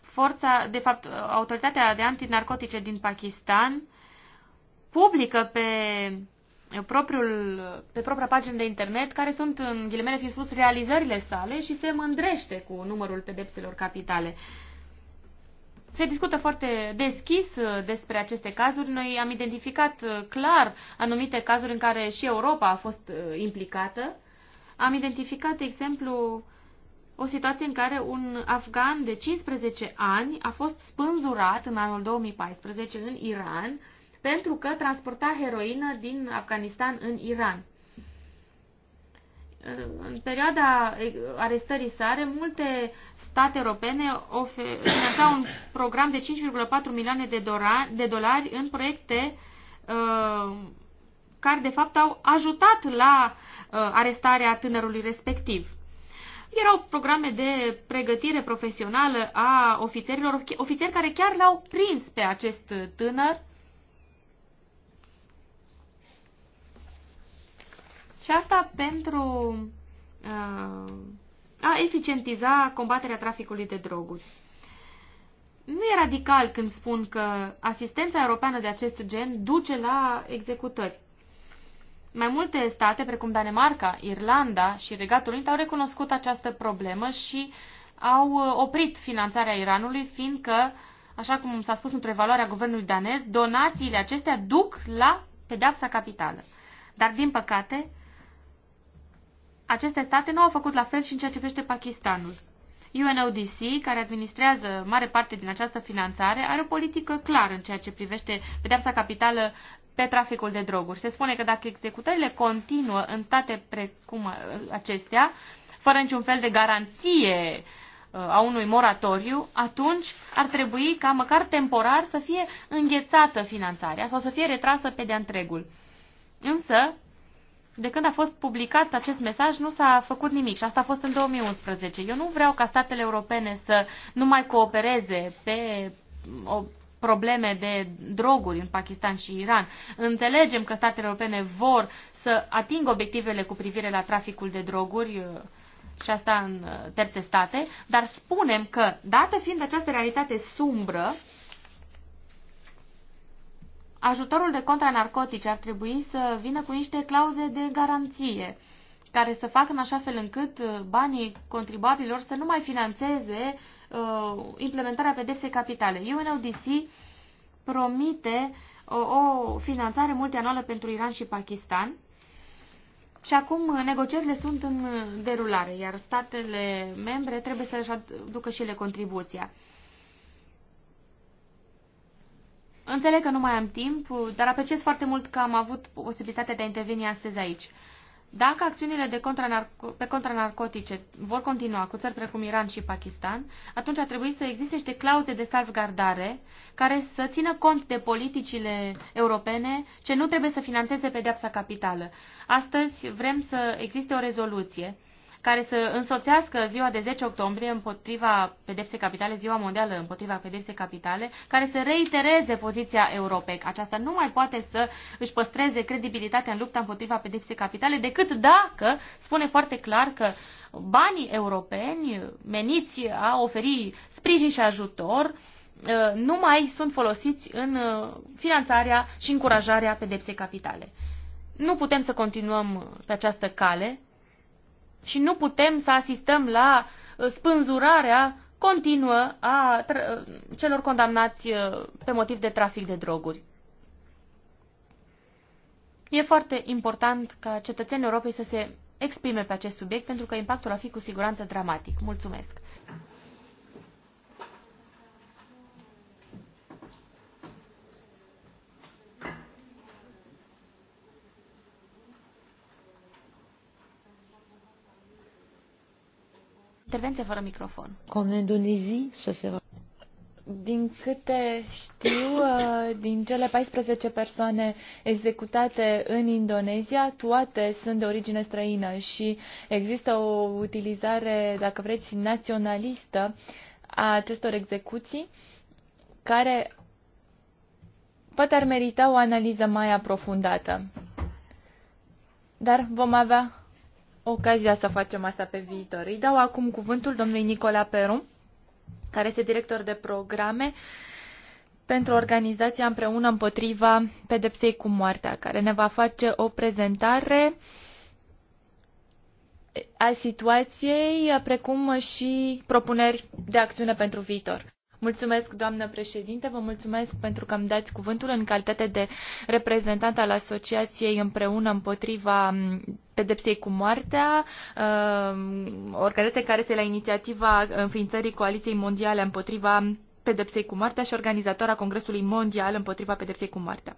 forța, de fapt autoritatea de antinarcotice din Pakistan publică pe propriul, pe propria pagină de internet, care sunt, în ghilimele fiind spus, realizările sale și se mândrește cu numărul pedepselor capitale. Se discută foarte deschis uh, despre aceste cazuri. Noi am identificat uh, clar anumite cazuri în care și Europa a fost uh, implicată. Am identificat, de exemplu, o situație în care un afgan de 15 ani a fost spânzurat în anul 2014 în Iran pentru că transporta heroină din Afganistan în Iran. În perioada arestării sare, multe state europene finanțau un program de 5,4 milioane de, de dolari în proiecte uh, care de fapt au ajutat la uh, arestarea tânărului respectiv. Erau programe de pregătire profesională a ofițerilor, ofițeri care chiar l-au prins pe acest tânăr Și asta pentru uh, a eficientiza combaterea traficului de droguri. Nu e radical când spun că asistența europeană de acest gen duce la executări. Mai multe state, precum Danemarca, Irlanda și Regatul Unit, au recunoscut această problemă și au uh, oprit finanțarea Iranului, fiindcă, așa cum s-a spus într-o evaluare a guvernului danez, donațiile acestea duc la pedepsa capitală. Dar, din păcate, aceste state nu au făcut la fel și în ceea ce privește Pakistanul. UNODC, care administrează mare parte din această finanțare, are o politică clară în ceea ce privește pedeapsa capitală pe traficul de droguri. Se spune că dacă executările continuă în state precum acestea, fără niciun fel de garanție uh, a unui moratoriu, atunci ar trebui ca măcar temporar să fie înghețată finanțarea sau să fie retrasă pe de-a întregul. Însă, de când a fost publicat acest mesaj, nu s-a făcut nimic și asta a fost în 2011. Eu nu vreau ca statele europene să nu mai coopereze pe o probleme de droguri în Pakistan și Iran. Înțelegem că statele europene vor să atingă obiectivele cu privire la traficul de droguri uh, și asta în uh, terțe state, dar spunem că, dată fiind această realitate sumbră, ajutorul de contranarcotice ar trebui să vină cu niște clauze de garanție care să facă în așa fel încât uh, banii contribuabililor să nu mai financeze uh, implementarea pedepsei capitale. UNODC promite o, uh, o finanțare multianuală pentru Iran și Pakistan. Și acum uh, negocierile sunt în derulare, iar statele membre trebuie să-și aducă și ele contribuția. Înțeleg că nu mai am timp, dar apreciez foarte mult că am avut posibilitatea de a interveni astăzi aici. Dacă acțiunile de contra pe contranarcotice vor continua cu țări precum Iran și Pakistan, atunci ar trebui să existe niște clauze de salvgardare care să țină cont de politicile europene ce nu trebuie să financeze pedeapsa capitală. Astăzi vrem să existe o rezoluție care să însoțească ziua de 10 octombrie împotriva pedepsei capitale, ziua mondială împotriva pedepsei capitale, care să reitereze poziția Europei. Aceasta nu mai poate să își păstreze credibilitatea în lupta împotriva pedepsei capitale decât dacă spune foarte clar că banii europeni meniți a oferi sprijin și ajutor uh, nu mai sunt folosiți în uh, finanțarea și încurajarea pedepsei capitale. Nu putem să continuăm pe această cale, și nu putem să asistăm la uh, spânzurarea continuă a uh, celor condamnați uh, pe motiv de trafic de droguri. E foarte important ca cetățenii Europei să se exprime pe acest subiect, pentru că impactul va fi cu siguranță dramatic. Mulțumesc! Intervenție fără microfon. Con Indonezii se feră. Din câte știu, uh, din cele 14 persoane executate în Indonezia, toate sunt de origine străină și există o utilizare, dacă vreți, naționalistă a acestor execuții, care poate ar merita o analiză mai aprofundată. Dar vom avea ocazia să facem asta pe viitor. Îi dau acum cuvântul domnului Nicola Peru, care este director de programe pentru organizația Împreună împotriva pedepsei cu moartea, care ne va face o prezentare a situației, precum și propuneri de acțiune pentru viitor. Mulțumesc, doamnă președinte, vă mulțumesc pentru că îmi dați cuvântul în calitate de reprezentant al Asociației Împreună împotriva pedepsei cu moartea, uh, organizație care este la inițiativa înființării Coaliției Mondiale împotriva pedepsei cu moartea și organizatora Congresului Mondial împotriva pedepsei cu moartea.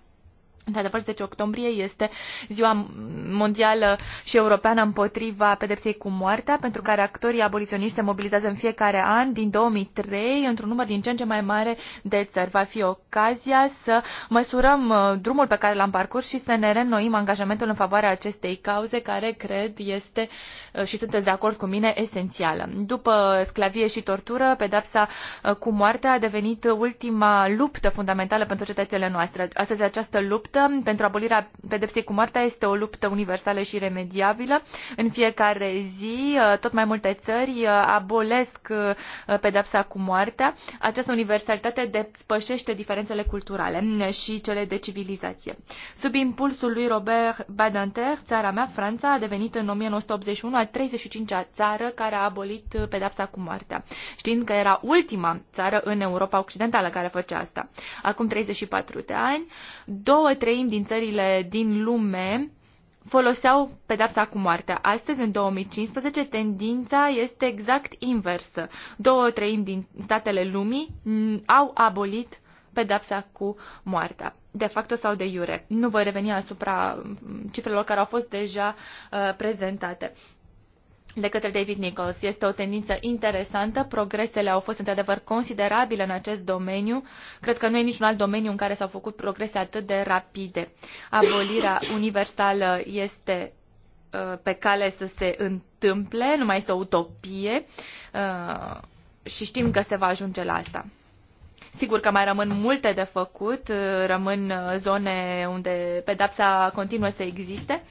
Într-adevăr, 10 octombrie este ziua mondială și europeană împotriva pedepsei cu moartea, pentru care actorii aboliționiști se mobilizează în fiecare an din 2003 într-un număr din ce în ce mai mare de țări. Va fi ocazia să măsurăm uh, drumul pe care l-am parcurs și să ne reînnoim angajamentul în favoarea acestei cauze, care cred este, uh, și sunteți de acord cu mine, esențială. După sclavie și tortură, pedepsa uh, cu moartea a devenit ultima luptă fundamentală pentru cetățele noastre. Astăzi această luptă luptă pentru abolirea pedepsei cu moartea este o luptă universală și remediabilă. În fiecare zi, uh, tot mai multe țări uh, abolesc uh, pedepsa cu moartea. Această universalitate depășește diferențele culturale mm, și cele de civilizație. Sub impulsul lui Robert Badinter, țara mea, Franța, a devenit în 1981 a 35-a țară care a abolit pedepsa cu moartea, știind că era ultima țară în Europa Occidentală care făcea asta. Acum 34 de ani, două treimi din țările din lume foloseau pedapsa cu moartea. Astăzi, în 2015, tendința este exact inversă. Două treimi din statele lumii au abolit pedapsa cu moartea, de facto sau de iure. Nu voi reveni asupra mm, cifrelor care au fost deja uh, prezentate de către David Nichols. Este o tendință interesantă, progresele au fost într-adevăr considerabile în acest domeniu. Cred că nu e niciun alt domeniu în care s-au făcut progrese atât de rapide. Abolirea universală este uh, pe cale să se întâmple, nu mai este o utopie uh, și știm că se va ajunge la asta. Sigur că mai rămân multe de făcut, uh, rămân zone unde pedapsa continuă să existe,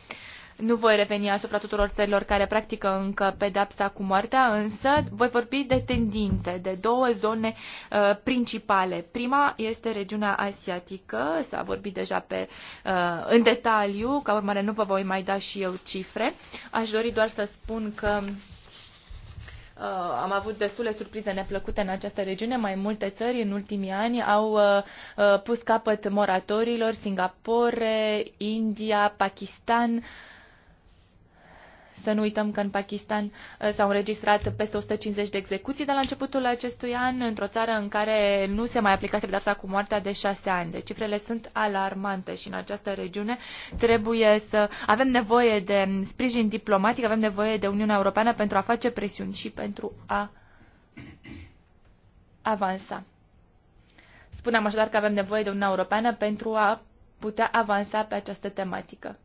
nu voi reveni asupra tuturor țărilor care practică încă pedapsa cu moartea, însă voi vorbi de tendințe, de două zone uh, principale. Prima este regiunea asiatică, s-a vorbit deja pe, uh, în detaliu, ca urmare nu vă voi mai da și eu cifre. Aș dori doar să spun că Uh, am avut destule surprize neplăcute în această regiune. Mai multe țări în ultimii ani au uh, uh pus capăt moratorilor, Singapore, India, Pakistan. Uh, să nu uităm că în Pakistan uh, s-au înregistrat peste 150 de execuții de la începutul acestui an, într-o țară în care nu se mai aplicase pedapsa cu moartea de șase ani. Deci cifrele sunt alarmante și în această regiune trebuie să avem nevoie de sprijin diplomatic, avem nevoie de Uniunea Europeană pentru a face presiuni și pentru a avansa. Spuneam așadar că avem nevoie de Uniunea Europeană pentru a putea avansa pe această tematică.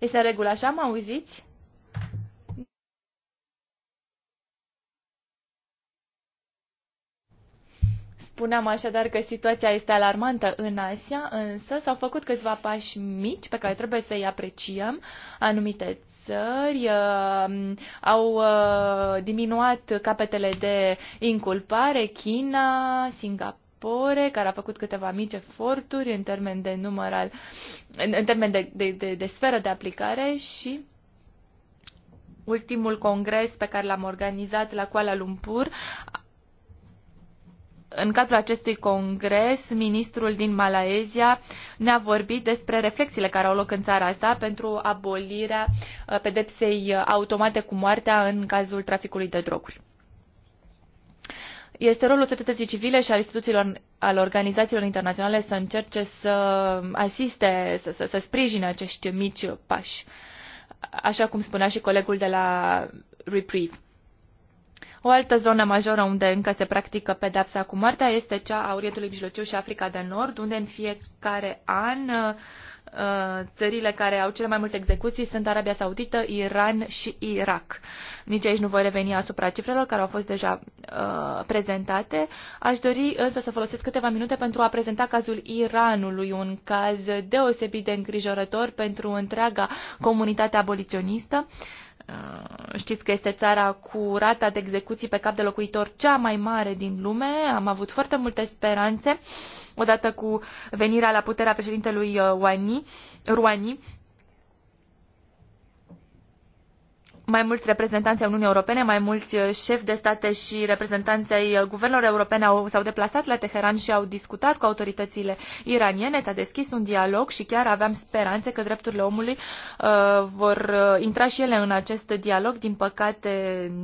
Este în regulă așa? Mă auziți? Spuneam așadar că situația este alarmantă în Asia, însă s-au făcut câțiva pași mici pe care trebuie să-i apreciem. Anumite țări uh, au uh, diminuat capetele de inculpare, China, Singapore Singapore, care a făcut câteva mici eforturi în termen de număr al, în, în termen de, de, de, de sferă de aplicare și ultimul congres pe care l-am organizat la Kuala Lumpur în cadrul acestui congres, ministrul din Malaezia ne-a vorbit despre reflexiile care au loc în țara asta pentru abolirea uh, pedepsei uh, automate cu moartea în cazul traficului de droguri. Este rolul societății civile și al instituțiilor, al organizațiilor internaționale să încerce să asiste, să, să, să sprijine acești mici pași, așa cum spunea și colegul de la Reprieve. O altă zonă majoră unde încă se practică pedapsa cu moartea este cea a Orientului Mijlociu și Africa de Nord, unde în fiecare an Uh, țările care au cele mai multe execuții sunt Arabia Saudită, Iran și Irak. Nici aici nu voi reveni asupra cifrelor care au fost deja uh, prezentate. Aș dori însă să folosesc câteva minute pentru a prezenta cazul Iranului, un caz deosebit de îngrijorător pentru întreaga comunitate aboliționistă. Uh, știți că este țara cu rata de execuții pe cap de locuitor cea mai mare din lume. Am avut foarte multe speranțe uh, odată cu venirea la puterea președintelui uh, Rouhani, mai mulți reprezentanți ai Uniunii Europene, mai mulți uh, șefi de state și reprezentanți ai uh, guvernelor europene au, s-au deplasat la Teheran și au discutat cu autoritățile iraniene, s-a deschis un dialog și chiar aveam speranțe că drepturile omului uh, vor uh, intra și ele în acest dialog. Din păcate,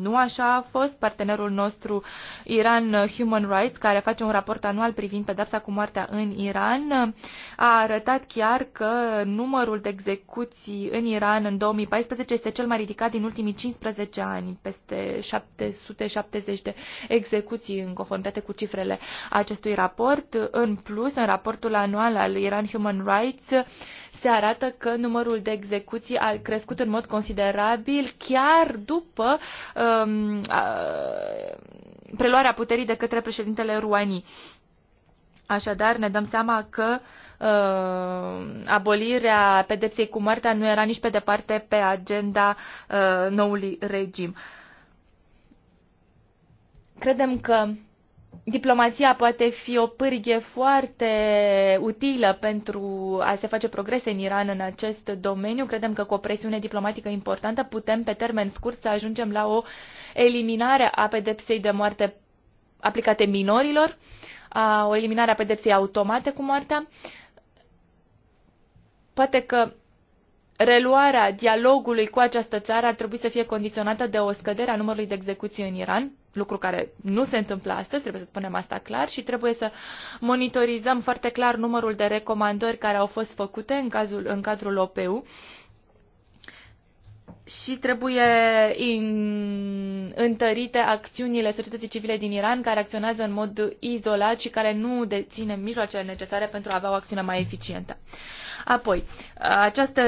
nu așa a fost. Partenerul nostru Iran Human Rights, care face un raport anual privind pedepsa cu moartea în Iran, a arătat chiar că numărul de execuții în Iran în 2014 este cel mai ridicat din ultimul ultimii 15 ani, peste 770 de execuții în conformitate cu cifrele acestui raport. În plus, în raportul anual al Iran Human Rights se arată că numărul de execuții a crescut în mod considerabil chiar după um, a, preluarea puterii de către președintele Rouhani. Așadar, ne dăm seama că uh, abolirea pedepsei cu moartea nu era nici pe departe pe agenda uh, noului regim. Credem că diplomația poate fi o pârghie foarte utilă pentru a se face progrese în Iran în acest domeniu. Credem că cu o presiune diplomatică importantă putem pe termen scurt să ajungem la o eliminare a pedepsei de moarte aplicate minorilor uh, a, o eliminare a pedepsei automate cu moartea. Poate că reluarea dialogului cu această țară ar trebui să fie condiționată de o scădere a numărului de execuții în Iran, lucru care nu se întâmplă astăzi, trebuie să spunem asta clar, și trebuie să monitorizăm foarte clar numărul de recomandări care au fost făcute în, cazul, în cadrul OPU și trebuie in, întărite acțiunile societății civile din Iran, care acționează în mod izolat și care nu deține mijloacele necesare pentru a avea o acțiune mai eficientă. Apoi, această,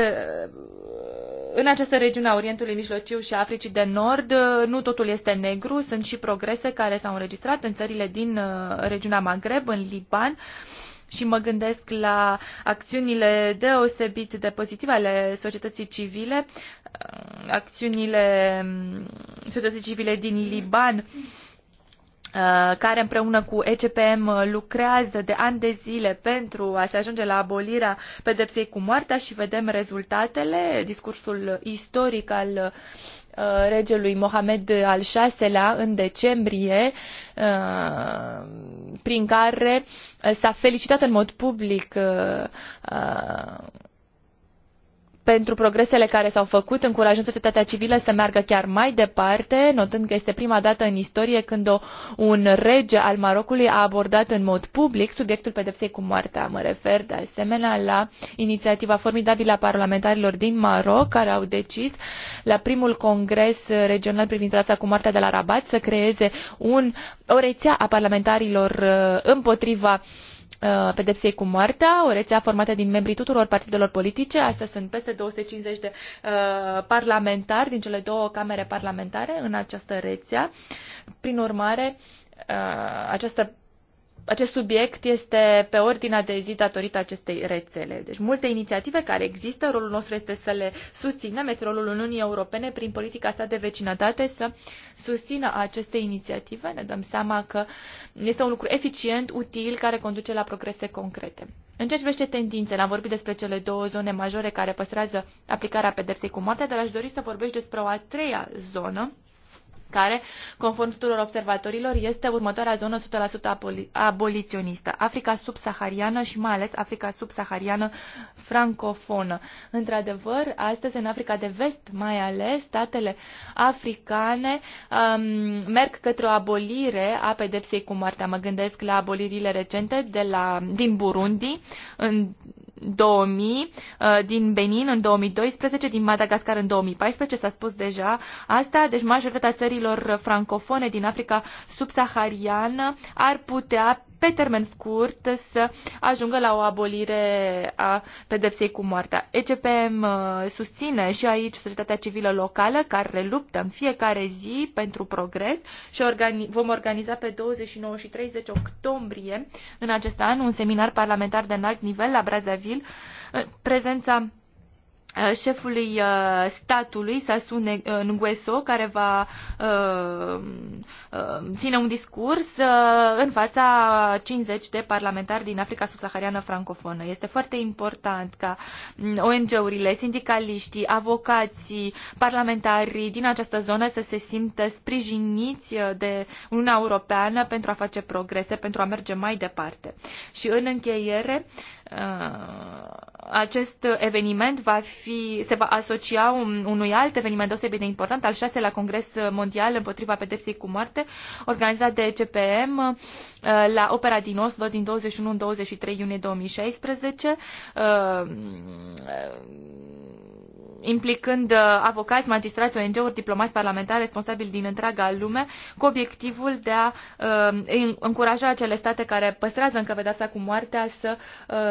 în această regiune a Orientului Mijlociu și Africii de Nord, nu totul este negru, sunt și progrese care s-au înregistrat în țările din uh, regiunea Maghreb, în Liban, și mă gândesc la acțiunile deosebit de pozitive ale societății civile Uh, acțiunile um, societății civile din Liban, uh, care împreună cu ECPM lucrează de ani de zile pentru a se ajunge la abolirea pedepsei cu moartea și vedem rezultatele, discursul istoric al uh, regelui Mohamed al VI-lea în decembrie, prin care s-a felicitat în mod public pentru progresele care s-au făcut, încurajând societatea civilă să meargă chiar mai departe, notând că este prima dată în istorie când o, un rege al Marocului a abordat în mod public subiectul pedepsei cu moartea. Mă refer de asemenea la inițiativa formidabilă a parlamentarilor din Maroc, care au decis la primul congres regional privind pedepsa cu moartea de la Rabat să creeze un, o rețea a parlamentarilor uh, împotriva uh, Uh, pedepsei cu moartea, o rețea formată din membrii tuturor partidelor politice. Astea sunt peste 250 de uh, parlamentari din cele două camere parlamentare în această rețea. Prin urmare, uh, această acest subiect este pe ordinea de zi datorită acestei rețele. Deci multe inițiative care există, rolul nostru este să le susținem, este rolul Uniunii Europene prin politica sa de vecinătate să susțină aceste inițiative. Ne dăm seama că este un lucru eficient, util, care conduce la progrese concrete. În ce privește tendințele, am vorbit despre cele două zone majore care păstrează aplicarea pedepsei cu moartea, dar aș dori să vorbesc despre o a treia zonă, care, conform tuturor observatorilor, este următoarea zonă 100% aboliționistă, Africa subsahariană și mai ales Africa subsahariană francofonă. Într-adevăr, astăzi în Africa de Vest, mai ales, statele africane um, merg către o abolire a pedepsei cu moartea. Mă gândesc la abolirile recente de la, din Burundi, în 2000, uh, din Benin în 2012, din Madagascar în 2014, s-a spus deja asta, deci majoritatea țărilor francofone din Africa subsahariană ar putea pe termen scurt să ajungă la o abolire a pedepsei cu moartea. ECPM uh, susține și aici societatea civilă locală care luptă în fiecare zi pentru progres și organi- vom organiza pe 29 și 30 octombrie în acest an un seminar parlamentar de înalt nivel la Brazzaville uh, prezența Uh, șefului uh, statului, Sasune uh, Ngueso, care va ține un discurs în fața 50 de parlamentari din Africa subsahariană francofonă. Este foarte important ca mm, ONG-urile, sindicaliștii, avocații, parlamentarii din această zonă să se simtă sprijiniți de Uniunea Europeană pentru a face progrese, pentru a merge mai departe. Și în încheiere, Uh, acest eveniment va fi, se va asocia un, unui alt eveniment deosebit de important, al șaselea Congres Mondial împotriva pedepsei cu moarte, organizat de CPM uh, la Opera din Oslo din 21 23 iunie 2016 implicând uh, avocați, magistrați, ONG-uri, diplomați parlamentari responsabili din întreaga lume, cu obiectivul de a uh, încuraja acele state care păstrează încă pedeapsa cu moartea să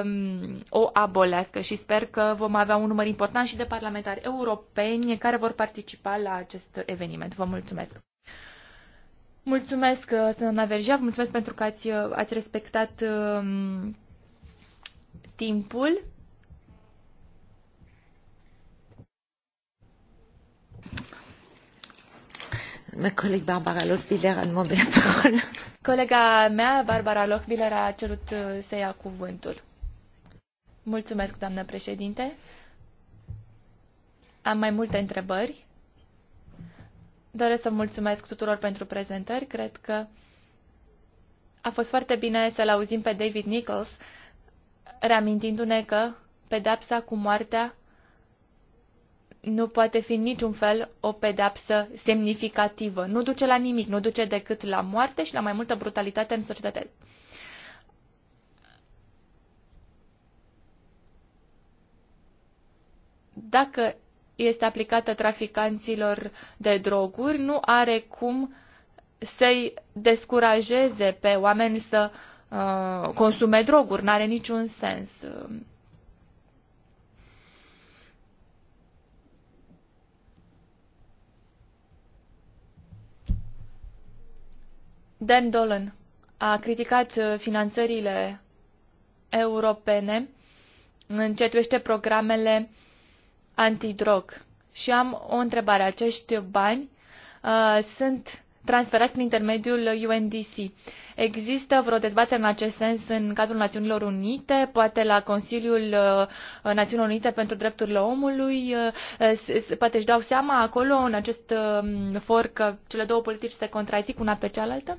um, o abolească. Și sper că vom avea un număr important și de parlamentari europeni care vor participa la acest eveniment. Vă mulțumesc! Mulțumesc, Sănă uh, Vergea, mulțumesc pentru că ați, ați respectat um, timpul. Ma coleg Barbara Lochbiller a demandat la parole. Colega mea, Barbara Lochbiller, a cerut uh, să ia cuvântul. Mulțumesc, doamnă președinte. Am mai multe întrebări. Doresc să mulțumesc tuturor pentru prezentări. Cred că a fost foarte bine să-l auzim pe David Nichols, reamintindu-ne că pedepsa cu moartea nu poate fi niciun fel o pedeapsă semnificativă. Nu duce la nimic, nu duce decât la moarte și la mai multă brutalitate în societate. Dacă este aplicată traficanților de droguri, nu are cum să-i descurajeze pe oameni să uh, consume droguri. N-are niciun sens. Uh, Dan Dolan a criticat uh, finanțările europene în ce privește programele antidrog. Și am o întrebare. Acești bani uh, sunt transferați prin intermediul UNDC. Există vreo dezbatere în acest sens în cadrul Națiunilor Unite, poate la Consiliul uh, Națiunilor Unite pentru Drepturile Omului, uh, poate își dau seama acolo, în acest um, for, că cele două politici se contrazic una pe cealaltă?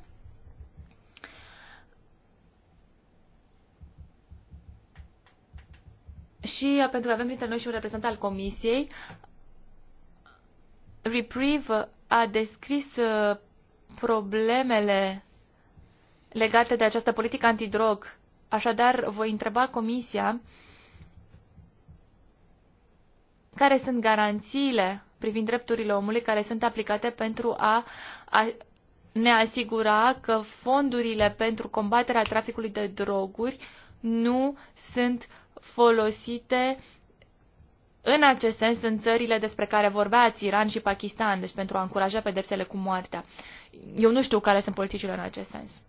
și uh, pentru că avem printre noi și un reprezentant al Comisiei, Reprieve uh, a descris uh, problemele legate de această politică antidrog. Așadar, voi întreba Comisia care sunt garanțiile privind drepturile omului care sunt aplicate pentru a, a ne asigura că fondurile pentru combaterea traficului de droguri nu sunt folosite în acest sens în țările despre care vorbeați, Iran și Pakistan, deci pentru a încuraja pedepsele cu moartea. Eu nu știu care sunt politicile în acest sens.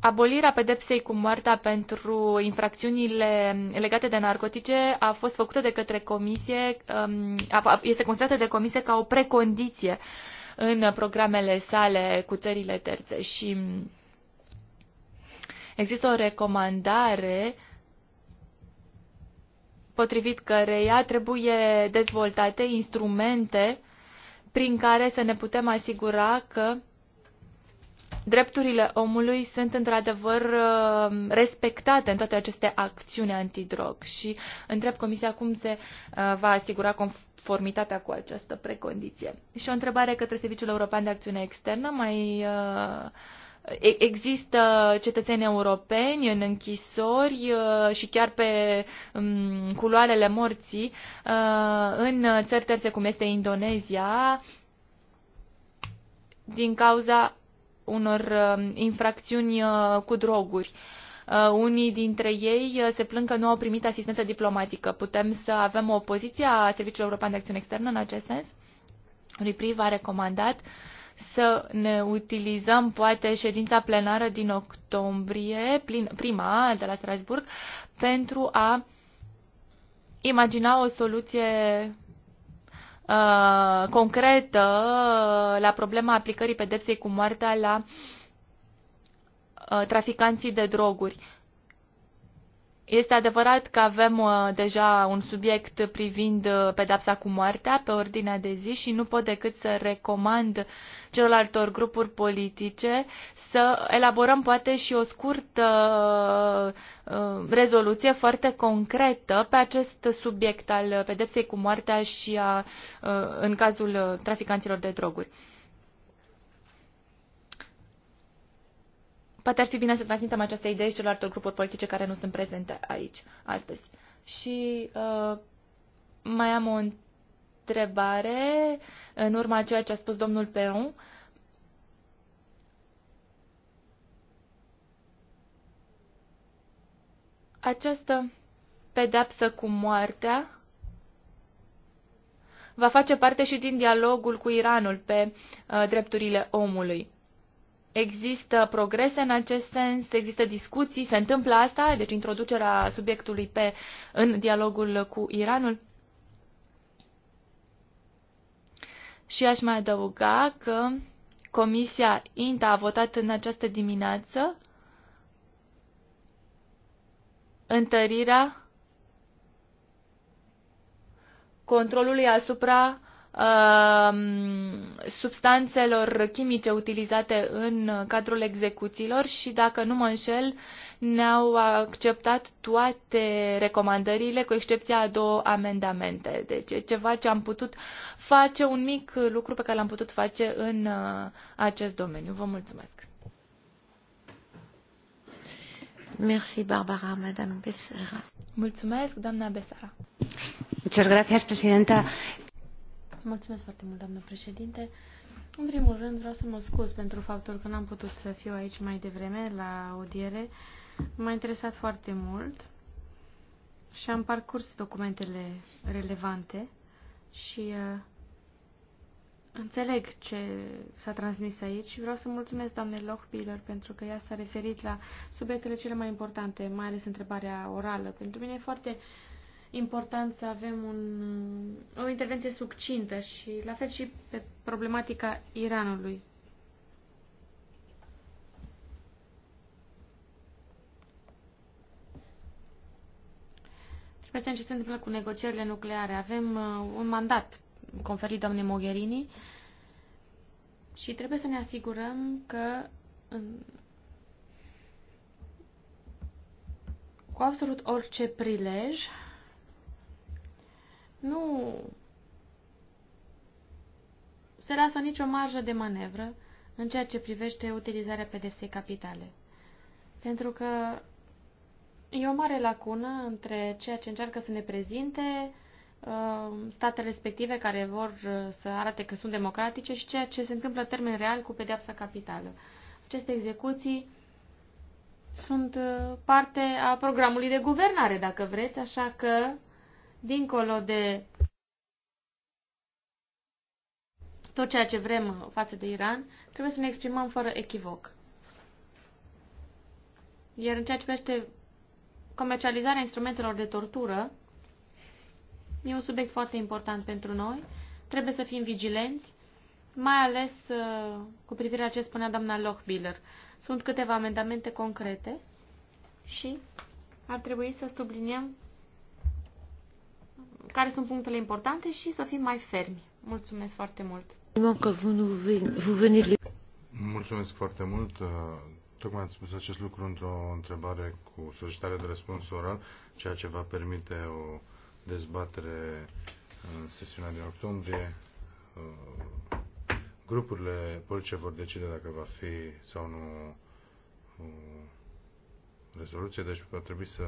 Abolirea pedepsei cu moartea pentru infracțiunile legate de narcotice a fost făcută de către comisie, um, este considerată de comisie ca o precondiție în programele sale cu țările terțe și Există o recomandare potrivit căreia trebuie dezvoltate instrumente prin care să ne putem asigura că drepturile omului sunt într-adevăr uh, respectate în toate aceste acțiuni antidrog și întreb Comisia cum se uh, va asigura conformitatea cu această precondiție. Și o întrebare către Serviciul European de Acțiune Externă, mai uh, Există cetățeni europeni în închisori uh, și chiar pe um, culoarele morții uh, în țări terțe cum este Indonezia din cauza unor um, infracțiuni uh, cu droguri. Unii dintre ei se plâng că nu au primit asistență diplomatică. Putem să avem o poziție a Serviciului European de Acțiune Externă în acest sens? Reprieve a recomandat uh, să ne utilizăm poate ședința plenară din octombrie, plin, prima de la Strasburg, pentru a imagina o soluție uh, concretă la problema aplicării pedepsei cu moartea la uh, traficanții de droguri. Este adevărat că avem uh, deja un subiect privind uh, pedapsa cu moartea pe ordinea de zi și nu pot decât să recomand celorlaltor grupuri politice să elaborăm poate și o scurtă uh, rezoluție foarte concretă pe acest subiect al pedepsei cu moartea și a, în cazul traficanților de droguri. Poate ar fi bine să transmitem această idee și celorlalte grupuri politice care nu sunt prezente aici astăzi. Și uh, mai am o întrebare în urma a ceea ce a spus domnul Peon. Această pedapsă cu moartea va face parte și din dialogul cu Iranul pe uh, drepturile omului. Există progrese în acest sens, există discuții, se întâmplă asta, deci introducerea subiectului pe, în dialogul cu Iranul. Și aș mai adăuga că Comisia INTA a votat în această dimineață întărirea controlului asupra Um, substanțelor chimice utilizate în cadrul execuțiilor și, dacă nu mă înșel, ne-au acceptat toate recomandările, cu excepția a două amendamente. Deci ceva ce am putut face, un mic lucru pe care l-am putut face în uh, acest domeniu. Vă mulțumesc! Merci, Barbara, Madame Becerra. Mulțumesc, doamna Besara. Muchas gracias, Presidenta. Mulțumesc foarte mult, doamnă președinte. În primul rând vreau să mă scuz pentru faptul că n-am putut să fiu aici mai devreme la audiere. M-a interesat foarte mult și am parcurs documentele relevante și uh, înțeleg ce s-a transmis aici și vreau să mulțumesc doamnei Lochbiller pentru că ea s-a referit la subiectele cele mai importante, mai ales întrebarea orală. Pentru mine e foarte important să avem un, o intervenție succintă și la fel și pe problematica Iranului. Trebuie să vedem ce se întâmplă cu negocierile nucleare. Avem uh, un mandat conferit doamnei Mogherini și trebuie să ne asigurăm că în, cu absolut orice prilej nu se lasă nicio marjă de manevră în ceea ce privește utilizarea pedepsei capitale. Pentru că e o mare lacună între ceea ce încearcă să ne prezinte uh, statele respective care vor uh, să arate că sunt democratice și ceea ce se întâmplă în termen real cu pedeapsa capitală. Aceste execuții sunt uh, parte a programului de guvernare, dacă vreți, așa că dincolo de tot ceea ce vrem față de Iran, trebuie să ne exprimăm fără echivoc. Iar în ceea ce privește comercializarea instrumentelor de tortură, e un subiect foarte important pentru noi. Trebuie să fim vigilenți, mai ales uh, cu privire la ce spunea doamna Lochbiller. Sunt câteva amendamente concrete și ar trebui să subliniem care sunt punctele importante și să fim mai fermi. Mulțumesc foarte mult! Mulțumesc foarte mult! Uh, tocmai ați spus acest lucru într-o întrebare cu solicitare de răspuns oral, ceea ce va permite o dezbatere în sesiunea din octombrie. Uh, grupurile politice vor decide dacă va fi sau nu uh, rezoluție, deci va trebui să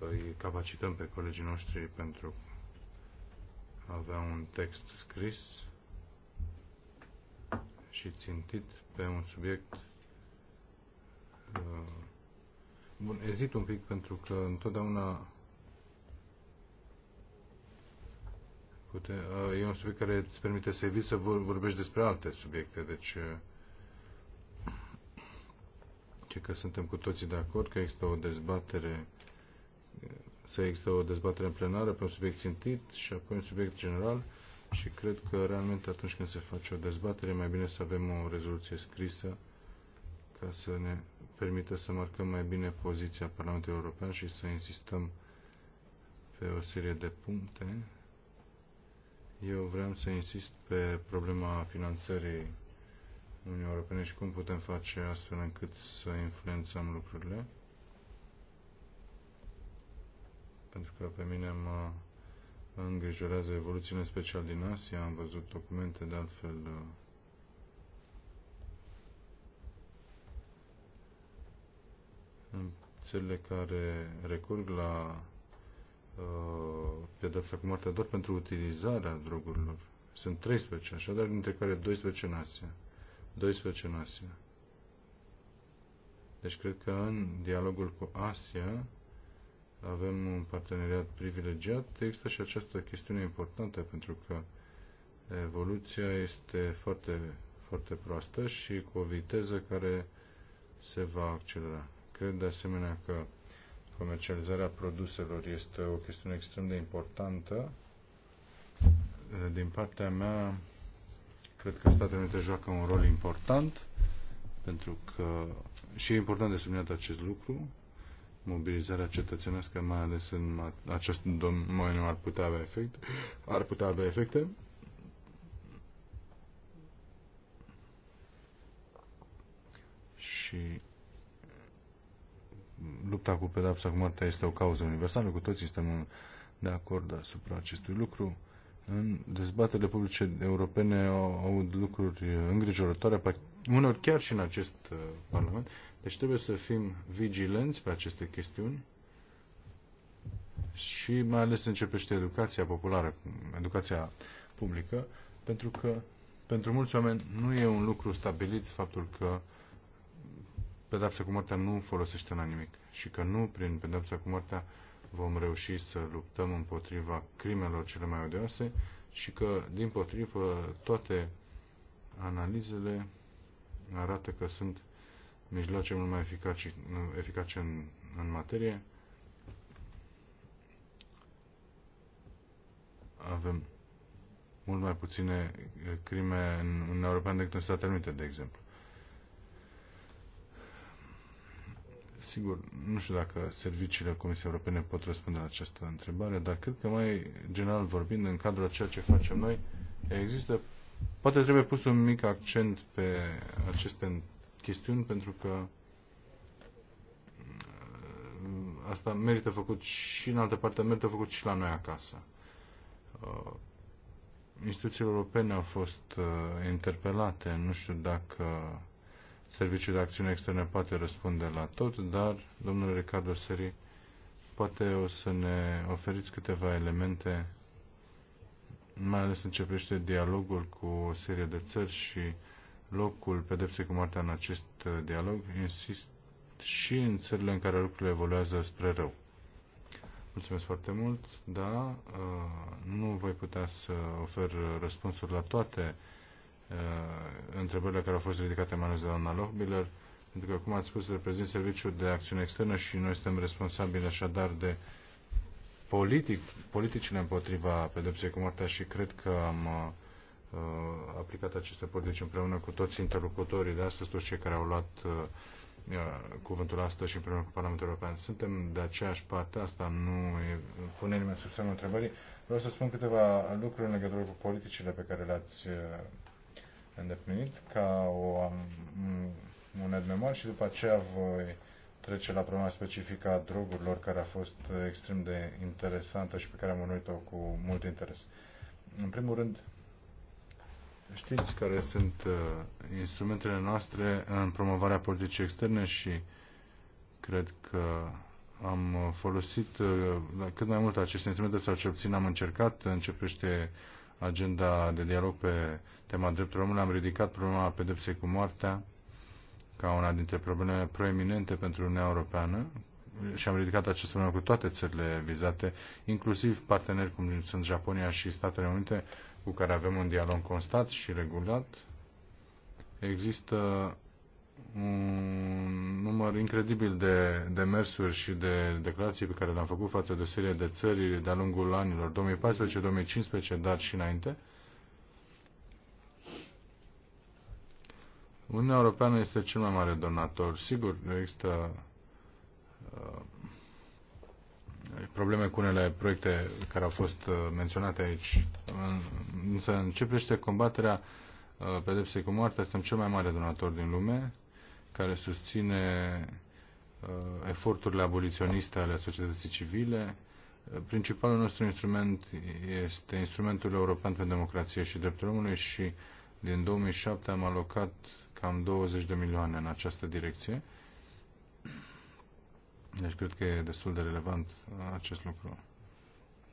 îi capacităm pe colegii noștri pentru a avea un text scris și țintit pe un subiect uh, Bun, ezit un pic pentru că întotdeauna pute, uh, e un subiect care îți permite să eviți să vorbești despre alte subiecte, deci uh, cred că suntem cu toții de acord că există o dezbatere să există o dezbatere în plenară pe un subiect țintit și apoi un subiect general și cred că realmente atunci când se face o dezbatere, mai bine să avem o rezoluție scrisă ca să ne permită să marcăm mai bine poziția Parlamentului European și să insistăm pe o serie de puncte. Eu vreau să insist pe problema finanțării Uniunii Europene și cum putem face astfel încât să influențăm lucrurile. pentru că pe mine mă îngrijorează evoluțiile, în special din Asia. Am văzut documente de altfel în țările care recurg la uh, pedepsa cu moartea doar pentru utilizarea drogurilor. Sunt 13, așadar, dintre care 12 în Asia. 12 în Asia. Deci cred că în dialogul cu Asia avem un parteneriat privilegiat, există și această chestiune importantă pentru că evoluția este foarte, foarte proastă și cu o viteză care se va accelera. Cred de asemenea că comercializarea produselor este o chestiune extrem de importantă. Din partea mea, cred că Statele Unite joacă un rol important pentru că și e important de subliniat acest lucru mobilizarea cetățenească, mai ales în acest domeniu, ar putea avea efecte. Ar putea avea efecte. Și lupta cu pedapsa cu moartea este o cauză universală, cu toții suntem de acord asupra acestui lucru în dezbaterile publice europene au lucruri îngrijorătoare, unor chiar și în acest uh, Parlament. Deci trebuie să fim vigilenți pe aceste chestiuni și mai ales începește educația populară, educația publică, pentru că pentru mulți oameni nu e un lucru stabilit faptul că pedapsa cu moartea nu folosește la nimic și că nu prin pedapsa cu moartea vom reuși să luptăm împotriva crimelor cele mai odioase și că, din potrivă, toate analizele arată că sunt mijloace mult mai eficace, eficace în, în materie. Avem mult mai puține crime în Uniunea Europeană decât în Statele Unite, de exemplu. Sigur, nu știu dacă serviciile Comisiei Europene pot răspunde la această întrebare, dar cred că mai general vorbind, în cadrul ceea ce facem noi, există, poate trebuie pus un mic accent pe aceste chestiuni, pentru că uh, asta merită făcut și în altă parte, merită făcut și la noi acasă. Uh, instituțiile europene au fost uh, interpelate, nu știu dacă Serviciul de Acțiune Externă poate răspunde la tot, dar, domnule Ricardo Seri, poate o să ne oferiți câteva elemente, mai ales începește dialogul cu o serie de țări și locul pedepsei cu moartea în acest uh, dialog, insist și în țările în care lucrurile evoluează spre rău. Mulțumesc foarte mult, da, uh, nu voi putea să ofer răspunsuri la toate Uh, întrebările care au fost ridicate mai ales de doamna Lochbiller, pentru că, cum ați spus, reprezint Serviciul de Acțiune Externă și noi suntem responsabili așadar de politic, politicile împotriva pedepsei cu moartea și cred că am uh, uh aplicat aceste politici împreună cu toți interlocutorii de astăzi, toți cei care au luat uh, uh, cuvântul astăzi și împreună cu Parlamentul European. Suntem de aceeași parte, asta nu e, pune nimeni sub semnul întrebării. Vreau să spun câteva lucruri în legătură cu politicile pe care le-ați îndeplinit ca o, un edmemor și după aceea voi trece la problema specifică a drogurilor care a fost extrem de interesantă și pe care am urmărit-o cu mult interes. În primul rând, știți care sunt uh, instrumentele noastre în promovarea politicii externe și cred că am folosit uh, cât mai mult aceste instrumente sau cel puțin am încercat, începește agenda de dialog pe tema drepturilor omului, am ridicat problema pedepsei cu moartea ca una dintre problemele proeminente pentru Uniunea Europeană și am ridicat acest problemă cu toate țările vizate, inclusiv parteneri cum sunt Japonia și Statele Unite, cu care avem un dialog constat și regulat. Există un număr incredibil de de mersuri și de declarații pe care le-am făcut față de o serie de țări de-a lungul anilor 2014-2015, dar și înainte. Uniunea Europeană este cel mai mare donator. Sigur, există uh, probleme cu unele proiecte care au fost uh, menționate aici. Însă privește combaterea uh, pedepsei cu moartea. Suntem cel mai mare donator din lume care susține uh, eforturile aboliționiste ale societății civile. Uh, principalul nostru instrument este instrumentul european pentru democrație și dreptul omului și din 2007 am alocat cam 20 de milioane în această direcție. Deci cred că e destul de relevant uh, acest lucru.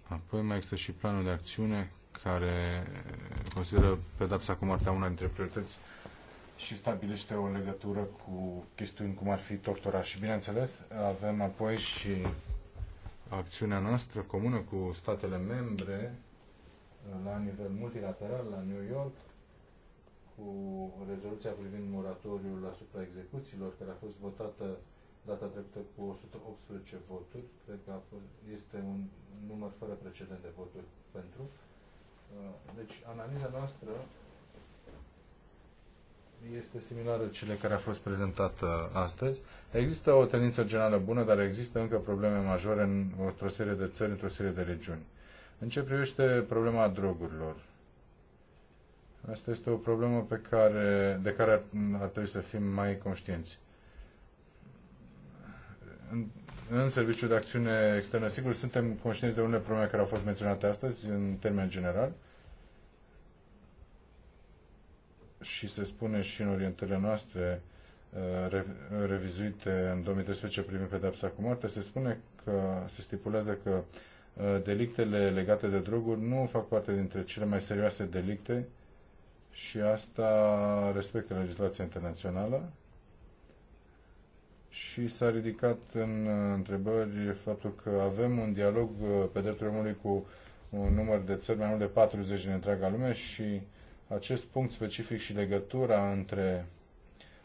Apoi mai există și planul de acțiune care consideră pedapsa cu moartea una dintre priorități și stabilește o legătură cu chestiuni cum ar fi tortura. Și bineînțeles, avem apoi și acțiunea noastră comună cu statele membre la nivel multilateral la New York cu rezoluția privind moratoriul asupra execuțiilor care a fost votată data trecută cu 118 voturi. Cred că a fost, este un număr fără precedent de voturi pentru. Deci analiza noastră este similară cele care a fost prezentată astăzi. Există o tendință generală bună, dar există încă probleme majore în o serie de țări, într-o serie de regiuni. În ce privește problema drogurilor, asta este o problemă pe care, de care ar trebui să fim mai conștienți. În, în Serviciul de Acțiune Externă, sigur, suntem conștienți de unele probleme care au fost menționate astăzi, în termen general, și se spune și în orientările noastre uh, revizuite în 2013 primit pedepsa cu moarte, se spune că se stipulează că uh, delictele legate de droguri nu fac parte dintre cele mai serioase delicte și asta respectă legislația internațională și s-a ridicat în uh, întrebări faptul că avem un dialog pe dreptul omului cu un număr de țări mai mult de 40 din întreaga lume și acest punct specific și legătura între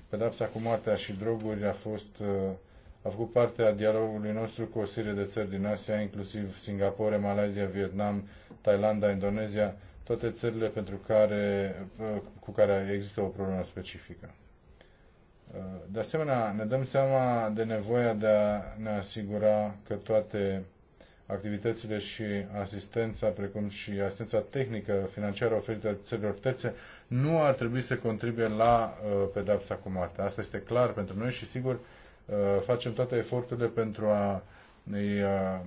pedapsa cu moartea și droguri a fost uh, a făcut parte a dialogului nostru cu o serie de țări din Asia, inclusiv Singapore, Malaysia, Vietnam, Thailanda, Indonezia, toate țările pentru care, uh, cu care există o problemă specifică. Uh, de asemenea, ne dăm seama de nevoia de a ne asigura că toate activitățile și asistența, precum și asistența tehnică financiară oferită țărilor terțe, nu ar trebui să contribuie la uh, pedapsa cu moartea. Asta este clar pentru noi și, sigur, uh, facem toate eforturile pentru a uh, uh,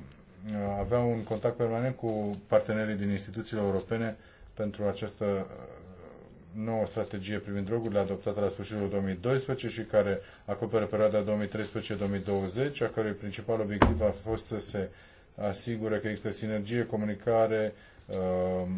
avea un contact permanent cu partenerii din instituțiile europene pentru această uh, nouă strategie privind drogurile adoptată la sfârșitul 2012 și care acoperă perioada 2013-2020, a cărui principal obiectiv a fost să se uh, asigură că există sinergie, comunicare, um,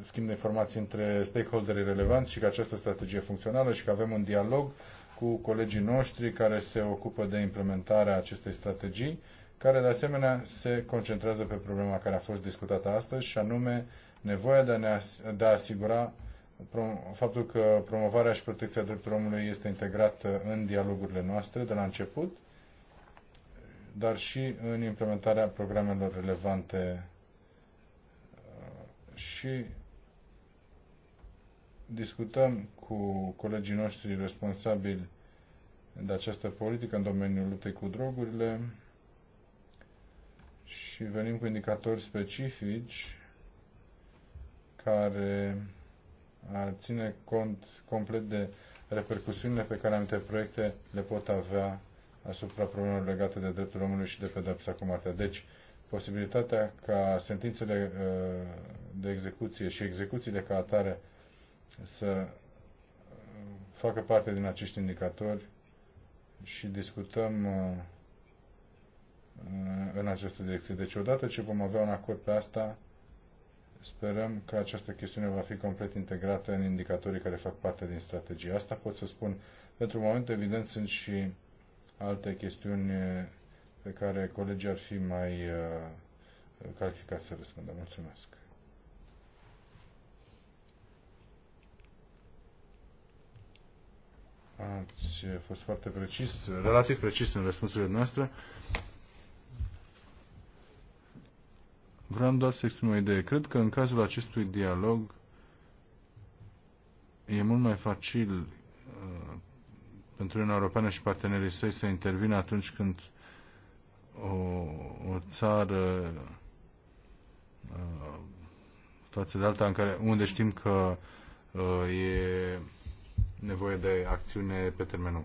schimb de informații între stakeholderii relevanți și că această strategie funcțională și că avem un dialog cu colegii noștri care se ocupă de implementarea acestei strategii, care de asemenea se concentrează pe problema care a fost discutată astăzi și anume nevoia de a, ne as- de a asigura faptul că promovarea și protecția drepturilor omului este integrată în dialogurile noastre de la început dar și în implementarea programelor relevante uh, și discutăm cu colegii noștri responsabili de această politică în domeniul luptei cu drogurile și venim cu indicatori specifici care ar ține cont complet de repercusiunile pe care anumite proiecte le pot avea asupra problemelor legate de dreptul omului și de pedepsa cu moartea. Deci, posibilitatea ca sentințele uh, de execuție și execuțiile ca atare să uh, facă parte din acești indicatori și discutăm uh, în această direcție. Deci, odată ce vom avea un acord pe asta, sperăm că această chestiune va fi complet integrată în indicatorii care fac parte din strategie. Asta pot să spun. Pentru moment, evident, sunt și alte chestiuni eh, pe care colegii ar fi mai eh, calificați să răspundă. Mulțumesc. Ați fost foarte precis, relativ precis în răspunsurile noastre. Vreau doar să exprim o idee. Cred că în cazul acestui dialog e mult mai facil eh, pentru Uniunea Europeană și partenerii săi să intervină atunci când o, o țară uh, față de alta în care, unde știm că uh, e nevoie de acțiune pe termen lung.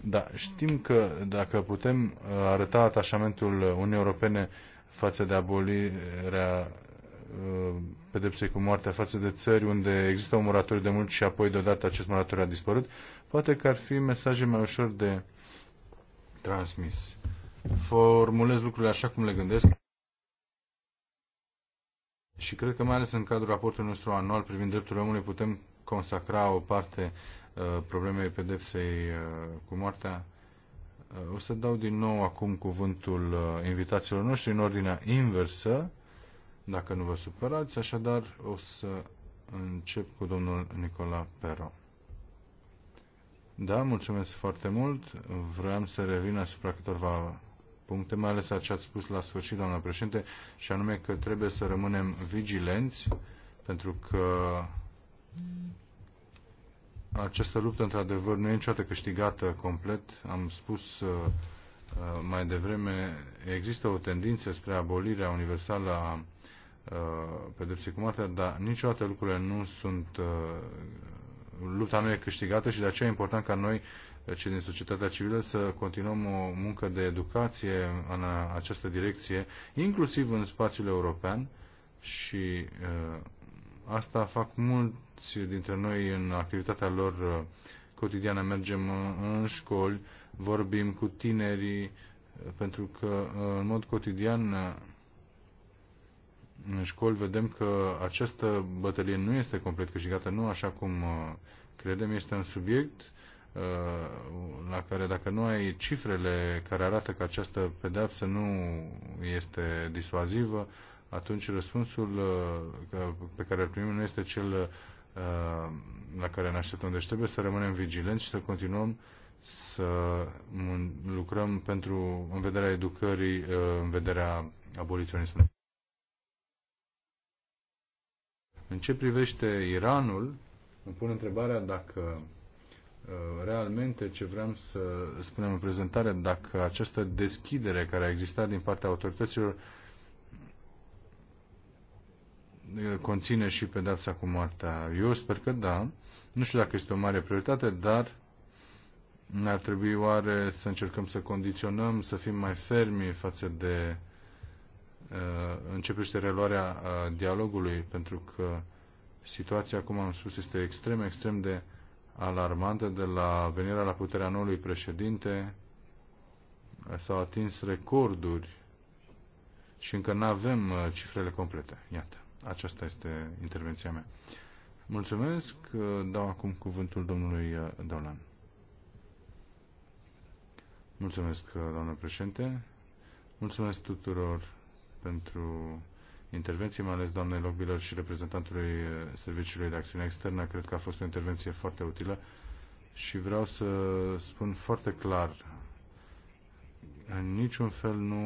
Dar știm că dacă putem uh, arăta atașamentul Uniunii Europene față de abolirea Uh, pedepsei cu moartea față de țări unde există un moratoriu de mult și apoi deodată acest moratoriu a dispărut, poate că ar fi mesaje mai ușor de transmis. Formulez lucrurile așa cum le gândesc și cred că mai ales în cadrul raportului nostru anual privind drepturile omului putem consacra o parte uh, problemei pedepsei uh, cu moartea. Uh, o să dau din nou acum cuvântul uh, invitațiilor noștri în ordinea inversă dacă nu vă supărați. Așadar, o să încep cu domnul Nicola Pero. Da, mulțumesc foarte mult. Vreau să revin asupra câtorva puncte, mai ales a ce ați spus la sfârșit, doamna președinte, și anume că trebuie să rămânem vigilenți, pentru că această luptă, într-adevăr, nu e niciodată câștigată complet. Am spus uh, uh, mai devreme, există o tendință spre abolirea universală a Uh, pedepsit cu moartea, dar niciodată lucrurile nu sunt, uh, lupta nu e câștigată și de aceea e important ca noi, uh, cei din societatea civilă, să continuăm o muncă de educație în această direcție, inclusiv în spațiul european și asta fac mulți dintre noi în activitatea lor cotidiană. Mergem în școli, vorbim cu tinerii, pentru că în mod cotidian școli vedem că această bătălie nu este complet câștigată, nu așa cum uh, credem, este un subiect uh, la care dacă nu ai cifrele care arată că această pedeapsă nu este disuazivă, atunci răspunsul uh, pe care îl primim nu este cel la care ne așteptăm. Deci trebuie să rămânem vigilenți și să continuăm să lucrăm pentru, în vederea educării, în vederea aboliționismului. În ce privește Iranul, îmi pun întrebarea dacă uh, realmente ce vreau să spunem în prezentare, dacă această deschidere care a existat din partea autorităților uh, conține și pedapsa cu moartea. Eu sper că da. Nu știu dacă este o mare prioritate, dar ar trebui oare să încercăm să condiționăm, să fim mai fermi față de Uh, începește reluarea uh, dialogului, pentru că situația, cum am spus, este extrem, extrem de alarmantă de la venirea la puterea noului președinte. Uh, s-au atins recorduri și încă nu avem cifrele complete. Iată, aceasta este intervenția mea. Mulțumesc. Dau acum cuvântul domnului Dolan. Mulțumesc, doamnă președinte. Mulțumesc tuturor pentru intervenții, mai ales doamnei Logbilor și reprezentantului eh, Serviciului de Acțiune Externă. Cred că a fost o intervenție foarte utilă și vreau să spun foarte clar, în niciun fel nu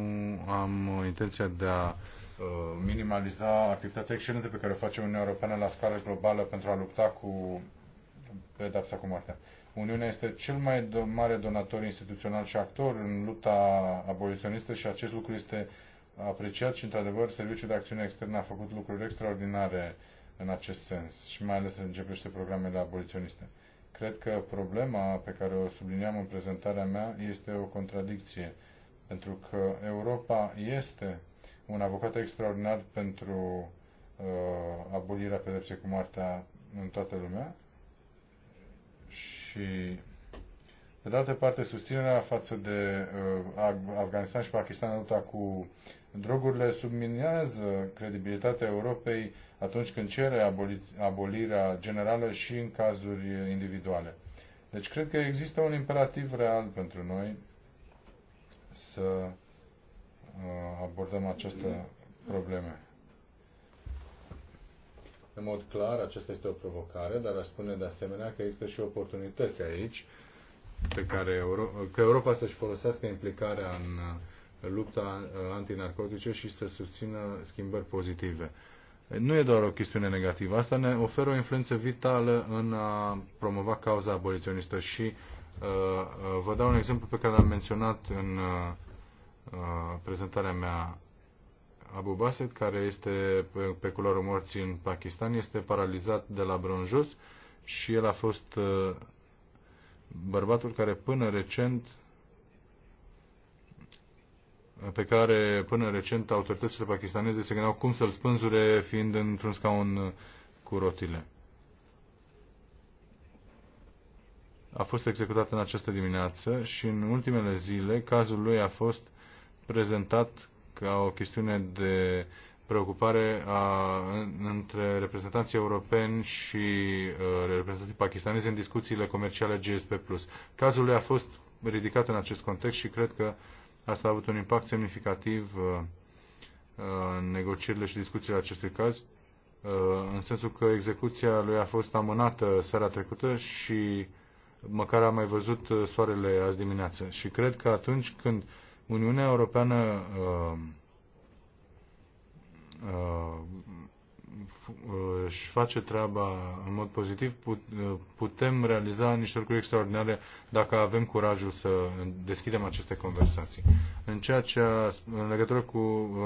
am intenția de a eh, minimaliza activitatea excelentă pe care o face Uniunea Europeană la scară globală pentru a lupta cu pedapsa cu moartea. Uniunea este cel mai mare donator instituțional și actor în lupta aboliționistă și acest lucru este uh, apreciat și, într-adevăr, Serviciul de Acțiune Externă a făcut lucruri extraordinare în acest sens și mai ales începește programele aboliționiste. Cred că problema pe care o subliniam în prezentarea mea este o contradicție, pentru că Europa este un avocat extraordinar pentru uh, abolirea pedepsei cu moartea în toată lumea și pe de altă parte, susținerea față de uh, Afganistan și Pakistan în lupta cu drogurile subminează credibilitatea Europei atunci când cere abolirea generală și în cazuri individuale. Deci cred că există un imperativ real pentru noi să uh, abordăm aceste probleme. În mod clar, aceasta este o provocare, dar aș spune de asemenea că există și oportunități aici pe care Euro- că Europa să-și folosească implicarea în uh, lupta uh, antinarcotice și să susțină schimbări pozitive. Nu e doar o chestiune negativă, asta ne oferă o influență vitală în a promova cauza aboliționistă și uh, uh vă dau un exemplu pe care l-am menționat în uh, prezentarea mea. Abu Basit, care este pe, pe culoarul morții în Pakistan, este paralizat de la brânjos și el a fost uh, bărbatul care până recent pe care până recent autoritățile pakistaneze se gândeau cum să-l spânzure fiind într-un scaun cu rotile. A fost executat în această dimineață și în ultimele zile cazul lui a fost prezentat ca o chestiune de preocupare a, între reprezentanții europeni și uh, reprezentanții pakistanezi în discuțiile comerciale GSP+. Cazul lui a fost ridicat în acest context și cred că asta a avut un impact semnificativ uh, uh, în negocierile și discuțiile acestui caz, uh, în sensul că execuția lui a fost amânată seara trecută și măcar am mai văzut uh, soarele azi dimineață. Și cred că atunci când Uniunea Europeană uh, Uh, își face treaba în mod pozitiv, uh, putem realiza niște lucruri extraordinare dacă avem curajul să deschidem aceste conversații. În ceea ce, în legătură cu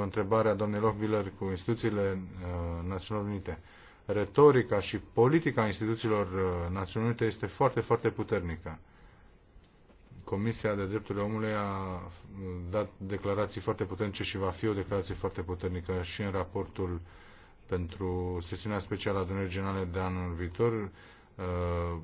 întrebarea doamnei Lochbiller cu instituțiile uh, Națiunilor Unite, retorica și politica instituțiilor Națiunilor Unite este foarte, foarte puternică Comisia de Drepturile Omului a dat declarații foarte puternice și va fi o declarație foarte puternică și în raportul pentru sesiunea specială a adunării generale de anul viitor, uh,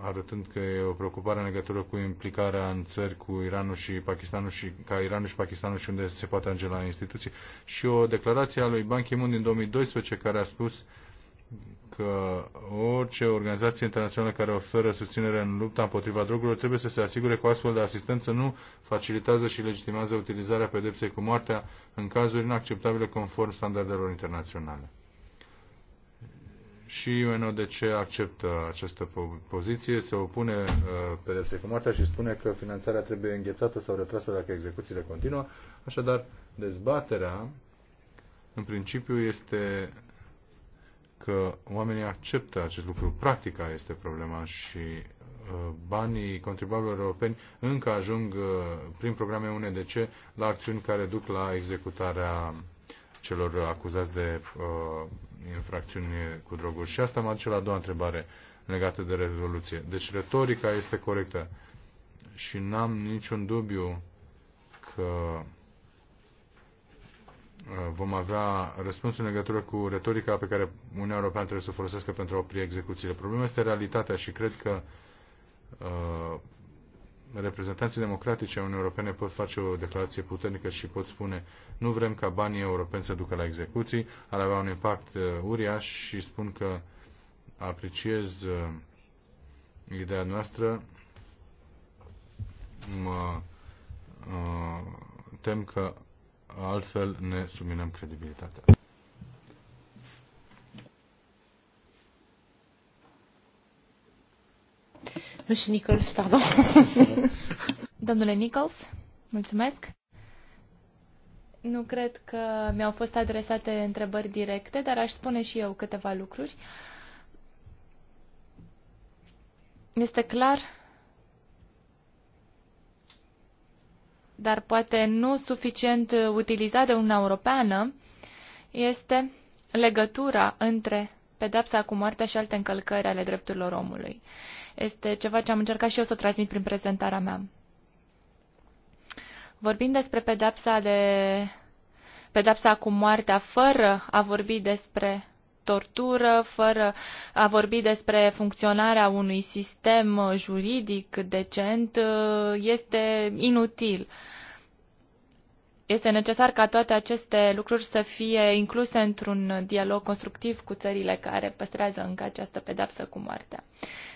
arătând că e o preocupare în legătură cu implicarea în țări cu Iranul și Pakistanul și ca Iranul și Pakistanul și unde se poate ajunge la instituții și o declarație a lui Ban Ki-moon din 2012 care a spus uh, că orice organizație internațională care oferă susținere în lupta împotriva drogurilor trebuie să se asigure că o astfel de asistență nu facilitează și legitimează utilizarea pedepsei cu moartea în cazuri inacceptabile conform standardelor internaționale. Și UNODC acceptă această poziție, se opune uh, pedepsei cu moartea și spune că finanțarea trebuie înghețată sau retrasă dacă execuțiile continuă. Așadar, dezbaterea, în principiu, este că oamenii acceptă acest lucru. Practica este problema și uh, banii contribuabilor europeni încă ajung uh, prin programe UNDC la acțiuni care duc la executarea celor acuzați de uh, infracțiuni cu droguri. Și asta mă aduce la a doua întrebare legată de rezoluție. Deci retorica este corectă și n-am niciun dubiu că Uh, vom avea răspunsul în legătură cu retorica pe care Uniunea Europeană trebuie să o folosească pentru a opri execuțiile. Problema este realitatea și cred că uh, reprezentanții democratici ai Uniunii Europene pot face o declarație puternică și pot spune nu vrem ca banii europeni să ducă la execuții, ar avea un impact uh, uriaș și spun că apreciez uh, ideea noastră. Mă, uh, tem că altfel ne subminăm credibilitatea. Monsieur Nichols, pardon. Domnule Nichols, mulțumesc. Nu cred că mi-au fost adresate întrebări directe, dar aș spune și eu câteva lucruri. Este clar dar poate nu suficient utilizat de Uniunea Europeană, este legătura între pedepsa cu moartea și alte încălcări ale drepturilor omului. Este ceva ce am încercat și eu să transmit prin prezentarea mea. Vorbind despre pedepsa de pedepsa cu moartea fără a vorbi despre tortură, fără a vorbi despre funcționarea unui sistem juridic decent, uh, este inutil. Este necesar ca toate aceste lucruri să fie incluse într-un dialog constructiv cu țările care păstrează încă această pedapsă cu moartea.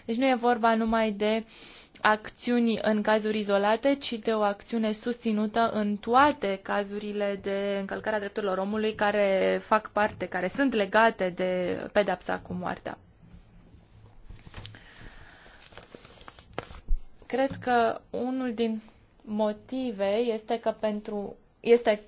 Deci nu e vorba numai de uh, acțiuni în cazuri izolate, ci de o acțiune susținută în toate cazurile de încălcare a drepturilor omului care fac parte, care sunt legate de pedapsa cu moartea. Cred că unul din motive este că pentru este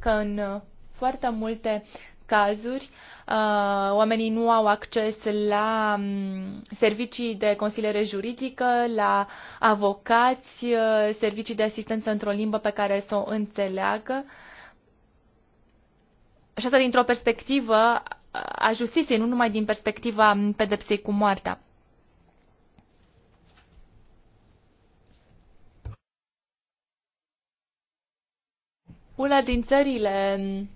că în foarte multe cazuri uh, oamenii nu au acces la mm, servicii de consiliere juridică, la avocați, uh, servicii de asistență într-o limbă pe care să o înțeleagă. Și asta dintr-o perspectivă a justiției, nu numai din perspectiva pedepsei cu moartea. Una din țările mm,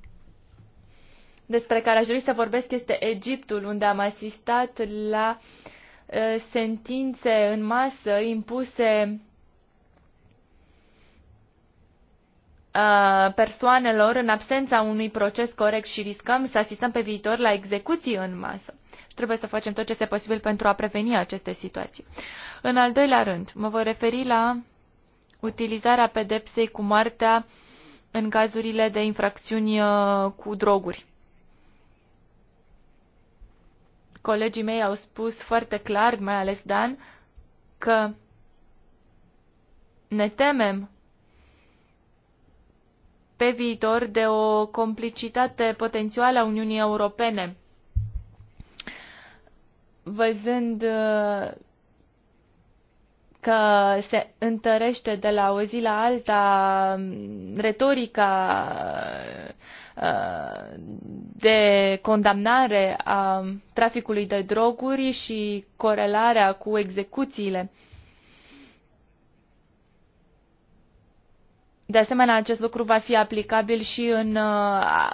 despre care aș dori să vorbesc este Egiptul, unde am asistat la uh, sentințe în masă impuse uh, persoanelor în absența unui proces corect și riscăm să asistăm pe viitor la execuții în masă. Și trebuie să facem tot ce este posibil pentru a preveni aceste situații. În al doilea rând, mă voi referi la utilizarea pedepsei cu moartea în cazurile de infracțiuni uh, cu droguri. Colegii mei au spus foarte clar, mai ales Dan, că ne temem pe viitor de o complicitate potențială a Uniunii Europene, văzând uh, că se întărește de la o zi la alta retorica de condamnare a traficului de droguri și corelarea cu execuțiile. De asemenea, acest lucru va fi aplicabil și în uh,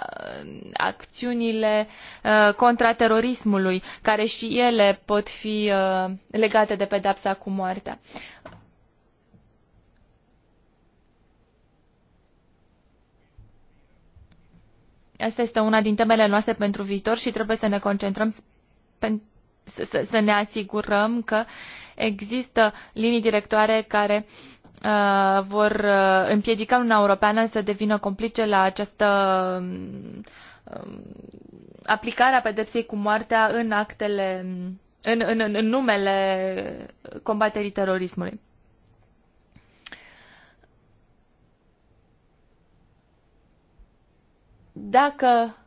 acțiunile uh, contra terorismului, care și ele pot fi uh, legate de pedapsa cu moartea. Asta este una din temele noastre pentru viitor și trebuie să ne concentrăm să, ne asigurăm că există linii directoare care uh, vor uh, împiedica Uniunea Europeană să devină complice la această um, aplicare a pedepsei cu moartea în actele, în, în, în numele combaterii terorismului. Dacă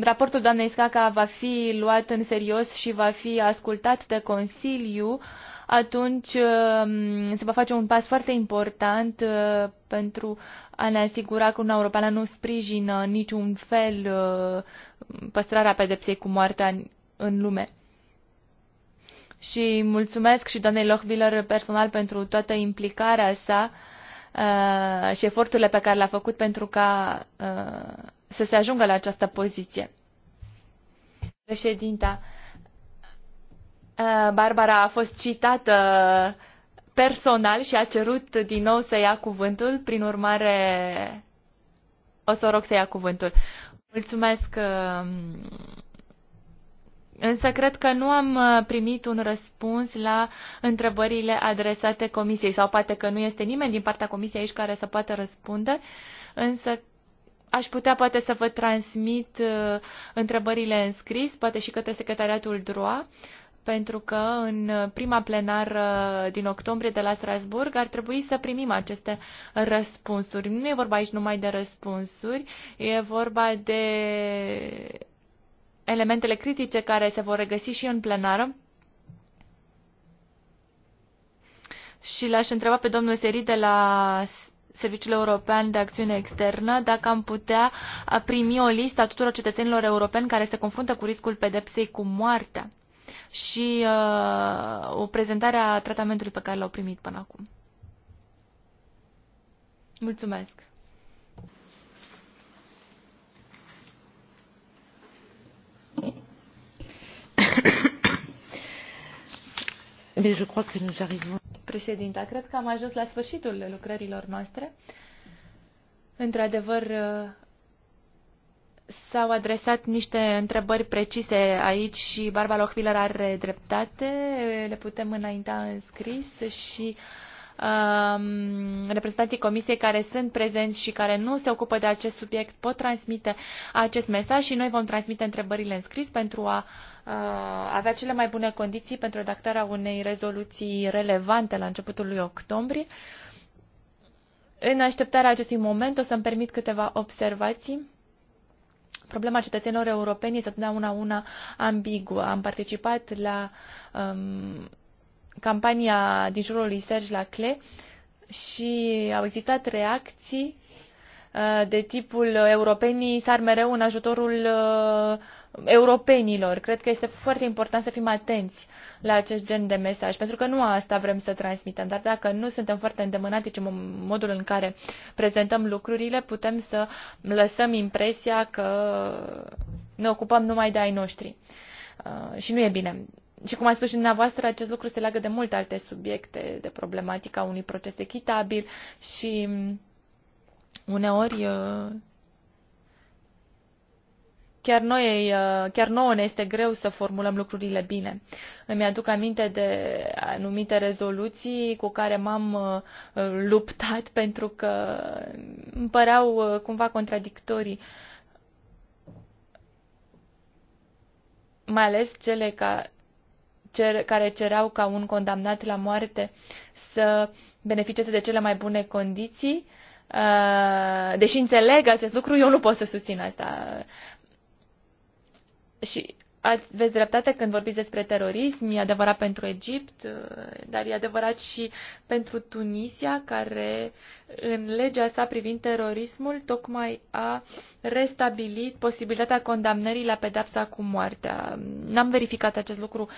raportul doamnei Scaca va fi luat în serios și va fi ascultat de Consiliu, atunci um, se va face un pas foarte important uh, pentru a ne asigura că Uniunea Europeană nu sprijină niciun fel uh, păstrarea pedepsei cu moartea în lume. Și mulțumesc și doamnei Lochbiller personal pentru toată implicarea sa Uh, și eforturile pe care le-a făcut pentru ca uh, să se ajungă la această poziție. Președinta, uh, Barbara a fost citată personal și a cerut din nou să ia cuvântul, prin urmare o să o rog să ia cuvântul. Mulțumesc, uh, Însă cred că nu am uh, primit un răspuns la întrebările adresate comisiei sau poate că nu este nimeni din partea comisiei aici care să poată răspunde, însă aș putea poate să vă transmit uh, întrebările în scris, poate și către secretariatul DROA, pentru că în prima plenară din octombrie de la Strasburg ar trebui să primim aceste răspunsuri. Nu e vorba aici numai de răspunsuri, e vorba de elementele critice care se vor regăsi și în plenară. Și l-aș întreba pe domnul Seri de la Serviciul European de Acțiune Externă dacă am putea primi o listă a tuturor cetățenilor europeni care se confruntă cu riscul pedepsei cu moartea și uh, o prezentare a tratamentului pe care l-au primit până acum. Mulțumesc! Mais Președinta, cred că am ajuns la sfârșitul lucrărilor noastre. Într-adevăr, uh, s-au adresat niște întrebări precise aici și Barbara Lochwiller are dreptate. Le putem înainta în scris și uh, Um, reprezentanții comisiei care sunt prezenți și care nu se ocupă de acest subiect pot transmite acest mesaj și noi vom transmite întrebările în scris pentru a uh, avea cele mai bune condiții pentru redactarea unei rezoluții relevante la începutul lui octombrie. În așteptarea acestui moment o să-mi permit câteva observații. Problema cetățenilor europeni este întotdeauna una ambiguă. Am participat la um, campania din jurul lui Serge Lacle și au existat reacții uh, de tipul uh, europenii sar mereu în ajutorul uh, europenilor. Cred că este foarte important să fim atenți la acest gen de mesaj, pentru că nu asta vrem să transmitem, dar dacă nu suntem foarte îndemânatici deci în modul în care prezentăm lucrurile, putem să lăsăm impresia că ne ocupăm numai de ai noștri. Și nu e bine și cum a spus și dumneavoastră, acest lucru se leagă de multe alte subiecte, de problematica unui proces echitabil și mm, uneori uh, chiar, noi, uh, chiar nouă ne este greu să formulăm lucrurile bine. Îmi aduc aminte de anumite rezoluții cu care m-am uh, luptat pentru că îmi păreau cumva contradictorii. Mai ales cele ca, cer, care cereau ca un condamnat la moarte să beneficieze de cele mai bune condiții. Uh, deși înțeleg acest lucru, eu nu pot să susțin asta. Și aveți dreptate când vorbiți despre terorism, e adevărat pentru Egipt, uh, dar e adevărat și pentru Tunisia, care în legea sa privind terorismul tocmai a restabilit posibilitatea condamnării la pedapsa cu moartea. N-am verificat acest lucru uh,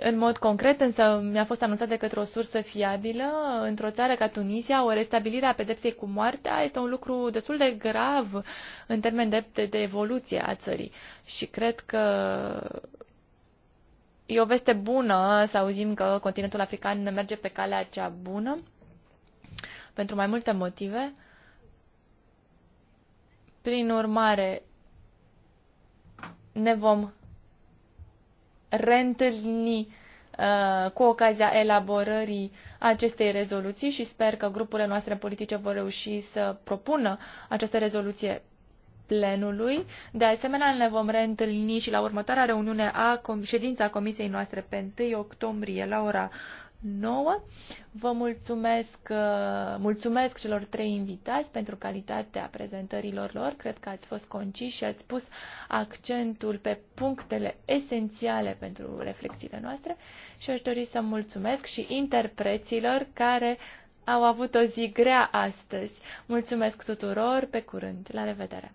în mod concret, însă mi-a fost anunțat de către o sursă fiabilă, într-o țară ca Tunisia, o restabilire a pedepsei cu moartea este un lucru destul de grav în termen de, de, de evoluție a țării. Și cred că e o veste bună să auzim că continentul african merge pe calea cea bună, pentru mai multe motive. Prin urmare, ne vom reîntâlni uh, cu ocazia elaborării acestei rezoluții și sper că grupurile noastre politice vor reuși să propună această rezoluție plenului. De asemenea, ne vom reîntâlni și la următoarea reuniune a ședința comisiei noastre pe 1 octombrie la ora nouă. Vă mulțumesc, uh, mulțumesc celor trei invitați pentru calitatea prezentărilor lor. Cred că ați fost conciși și ați pus accentul pe punctele esențiale pentru reflexiile noastre și aș dori să mulțumesc și interpreților care au avut o zi grea astăzi. Mulțumesc tuturor, pe curând, la revedere!